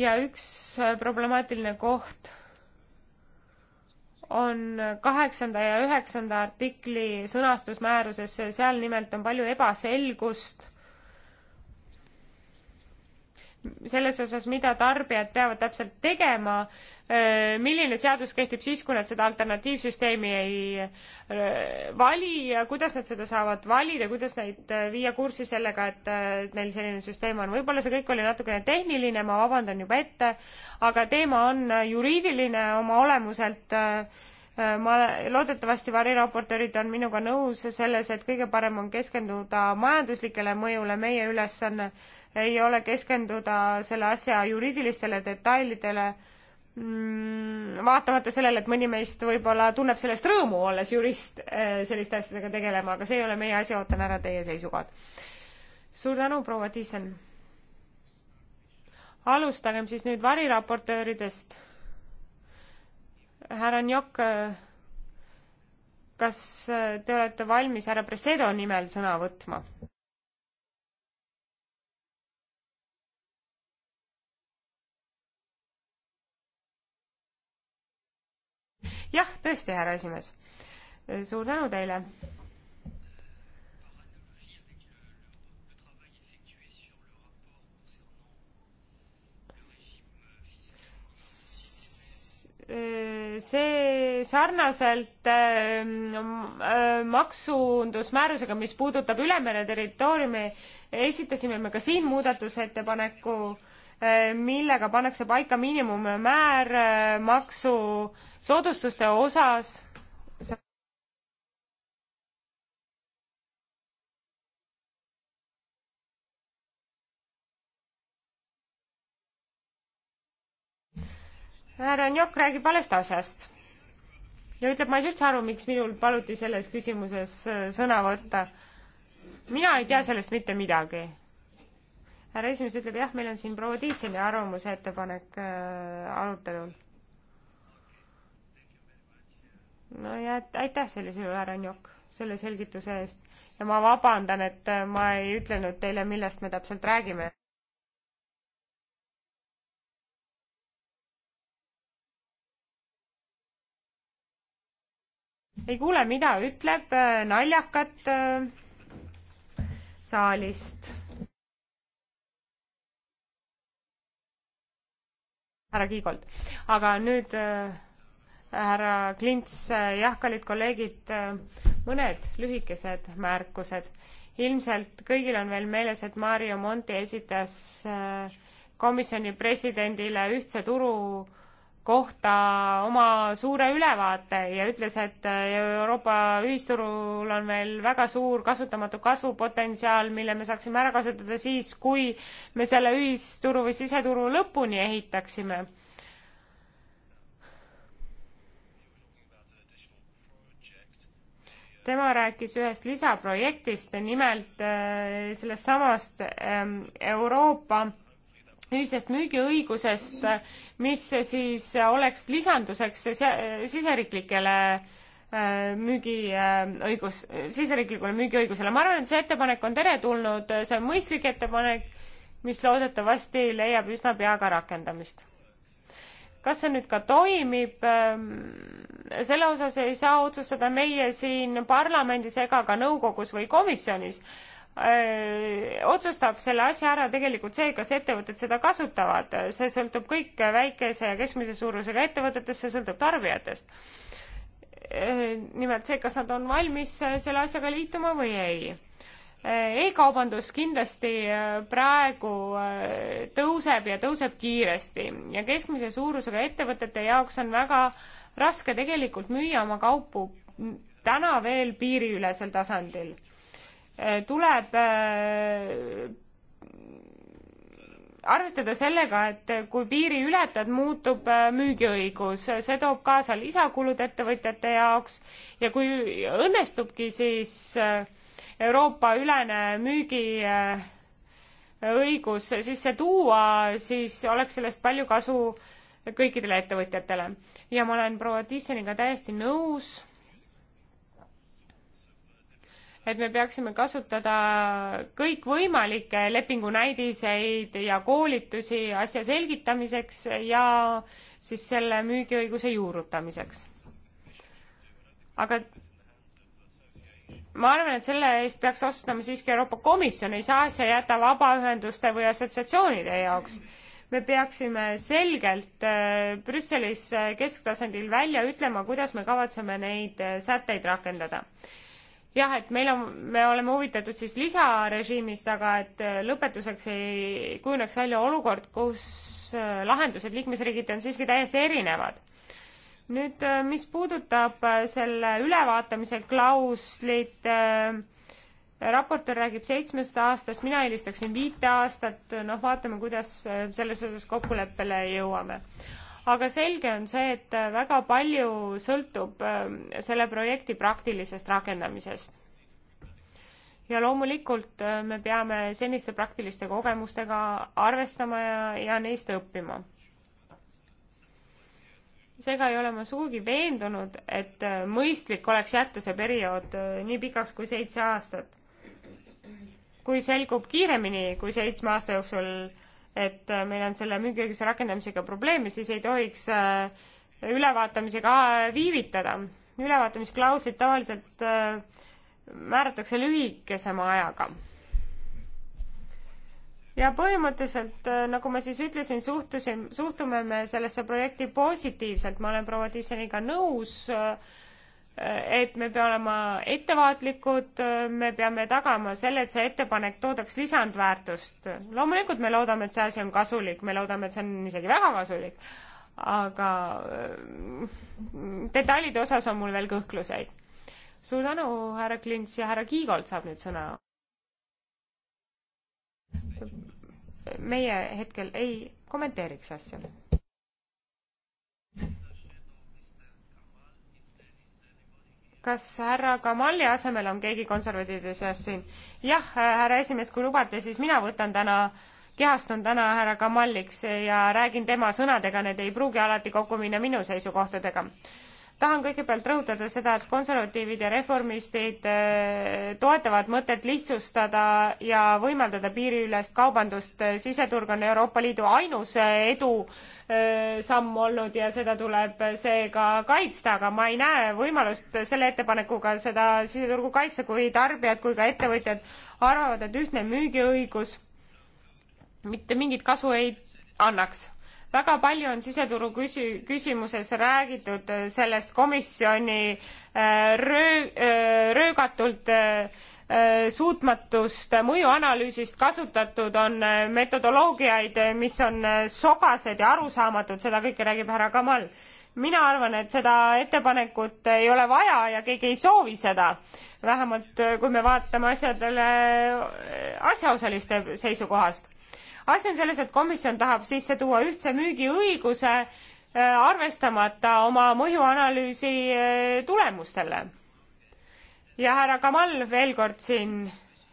ja üks problemaatiline koht on kaheksanda ja üheksanda artikli sõnastusmäärusesse, seal nimelt on palju ebaselgust selles osas, mida tarbijad peavad täpselt tegema, äh, milline seadus kehtib siis, kui nad seda alternatiivsüsteemi ei äh, vali ja kuidas nad seda saavad valida, kuidas neid äh, viia kurssi sellega, et neil selline süsteem on. võib-olla see kõik oli natukene tehniline, ma vabandan juba ette, aga teema on juriidiline oma olemuselt Äh, ma, loodetavasti variraportöörid on minuga nõus selles, et kõige parem on keskenduda majanduslikele mõjule, meie ülesanne ei ole keskenduda selle asja juriidilistele detailidele, mm, vaatamata sellele, et mõni meist võib-olla tunneb sellest rõõmu, olles jurist, äh, selliste asjadega tegelema, aga see ei ole meie asi, ootan ära teie seisukohad. suur tänu, proua Tiisen! alustagem siis nüüd variraportööridest härra Njok, kas te olete valmis härra Presedo nimel sõna võtma? jah, tõesti, härra esimees. suur tänu teile. see sarnaselt ähm, äh, maksundusmäärusega, mis puudutab Ülemere territooriumi, esitasime me ka siin muudatusettepaneku, äh, millega pannakse paika miinimummäär äh, maksusoodustuste osas härra Njok räägib valest asjast ja ütleb, ma ei saa üldse aru, miks minul paluti selles küsimuses äh, sõna võtta. mina ei tea sellest mitte midagi. härra esimees ütleb, jah, meil on siin proua Tiisseli arvamuse ettepanek äh, arutelul. no ja aitäh sellisel juhul, härra Njok, selle selgituse eest ja ma vabandan, et äh, ma ei ütlenud teile, millest me täpselt räägime. ei kuule, mida ütleb äh, naljakat äh, saalist. härra Kiigold, aga nüüd äh, härra Klints, jah, kallid kolleegid, mõned lühikesed märkused. ilmselt kõigil on veel meeles, et Mario Monti esitas komisjoni presidendile ühtse turu äh, kohta oma suure ülevaate ja ütles, et äh, Euroopa ühisturul on veel väga suur kasutamatu kasvupotentsiaal, mille me saaksime ära kasutada siis, kui me selle ühisturu või siseturu lõpuni ehitaksime. tema rääkis ühest lisaprojektist, nimelt äh, sellest samast ähm, Euroopa ühisest müügiõigusest, mis siis oleks lisanduseks siseriiklikele äh, müügiõigus, äh, siseriiklikule müügiõigusele. ma arvan, et see ettepanek on teretulnud, see on mõistlik ettepanek, mis loodetavasti leiab üsna pea ka rakendamist. kas see nüüd ka toimib, ähm, selle osas ei saa otsustada meie siin parlamendis ega ka nõukogus või komisjonis öö, äh, otsustab selle asja ära tegelikult see, kas ettevõtted seda kasutavad, see sõltub kõik väikese ja keskmise suurusega ettevõtetest, see sõltub tarbijatest. Äh, nimelt see, kas nad on valmis äh, selle asjaga liituma või ei e-kaubandus kindlasti praegu tõuseb ja tõuseb kiiresti ja keskmise suurusega ettevõtete jaoks on väga raske tegelikult müüa oma kaupu täna veel piiriülesel tasandil Äh, tuleb äh, arvestada sellega, et kui piiri ületad, muutub äh, müügiõigus, see toob kaasa lisakulud ettevõtjate jaoks ja kui õnnestubki, siis Euroopa ülene müügiõigus sisse tuua, siis oleks sellest palju kasu kõikidele ettevõtjatele. ja ma olen proua Tisseniga täiesti nõus et me peaksime kasutada kõikvõimalikke lepingunäidiseid ja koolitusi asja selgitamiseks ja siis selle müügiõiguse juurutamiseks. aga ma arvan, et selle eest peaks otsustama siiski Euroopa Komisjon, ei saa asja jätta vabaühenduste või assotsiatsioonide jaoks. me peaksime selgelt äh, Brüsselis äh, kesktasandil välja ütlema, kuidas me kavatseme neid äh, sätteid rakendada jah, et meil on, me oleme huvitatud siis lisarežiimist, aga et äh, lõpetuseks ei kujuneks välja olukord, kus äh, lahendused liikmesriigiti on siiski täiesti erinevad. nüüd, äh, mis puudutab selle ülevaatamise klauslit, raportöör räägib seitsmest aastast, mina eelistaksin viite aastat, noh, vaatame, kuidas selles osas kokkuleppele jõuame aga selge on see, et äh, väga palju sõltub äh, selle projekti praktilisest rakendamisest. ja loomulikult äh, me peame seniste praktiliste kogemustega arvestama ja, ja neist õppima. seega ei ole ma sugugi veendunud, et mõistlik oleks jätta see periood nii pikaks kui seitse aastat. kui selgub kiiremini kui seitsme aasta jooksul, et äh, meil on selle müügiõiguse rakendamisega probleeme, siis ei tohiks äh, ülevaatamisega äh, viivitada. ülevaatamisklauslid tavaliselt määratakse lühikesema ajaga. ja põhimõtteliselt, nagu ma siis ütlesin, suhtusin, suhtume me sellesse projekti positiivselt, ma olen proua Tisseniga nõus äh, et me peame olema ettevaatlikud, me peame tagama selle, et see ettepanek toodaks lisandväärtust. loomulikult me loodame, et see asi on kasulik, me loodame, et see on isegi väga kasulik, aga äh, detailide osas on mul veel kõhkluseid. suur tänu, härra Klints ja härra Kiigolt saab nüüd sõna. meie hetkel ei kommenteeriks asja kas härra Kamali asemel on keegi konservatiivide seast siin? jah, äh, härra esimees, kui lubate, siis mina võtan täna, kehastun täna härra Kamaliks ja räägin tema sõnadega, need ei pruugi alati kokku minna minu seisukohtadega tahan kõigepealt rõhutada seda, et konservatiivid ja reformistid äh, toetavad mõtet lihtsustada ja võimaldada piiriülest kaubandust. siseturg on Euroopa Liidu ainus äh, edu äh, samm olnud ja seda tuleb seega kaitsta, aga ma ei näe võimalust selle ettepanekuga seda siseturgu kaitsta, kui tarbijad kui ka ettevõtjad arvavad, et ühtne müügiõigus mitte mingit kasu ei annaks väga palju on siseturu küsi-, küsimuses räägitud äh, sellest komisjoni äh, röö-, äh, röögatult suutmatust mõjuanalüüsist kasutatud on metodoloogiaid, mis on sogased ja arusaamatud, seda kõike räägib härra Kamal. mina arvan, et seda ettepanekut ei ole vaja ja keegi ei soovi seda, vähemalt kui me vaatame asjadele asjaosaliste seisukohast asi on selles, et komisjon tahab sisse tuua ühtse müügiõiguse, äh, arvestamata oma mõjuanalüüsi äh, tulemustele. ja härra Kamal veel kord siin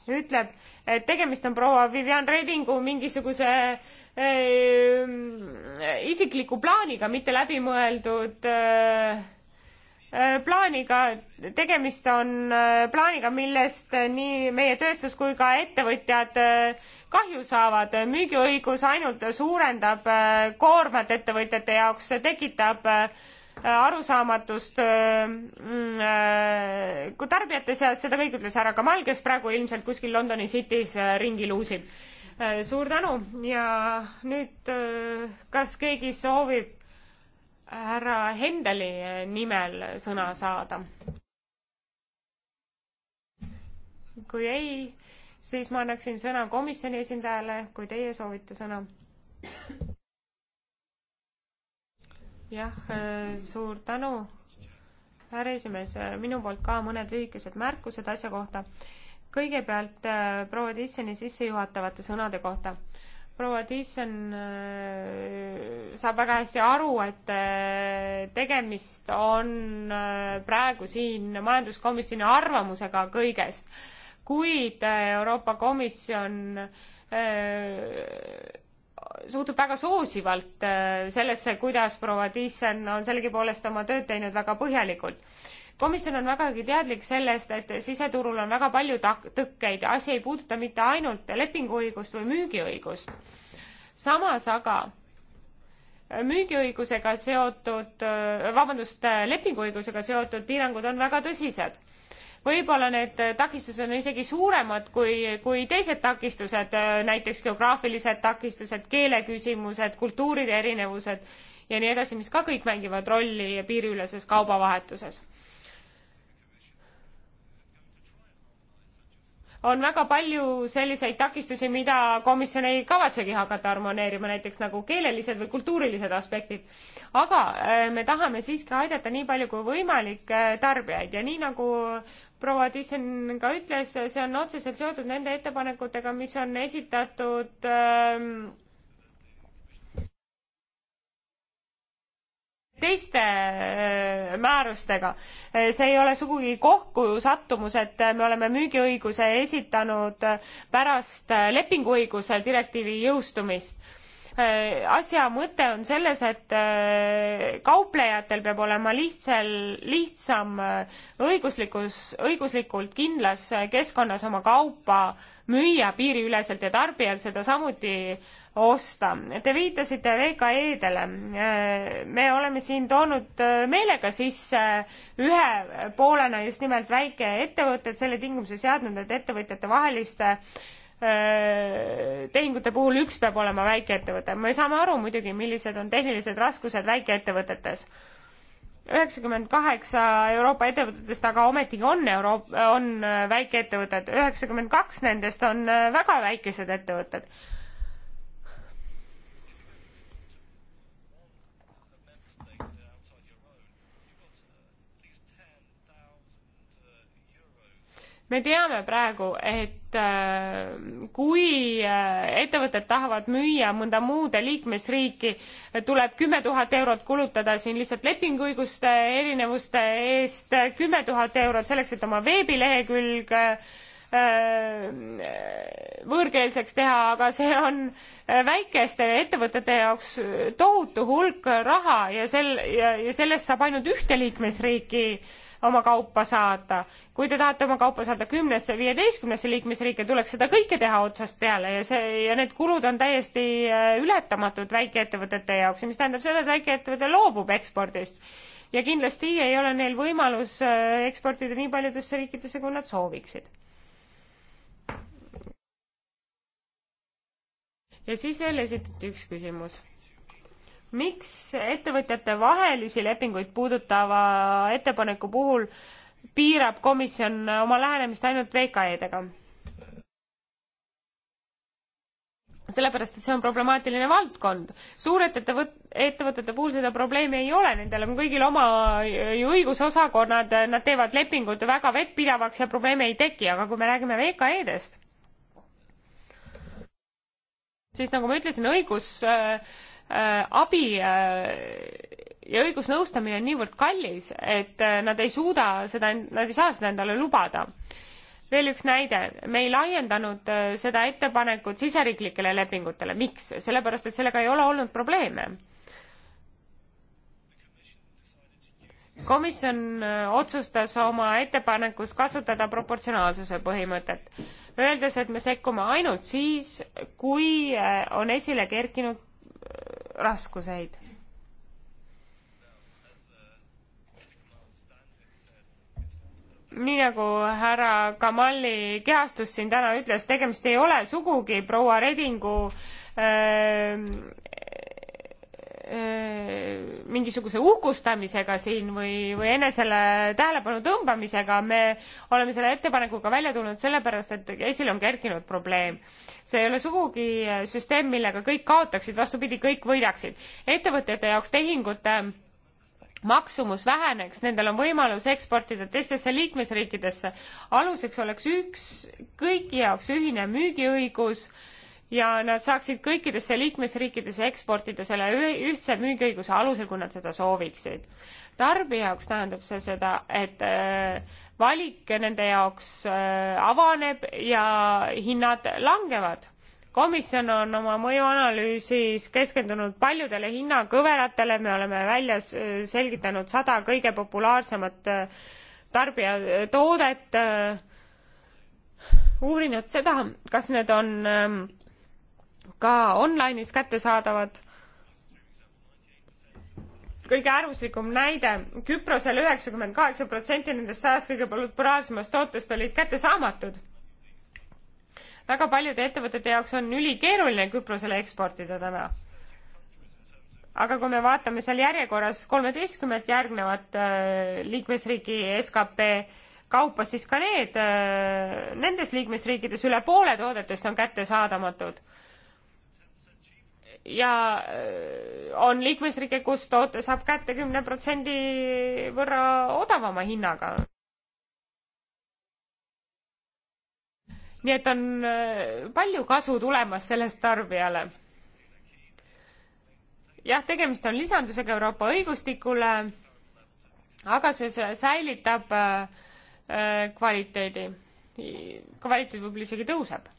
ütleb, et tegemist on proua Vivian Redingu mingisuguse äh, isikliku plaaniga, mitte läbimõeldud äh, Äh, plaaniga, tegemist on äh, plaaniga, millest nii meie tööstus kui ka ettevõtjad äh, kahju saavad. müügiõigus ainult suurendab koormat ettevõtjate jaoks, see tekitab arusaamatust mm, kui tarbijate seas, seda kõik ütles härra Kamal, kes praegu ilmselt kuskil Londoni City's ringi luusib. suur tänu ja nüüd, kas keegi soovib härra Hendeli nimel sõna saada? kui ei, siis ma annaksin sõna komisjoni esindajale, kui teie soovite sõna. jah, suur tänu, härra esimees, minu poolt ka mõned lühikesed märkused asja kohta. kõigepealt proua Tissoni sissejuhatavate sõnade kohta proua Thyssen äh, saab väga hästi aru, et äh, tegemist on äh, praegu siin majanduskomisjoni arvamusega kõigest, kuid Euroopa Komisjon suhtub väga soosivalt sellesse, kuidas proua Thyssen on sellegipoolest oma tööd teinud väga põhjalikult komisjon on vägagi teadlik sellest, et siseturul on väga palju tõkkeid, asi ei puuduta mitte ainult lepinguõigust või müügiõigust. samas aga müügiõigusega seotud, vabandust, lepinguõigusega seotud piirangud on väga tõsised. võib-olla need takistused on isegi suuremad kui, kui teised takistused, näiteks geograafilised takistused, keeleküsimused, kultuuride erinevused ja nii edasi, mis ka kõik mängivad rolli piiriüleses kaubavahetuses on väga palju selliseid takistusi, mida komisjon ei kavatsegi hakata harmoneerima, näiteks nagu keelelised või kultuurilised aspektid. aga äh, me tahame siiski aidata nii palju kui võimalik äh, tarbijaid ja nii nagu proua Thyssen ka ütles, see on otseselt seotud nende ettepanekutega, mis on esitatud ähm, teiste äh, määrustega. Äh, see ei ole sugugi kohkusattumus, et äh, me oleme müügiõiguse esitanud pärast lepinguõiguse direktiivi jõustumist. asja mõte on selles, et kauplejatel peab olema lihtsal, lihtsam õiguslikus, õiguslikult kindlas keskkonnas oma kaupa müüa piiriüleselt ja tarbijal seda samuti osta. Te viitasite VKE-dele. me oleme siin toonud meelega sisse ühe poolena just nimelt väikeettevõtted, selle tingimuse seadnud, et ettevõtjate vaheliste tehingute puhul üks peab olema väikeettevõte. me saame aru muidugi, millised on tehnilised raskused väikeettevõtetes. üheksakümmend kaheksa Euroopa ettevõtetest aga ometigi on Euroop-, on väikeettevõtted, üheksakümmend kaks nendest on väga väikesed ettevõtted me teame praegu, et äh, kui äh, ettevõtted tahavad müüa mõnda muude liikmesriiki, tuleb kümme tuhat eurot kulutada siin lihtsalt lepinguõiguste erinevuste eest, kümme tuhat eurot selleks, et oma veebilehekülg äh, võõrkeelseks teha, aga see on väikeste ettevõtete jaoks tohutu hulk raha ja sel- ja, ja sellest saab ainult ühte liikmesriiki äh, oma kaupa saada. kui te tahate oma kaupa saada kümnesse, viieteistkümnesse liikmesriiki, tuleks seda kõike teha otsast peale ja see, ja need kulud on täiesti äh, ületamatud väikeettevõtete jaoks ja mis tähendab seda, et väikeettevõte loobub ekspordist. ja kindlasti ei ole neil võimalus äh, eksportida nii paljudesse riikidesse, kui nad sooviksid ja siis veel esitati üks küsimus miks ettevõtjate vahelisi lepinguid puudutava ettepaneku puhul piirab komisjon oma lähenemist ainult VKE-dega? sellepärast, et see on problemaatiline valdkond. suurettevõt-, ettevõtete puhul seda probleemi ei ole, nendel on kõigil oma õigusosakonnad, nad teevad lepingud väga vettpidavaks ja probleeme ei teki, aga kui me räägime VKE-dest, siis nagu ma ütlesin, õigus äh, Äh, abi äh, ja õigusnõustamine on niivõrd kallis, et äh, nad ei suuda seda, nad ei saa seda endale lubada. veel üks näide, me ei laiendanud seda ettepanekut siseriiklikele lepingutele, miks? sellepärast, et sellega ei ole olnud probleeme. komisjon otsustas oma ettepanekus kasutada proportsionaalsuse põhimõtet, öeldes, et me sekkume ainult siis, kui on esile kerkinud Äh, raskuseid. nii nagu härra Kamali kehastus siin täna ütles, tegemist ei ole sugugi proua Redingu öö, äh, Äh, mingisuguse uhkustamisega siin või, või enesele tähelepanu tõmbamisega, me oleme selle ettepanekuga välja tulnud sellepärast, et esile on kerkinud probleem. see ei ole sugugi äh, süsteem, millega kõik kaotaksid, vastupidi, kõik võidaksid. ettevõtjate jaoks tehingute maksumus väheneks, nendel on võimalus eksportida teistesse liikmesriikidesse. aluseks oleks üks kõigi jaoks ühine müügiõigus äh, ja nad saaksid kõikidesse liikmesriikidesse eksportida selle ühtse müügiõiguse alusel, kui nad seda sooviksid. tarbija jaoks tähendab see seda, et äh, valik nende jaoks äh, avaneb ja hinnad langevad komisjon on oma mõjuanalüüsis keskendunud paljudele hinnakõveratele me oleme välja äh, selgitanud sada kõige populaarsemat tarbijatoodet uurinud seda kas need on ähm, ka online'is kättesaadavad. kõige äärmuslikum näide, Küprosel üheksakümmend kaheksa protsenti nendest sajast kõige populaarsemast tootest olid kättesaamatud. väga paljude ettevõtete jaoks on ülikeeruline Küprosele eksportida täna. aga kui me vaatame seal järjekorras kolmeteistkümmet järgnevat äh, liikmesriigi skp kaupa, siis ka need, äh, nendes liikmesriikides üle poole toodetest on kättesaadamatud ja äh, on liikmesriike, kus toote saab kätte kümne protsendi võrra odavama hinnaga. nii et on äh, palju kasu tulemas sellest tarbijale. jah, tegemist on lisandusega Euroopa õigustikule, aga see säilitab äh, kvaliteedi. kvaliteet võib-olla isegi tõuseb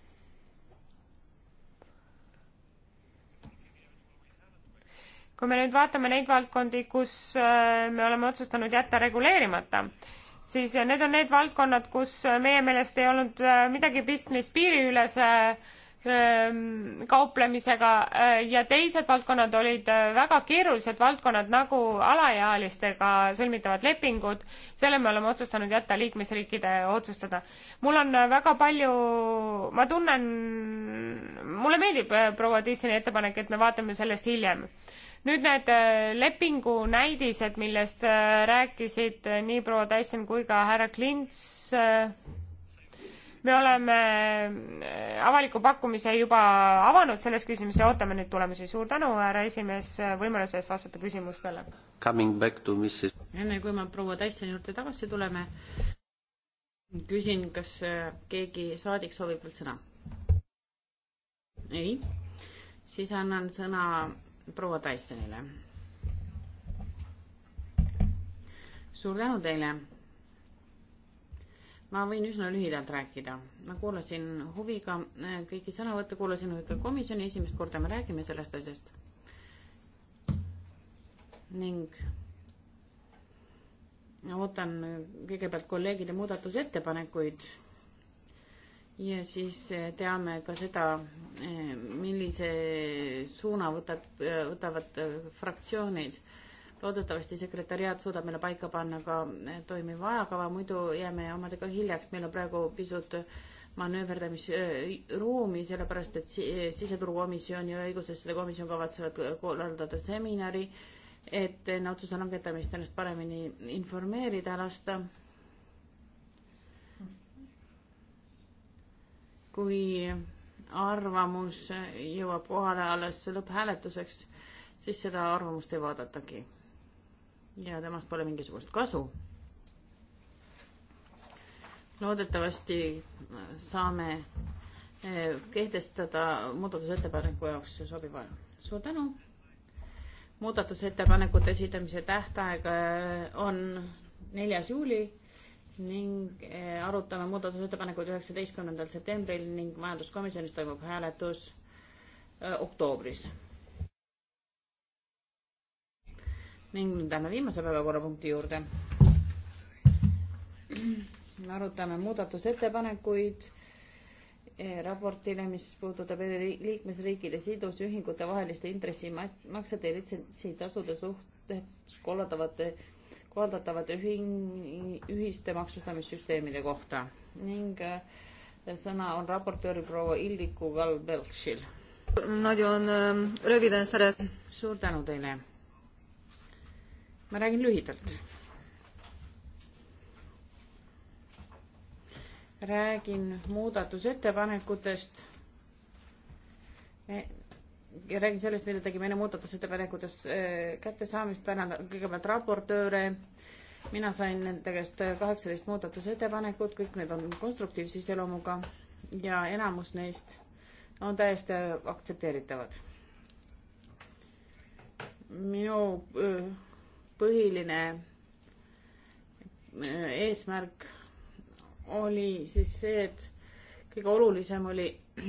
kui me nüüd vaatame neid valdkondi, kus äh, me oleme otsustanud jätta reguleerimata, siis äh, need on need valdkonnad, kus äh, meie meelest ei olnud midagi pistmist piiriülese ähm, kauplemisega ja teised valdkonnad olid väga keerulised valdkonnad nagu alaealistega sõlmitavad lepingud, selle me oleme otsustanud jätta liikmesriikide otsustada. mul on väga palju, ma tunnen, mulle meeldib proua Tiissoni ettepanek, et me vaatame sellest hiljem nüüd need äh, lepingu näidised, millest äh, rääkisid äh, nii proua Tyson kui ka härra Klints. me oleme avaliku pakkumise juba avanud selles küsimuses ja ootame nüüd tulemusi. suur tänu, härra esimees, võimaluse eest vastata küsimustele. enne kui me proua Tysoni juurde tagasi tuleme, küsin, kas keegi saadik soovib veel sõna? ei? siis annan sõna proua Tysonile. suur tänu teile. ma võin üsna lühidalt rääkida. ma kuulasin huviga äh, kõiki sõnavõtte, kuulasin huviga komisjoni, esimest korda me räägime sellest asjast. ning ootan kõigepealt kolleegide muudatusettepanekuid ja siis eh, teame ka seda, eh, millise suuna võtab, eh, võtavad fraktsioonid. loodetavasti sekretäriaat suudab meile paika panna ka toimiva ajakava, muidu jääme omadega hiljaks, meil on praegu pisut manööverdamisruumi, sellepärast et siseturukomisjon ja õigusasjade komisjon kavatsevad korraldada seminari, et enne otsuse langetamist ennast paremini informeerida lasta kui arvamus jõuab kohale alles lõpphääletuseks, siis seda arvamust ei vaadatagi. ja temast pole mingisugust kasu. loodetavasti saame eh, kehtestada muudatusettepaneku jaoks sobiva. suur tänu. muudatusettepanekute esitamise tähtaeg eh, on neljas juuli ning eh, arutame muudatusettepanekuid üheksateistkümnendal septembril ning majanduskomisjonis toimub hääletus eh, oktoobris. ning nüüd lähme viimase päevakorrapunkti juurde. me arutame muudatusettepanekuid eh, raportile, mis puudutab eri liikmesriikide sidusühingute vaheliste intressimaksete ja litsentsitasude suhtes korraldavate valdatavate ühin-, ühiste maksustamissüsteemide kohta ning äh, sõna on raportööri proua Ildiku Kalbeltšil. Ähm, suur tänu teile. ma räägin lühidalt. räägin muudatusettepanekutest räägin sellest, mida tegime enne muudatusettepanekutes äh, kättesaamist, tänan kõigepealt raportööre, mina sain nende käest kaheksateist muudatusettepanekut, kõik need on konstruktiivse iseloomuga ja enamus neist on täiesti aktsepteeritavad. minu äh, põhiline äh, eesmärk oli siis see, et kõige olulisem oli [CLEARS THROAT]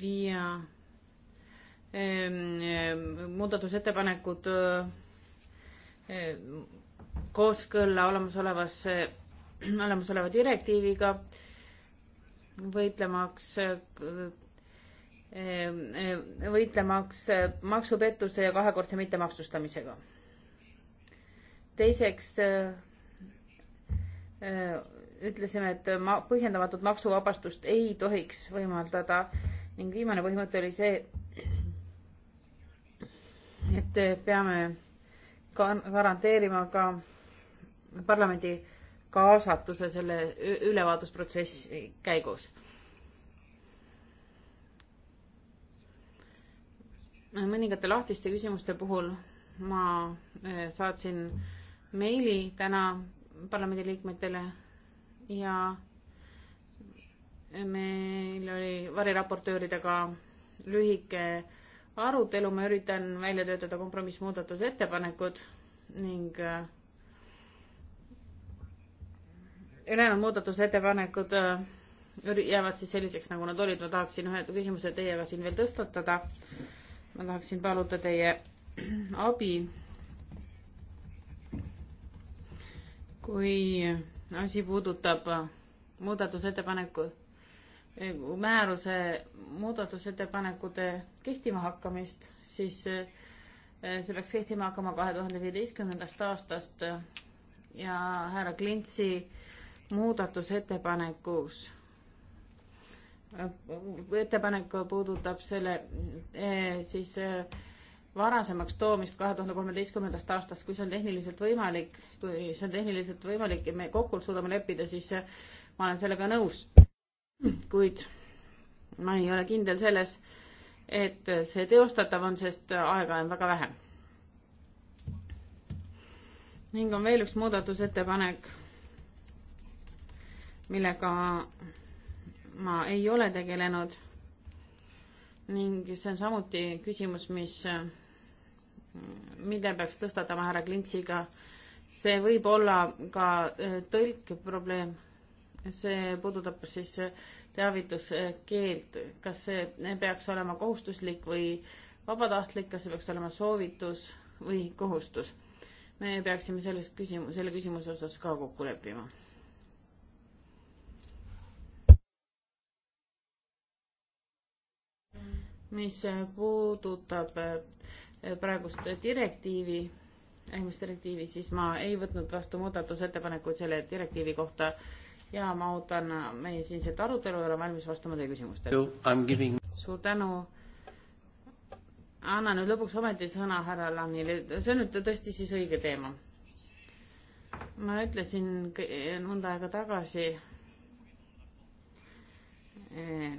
viia ehm, ehm, muudatusettepanekud ehm, kooskõlla olemasolevasse, olemasoleva direktiiviga, võitlemaks, võitlemaks maksupettuse ja kahekordse mittemaksustamisega. teiseks ütlesime, et ma-, põhjendamatut maksuvabastust ei tohiks võimaldada ning viimane põhimõte oli see, et peame ka garanteerima ka parlamendi kaasatuse selle ülevaatusprotsessi käigus. mõningate lahtiste küsimuste puhul ma eh, saatsin meili täna parlamendiliikmetele ja meil oli variraportööridega lühike arutelu, ma üritan välja töötada kompromissmuudatusettepanekud ning äh, ülejäänud muudatusettepanekud äh, jäävad siis selliseks, nagu nad olid, ma tahaksin ühe küsimuse teiega siin veel tõstatada. ma tahaksin paluda teie [CLEARS THROAT] abi. kui asi puudutab äh, muudatusettepaneku, äh, määruse muudatusettepanekute kehtima hakkamist, siis äh, see peaks kehtima hakkama kahe tuhande viieteistkümnendast aastast ja härra Klintsi muudatusettepanekus, ettepanek puudutab selle siis varasemaks toomist kahe tuhande kolmeteistkümnendast aastast, kui see on tehniliselt võimalik, kui see on tehniliselt võimalik ja me kokku suudame leppida, siis äh, ma olen sellega nõus. kuid ma ei ole kindel selles, et see teostatav on, sest aega on väga vähe. ning on veel üks muudatusettepanek, millega ma ei ole tegelenud ning see on samuti küsimus, mis äh, mille peaks tõstatama härra Klintsiga, see võib olla ka äh, tõlkeprobleem. see puudutab siis äh, teavituskeelt, kas see äh, peaks olema kohustuslik või vabatahtlik, kas see peaks olema soovitus või kohustus? me peaksime selles küsimus, selle küsimuse osas ka kokku leppima. mis puudutab Eh, praegust direktiivi, ärimusdirektiivi, siis ma ei võtnud vastu muudatusettepanekuid selle direktiivi kohta ja ma ootan äh, meie siinset arutelu ja olen valmis vastama teie küsimustele giving.... suur tänu. annan nüüd lõpuks ometi sõna härra Langile, see on nüüd tõesti siis õige teema. ma ütlesin eh, mõnda aega tagasi eh,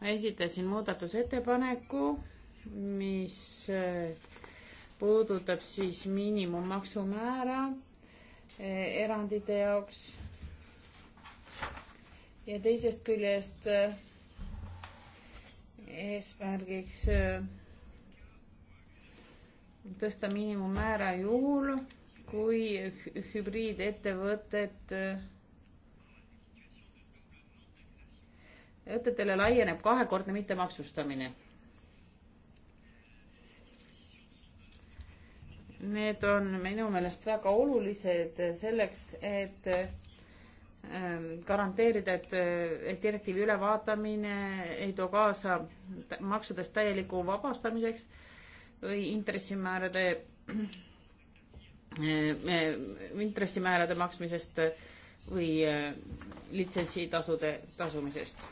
ma esitasin muudatusettepaneku, mis eh, puudutab siis miinimummaksumäära eh, erandite jaoks. ja teisest küljest eh, eesmärgiks tõsta miinimummäära juhul, kui hübriidettevõtted hü ettevõtetele laieneb kahekordne mittemaksustamine. Need on minu meelest väga olulised selleks, et ähm, garanteerida, et, äh, et direktiivi ülevaatamine ei too kaasa maksudest täieliku vabastamiseks või intressimäärade, äh, äh, intressimäärade maksmisest või litsentsitasude tasumisest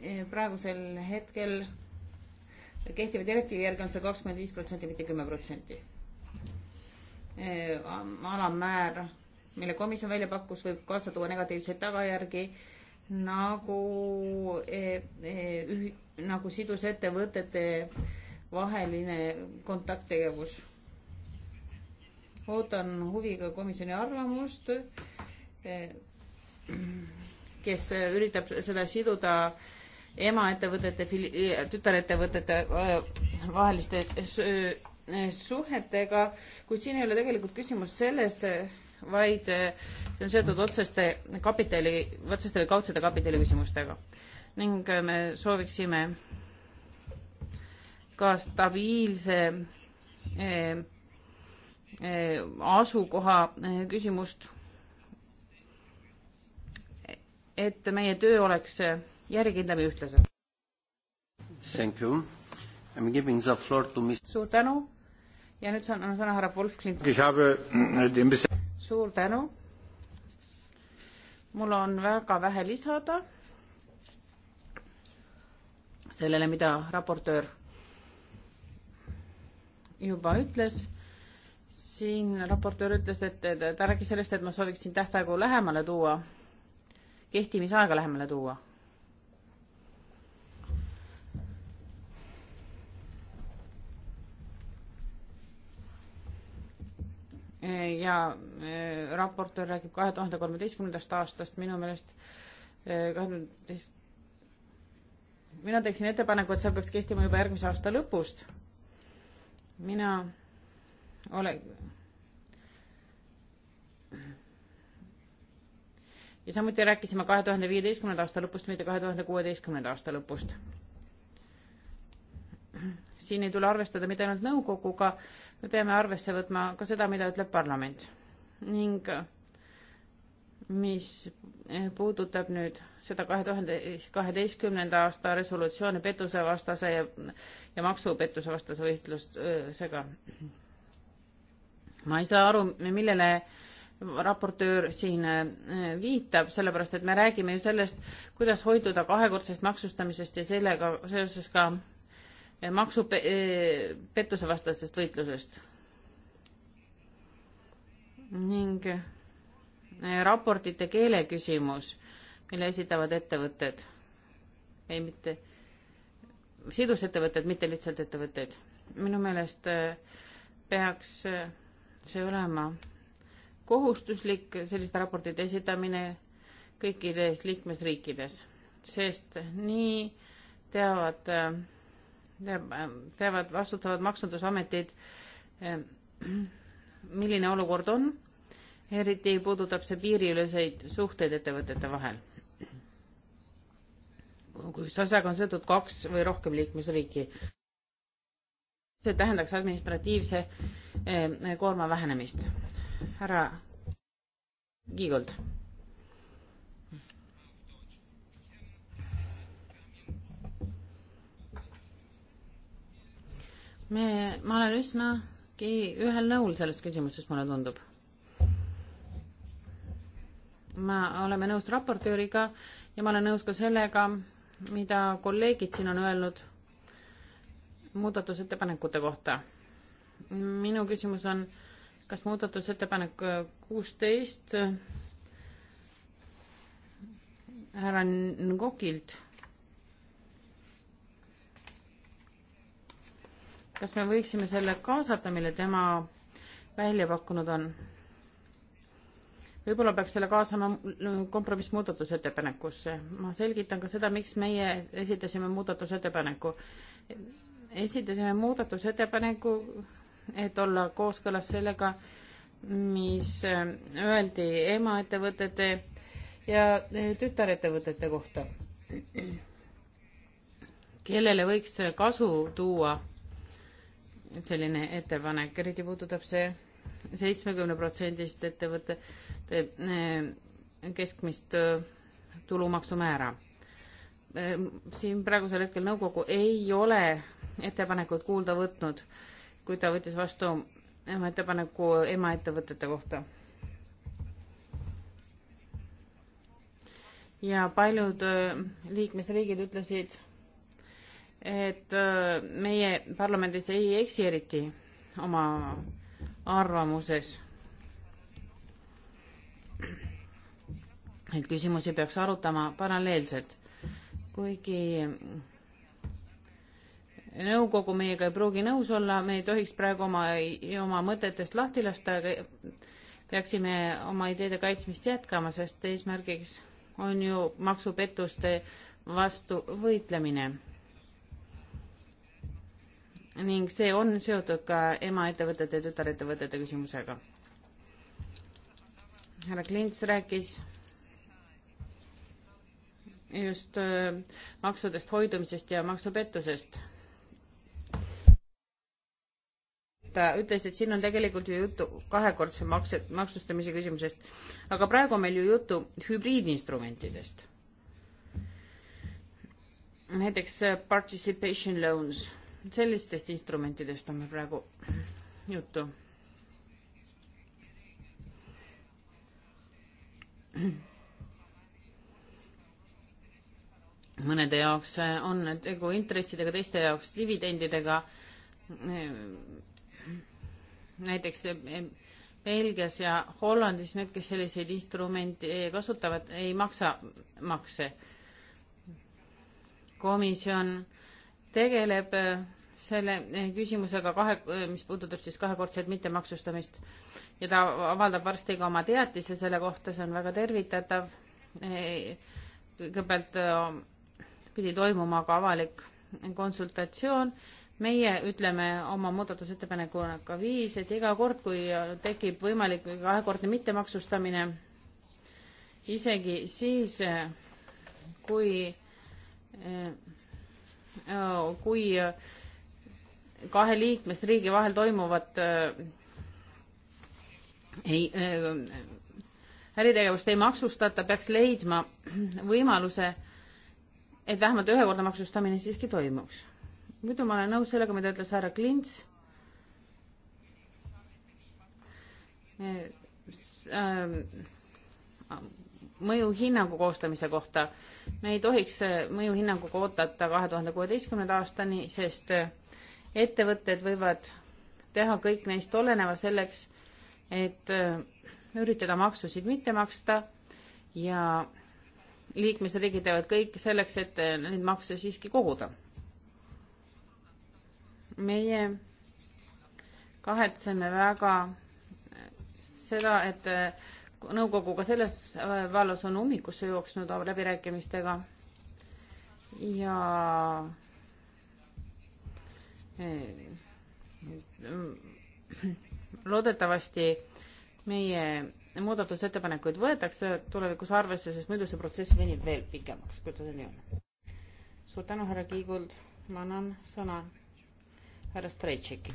Eh, praegusel hetkel kehtiva direktiivi järgi on see kakskümmend viis protsenti, mitte kümme protsenti. Eh, alammäär, mille komisjon välja pakkus, võib kaasa tuua negatiivseid tagajärgi nagu e,, e, nagu sidusettevõtete vaheline kontakttegevus. ootan huviga komisjoni arvamust, kes üritab seda siduda e, emaettevõtete, eh, tütarettevõtete eh, vaheliste eh, suhetega, kuid siin ei ole tegelikult küsimus selles, vaid see on seotud otseste kapitali, otseste või kaudsete kapitali küsimustega. ning me sooviksime ka stabiilse asukoha küsimust, et meie töö oleks ja regindame ühtlaselt. Thank you. I am giving the floor to Mr. suur tänu ja nüüd saan, annan sõna härra Wolf Klint. Äh, suur tänu. mul on väga vähe lisada sellele, mida raportöör juba ütles siin raportöör ütles, et ta rääkis sellest, et ma sooviksin tähtaegu lähemale tuua, kehtimisaega lähemale tuua. ja e, raportöör räägib kahe tuhande kolmeteistkümnendast aastast, minu meelest e, kahekümnendast, mina teeksin ettepaneku, et see hakkaks kehtima juba järgmise aasta lõpust. mina olen ja samuti rääkisime kahe tuhande viieteistkümnenda aasta lõpust, mitte kahe tuhande kuueteistkümnenda aasta lõpust. siin ei tule arvestada mitte ainult nõukoguga, me peame arvesse võtma ka seda, mida ütleb parlament ning äh, mis äh, puudutab nüüd seda kahe tuhande kaheteistkümnenda aasta resolutsiooni pettusevastase ja, ja maksupettuse vastase võitlusega. ma ei saa aru, millele raportöör siin äh, viitab, sellepärast et me räägime ju sellest, kuidas hoiduda kahekordsest maksustamisest ja sellega seoses ka Eh, maksupettuse eh, vastasest võitlusest. ning eh, raportite keele küsimus, mille esitavad ettevõtted, ei mitte, sidusettevõtted, mitte lihtsalt ettevõtted. minu meelest peaks see olema kohustuslik, selliste raportite esitamine kõikides liikmesriikides, sest nii teavad äh, peavad vastutavad maksundusametid, eh, milline olukord on, eriti puudutab see piiriüleseid suhteid ettevõtete vahel. kus asjaga on seotud kaks või rohkem liikmesriiki. see tähendaks administratiivse eh, koorma vähenemist. härra Kiigold me, ma olen üsnagi ühel nõul selles küsimuses, mulle tundub. ma, oleme nõus raportööriga ja ma olen nõus ka sellega, mida kolleegid siin on öelnud muudatusettepanekute kohta. minu küsimus on, kas muudatusettepanek kuusteist härra Ngokilt kas me võiksime selle kaasata, mille tema välja pakkunud on? võib-olla peaks selle kaasama kompromissmuudatusettepanekusse. ma selgitan ka seda, miks meie esitasime muudatusettepaneku. esitasime muudatusettepaneku, et olla kooskõlas sellega, mis äh, öeldi emaettevõtete ja äh, tütarettevõtete kohta, kellele võiks kasu tuua selline ettepanek, eriti puudutab see seitsmekümne protsendist ettevõtte eh, keskmist eh, tulumaksumäära. Eh, siin praegusel hetkel nõukogu ei ole ettepanekut kuulda võtnud, kui ta võttis vastu oma ettepaneku emaettevõtete kohta. ja paljud liikmesriigid ütlesid et äh, meie parlamendis ei eksi eriti oma arvamuses. et küsimusi peaks arutama paralleelselt, kuigi nõukogu meiega ei pruugi nõus olla, me ei tohiks praegu oma, oma mõtetest lahti lasta, peaksime oma ideede kaitsmist jätkama, sest eesmärgiks on ju maksupettuste vastu võitlemine ning see on seotud ka emaettevõtete ja tütarettevõtete küsimusega. härra Klints rääkis just äh, maksudest hoidumisest ja maksupettusest. ta ütles, et siin on tegelikult ju juttu kahekordse makse, maksustamise küsimusest, aga praegu on meil ju juttu hübriidinstrumentidest. näiteks äh, participation loans sellistest instrumentidest on meil praegu juttu. mõnede jaoks on tegu intressidega, teiste jaoks dividendidega. näiteks Belgias ja Hollandis need, kes selliseid instrumente kasutavad, ei maksa makse. komisjon tegeleb äh, selle äh, küsimusega kahe, äh, mis puudutab siis kahekordset mittemaksustamist ja ta avaldab varsti ka oma teatise selle kohta, see on väga tervitatav. kõigepealt pidi toimuma ka avalik konsultatsioon. meie ütleme oma muudatusettepanekuga viis, et iga kord, kui tekib võimalik kahekordne mittemaksustamine, isegi siis, kui Äh, kui äh, kahe liikmesriigi vahel toimuvat äh, ei, äritegevust ei maksustata, peaks leidma võimaluse, et vähemalt ühekordne maksustamine siiski toimuks. muidu ma olen nõus sellega, mida ütles härra Klints. mõjuhinnangu koostamise kohta me ei tohiks äh, mõjuhinnanguga oodata kahe tuhande kuueteistkümnenda aastani, sest äh, ettevõtted võivad teha kõik neist oleneva selleks, et äh, üritada maksusid mitte maksta ja liikmesriigid teevad kõik selleks, et neid makse siiski koguda. meie kahetseme väga seda, et nõukoguga selles äh, vallas on ummikusse jooksnud läbirääkimistega ja eh, loodetavasti meie muudatusettepanekuid võetakse tulevikus arvesse, sest muidu see protsess venib veel pikemaks, kui ta seni on. suur tänu, härra Kiiguld, ma annan sõna härra Strejtšeki.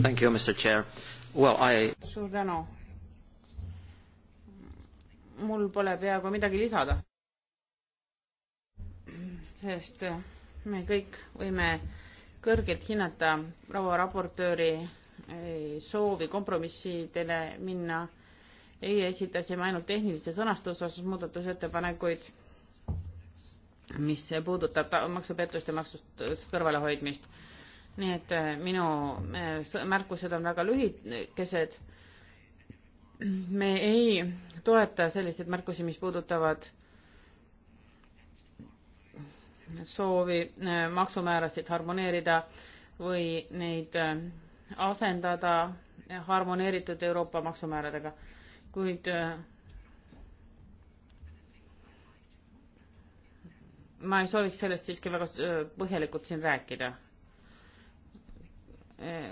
Thank you, Mr Chair. Well, I suur tänu, mul pole peaaegu midagi lisada. sest äh, me kõik võime kõrgelt hinnata proua raportööri äh, soovi kompromissidele minna. ei, esitasime ainult tehnilise sõnastuse osas muudatusettepanekuid, mis puudutab maksupettuste maksust äh, kõrvalehoidmist. nii et minu märkused on väga lühikesed me ei toeta selliseid märkusi, mis puudutavad soovi äh, maksumäärasid harmoneerida või neid äh, asendada harmoneeritud Euroopa maksumääradega, kuid äh, ma ei sooviks sellest siiski väga põhjalikult siin rääkida.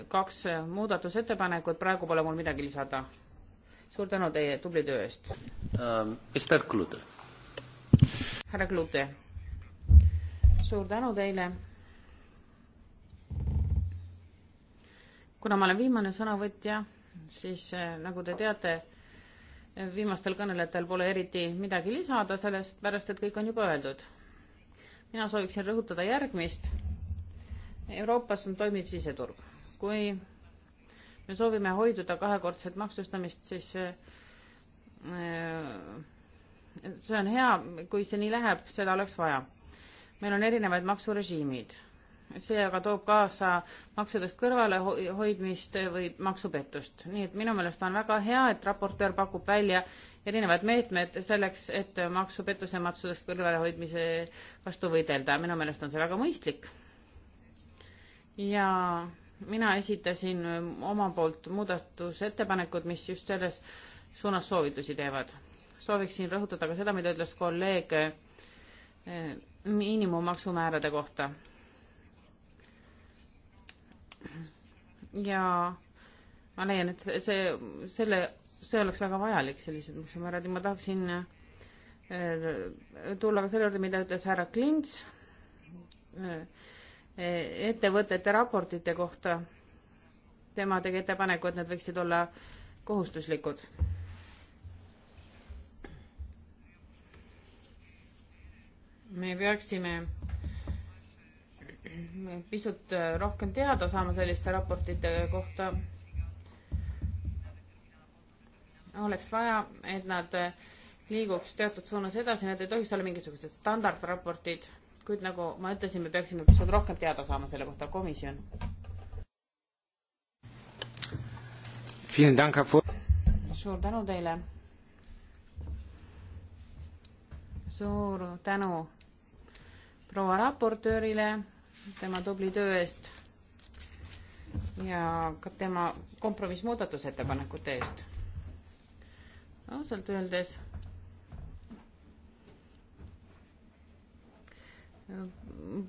kaks muudatusettepanekut, praegu pole mul midagi lisada suur tänu teie tubli töö eest ähm,. Ester Klute. härra Klute, suur tänu teile. kuna ma olen viimane sõnavõtja, siis äh, nagu te teate, viimastel kõnelejatel pole eriti midagi lisada sellest, pärast et kõik on juba öeldud. mina sooviksin rõhutada järgmist. Euroopas toimib siseturg. kui me soovime hoiduda kahekordset maksustamist, siis äh, see on hea, kui see nii läheb, seda oleks vaja. meil on erinevad maksurežiimid, see aga toob kaasa maksudest kõrvalehoidmist või maksupettust, nii et minu meelest on väga hea, et raportöör pakub välja erinevad meetmed selleks, et maksupettuse maksudest kõrvalehoidmise vastu võidelda, minu meelest on see väga mõistlik. ja mina esitasin ähm, oma poolt muudatusettepanekud, mis just selles suunas soovitusi teevad. sooviksin rõhutada ka seda, mida ütles kolleeg äh, miinimummaksumäärade kohta. ja ma leian, et see, see, selle, see oleks väga vajalik, sellised maksumäärad ja ma tahaksin äh, tulla ka selle juurde, mida ütles härra Klints äh, Eh, ettevõtete raportite kohta. tema tegi ettepaneku, et need võiksid olla kohustuslikud. me peaksime pisut rohkem teada saama selliste raportite kohta. oleks vaja, et nad liiguks teatud suunas edasi, need ei tohiks olla mingisugused standardraportid kuid nagu ma ütlesin, me peaksime pisut rohkem teada saama selle kohta, komisjon. suur tänu teile. suur tänu proua raportöörile tema tubli töö eest ja ka tema kompromissmuudatusettepanekute eest. ausalt öeldes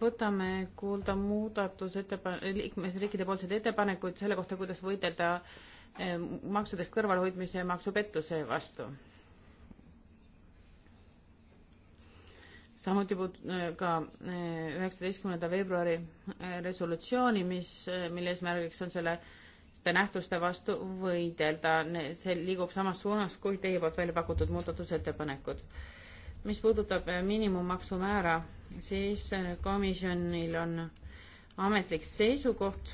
võtame kuulda muudatusettepan-, liikmesriikide poolseid ettepanekuid selle kohta, kuidas võidelda eh, maksudest kõrvalhoidmise ja maksupettuse vastu. samuti puud-, eh, ka eh, üheksateistkümnenda veebruari resolutsiooni, mis, mille eesmärgiks on selle, seda nähtuste vastu võidelda, see liigub samas suunas kui teie poolt välja pakutud muudatusettepanekud. mis puudutab miinimummaksumäära siis äh, komisjonil on ametlik seisukoht,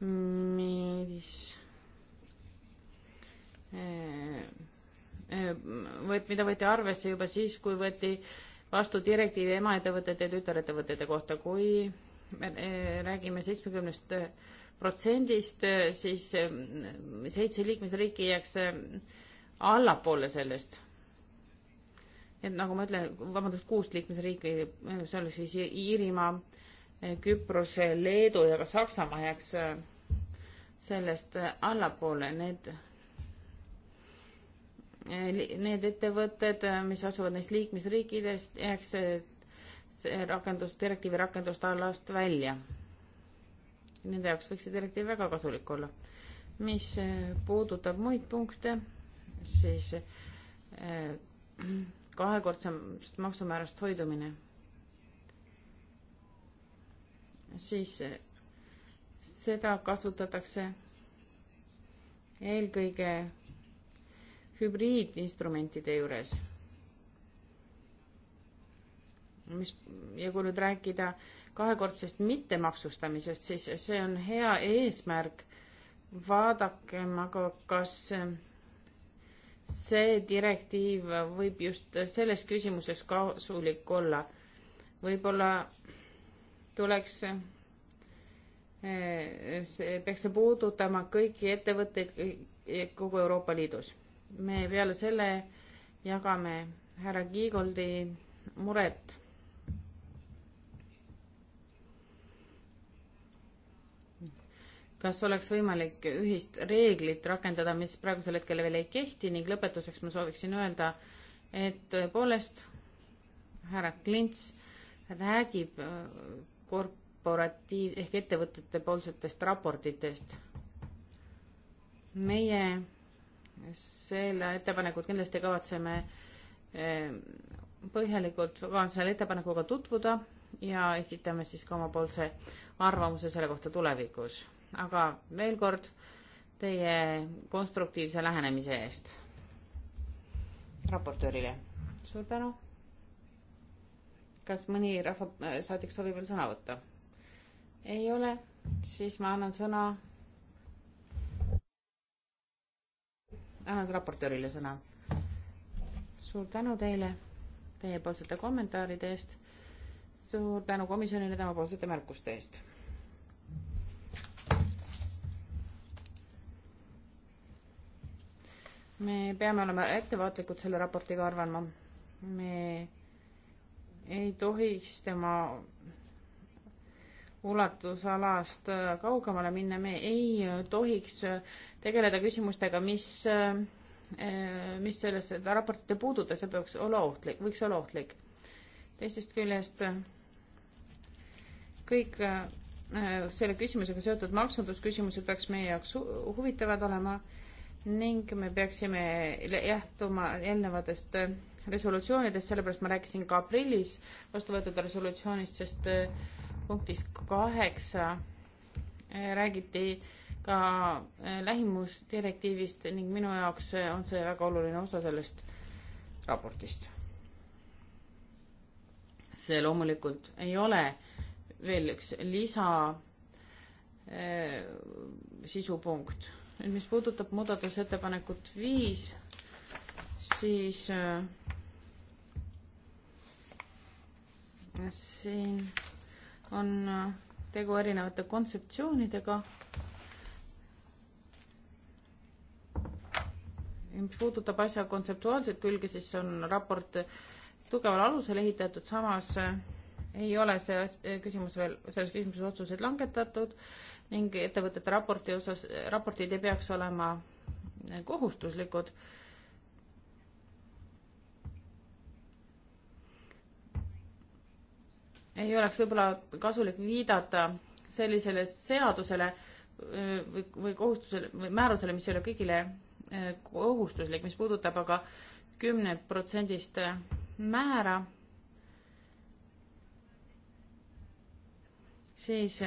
mis äh, äh, võt-, mida võeti arvesse juba siis, kui võeti vastu direktiivi emaettevõtete ja tütarettevõtete kohta, kui me räägime seitsmekümnest protsendist, siis seitse liikmesriiki jääks allapoole sellest et nagu ma ütlen, vabandust, kuus liikmesriiki, see oli siis Iirimaa, eh, Küprose, eh, Leedu ja ka Saksamaa jääks eh, sellest allapoole, need Need ettevõtted, mis asuvad neist liikmesriikidest, jääks see rakendus, direktiivi rakenduste alast välja. Nende jaoks võiks see direktiiv väga kasulik olla. mis puudutab muid punkte, siis äh, [CLEARS THROAT] kahekordsemast maksumäärast hoidumine, siis eh, seda kasutatakse eelkõige hübriidinstrumentide juures. mis, ja kui nüüd rääkida kahekordsest mittemaksustamisest, siis see on hea eesmärk, vaadakem aga, kas eh, see direktiiv võib just selles küsimuses kasulik olla. võib-olla tuleks, eh, see peaks see puudutama kõiki ettevõtteid kogu Euroopa Liidus. me peale selle jagame härra Kiigoldi muret kas oleks võimalik ühist reeglit rakendada, mis praegusel hetkel veel ei kehti ning lõpetuseks ma sooviksin öelda, et tõepoolest härra Klints räägib äh, korporatiiv- ehk ettevõtete poolsetest raportitest. meie selle ettepanekut kindlasti kavatseme äh, põhjalikult ka selle ettepanekuga tutvuda ja esitame siis ka omapoolse arvamuse selle kohta tulevikus aga veel kord teie konstruktiivse lähenemise eest raportöörile. suur tänu. kas mõni rahvasaadik soovib veel sõna võtta? ei ole, siis ma annan sõna. annan raportöörile sõna. suur tänu teile teiepoolsete kommentaaride eest. suur tänu komisjonile temapoolsete märkuste eest me peame olema ettevaatlikud selle raportiga, arvan ma. me ei tohiks tema ulatusalast kaugemale minna, me ei tohiks tegeleda küsimustega, mis, eh, mis sellest seda raportit ei puuduta, see peaks olla ohtlik, võiks olla ohtlik. teisest küljest kõik eh, selle küsimusega seotud maksundusküsimused peaks meie jaoks huvitavad olema ning me peaksime jähtuma eelnevatest äh, resolutsioonidest, sellepärast ma rääkisin ka aprillis vastu võetud resolutsioonist, sest äh, punktis kaheksa äh, räägiti ka lähimusdirektiivist ning minu jaoks on see väga oluline osa sellest raportist. see loomulikult ei ole veel üks lisa sisupunkt mis puudutab muudatusettepanekut viis, siis äh, siin on äh, tegu erinevate kontseptsioonidega. mis puudutab asja kontseptuaalset külge, siis on raport tugeval alusel ehitatud, samas äh, ei ole see äh, küsimus veel, selles küsimuses otsuseid langetatud ning ettevõtete raporti osas, raportid ei peaks olema kohustuslikud. ei oleks võib-olla kasulik viidata sellisele seadusele või, või kohustusele või määrusele, mis ei ole kõigile kohustuslik, mis puudutab aga kümneprotsendist määra, siis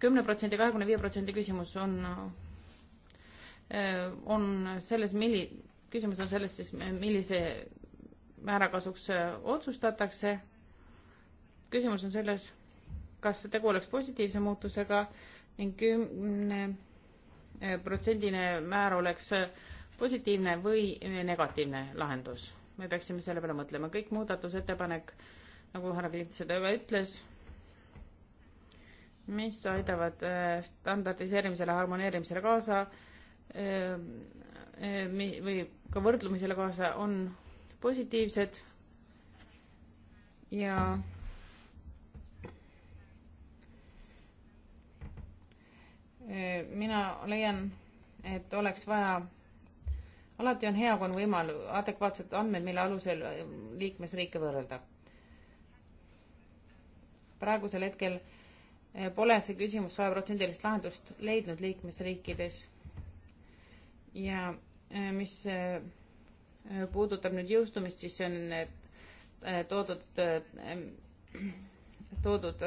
kümne protsendi, kahekümne viie protsendi küsimus on, on selles, milli-, küsimus on selles siis, millise määra kasuks otsustatakse. küsimus on selles, kas tegu oleks positiivse muutusega ning kümne protsendine määr oleks positiivne või negatiivne lahendus. me peaksime selle peale mõtlema, kõik muudatusettepanek, nagu härra Klint seda juba ütles mis aitavad äh, standardiseerimisele, harmoneerimisele kaasa äh, äh, või ka võrdlemisele kaasa, on positiivsed ja mina leian, et oleks vaja, alati on hea, kui on võimalik adekvaatsed andmed, mille alusel liikmesriike võrrelda. praegusel hetkel äh, Eh, pole see küsimus sajaprotsendilist lahendust leidnud liikmesriikides. ja eh, mis eh, puudutab nüüd jõustumist, siis see on toodud, toodud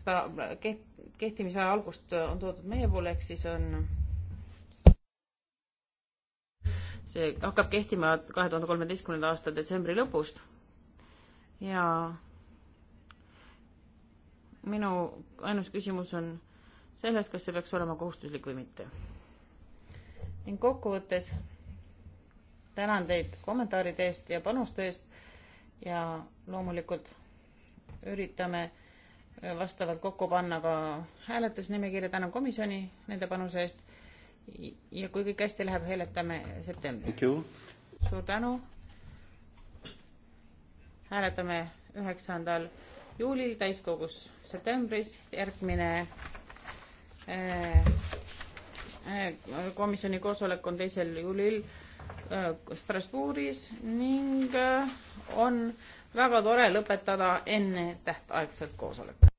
seda keht-, kehtimisaja algust on toodud meie poole, ehk siis on see hakkab kehtima kahe tuhande kolmeteistkümnenda aasta detsembri lõpust ja minu ainus küsimus on selles, kas see peaks olema kohustuslik või mitte. ning kokkuvõttes tänan teid kommentaaride eest ja panuste eest ja loomulikult üritame vastavalt kokku panna ka hääletusnimekirja, tänan komisjoni nende panuse eest ja kui kõik hästi läheb, hääletame septembris. suur tänu. hääletame üheksandal 9 juulil täiskogus, septembris järgmine eh, eh, komisjoni koosolek on teisel juulil eh, Strasbourgis ning on väga tore lõpetada ennetähtaegselt koosolek.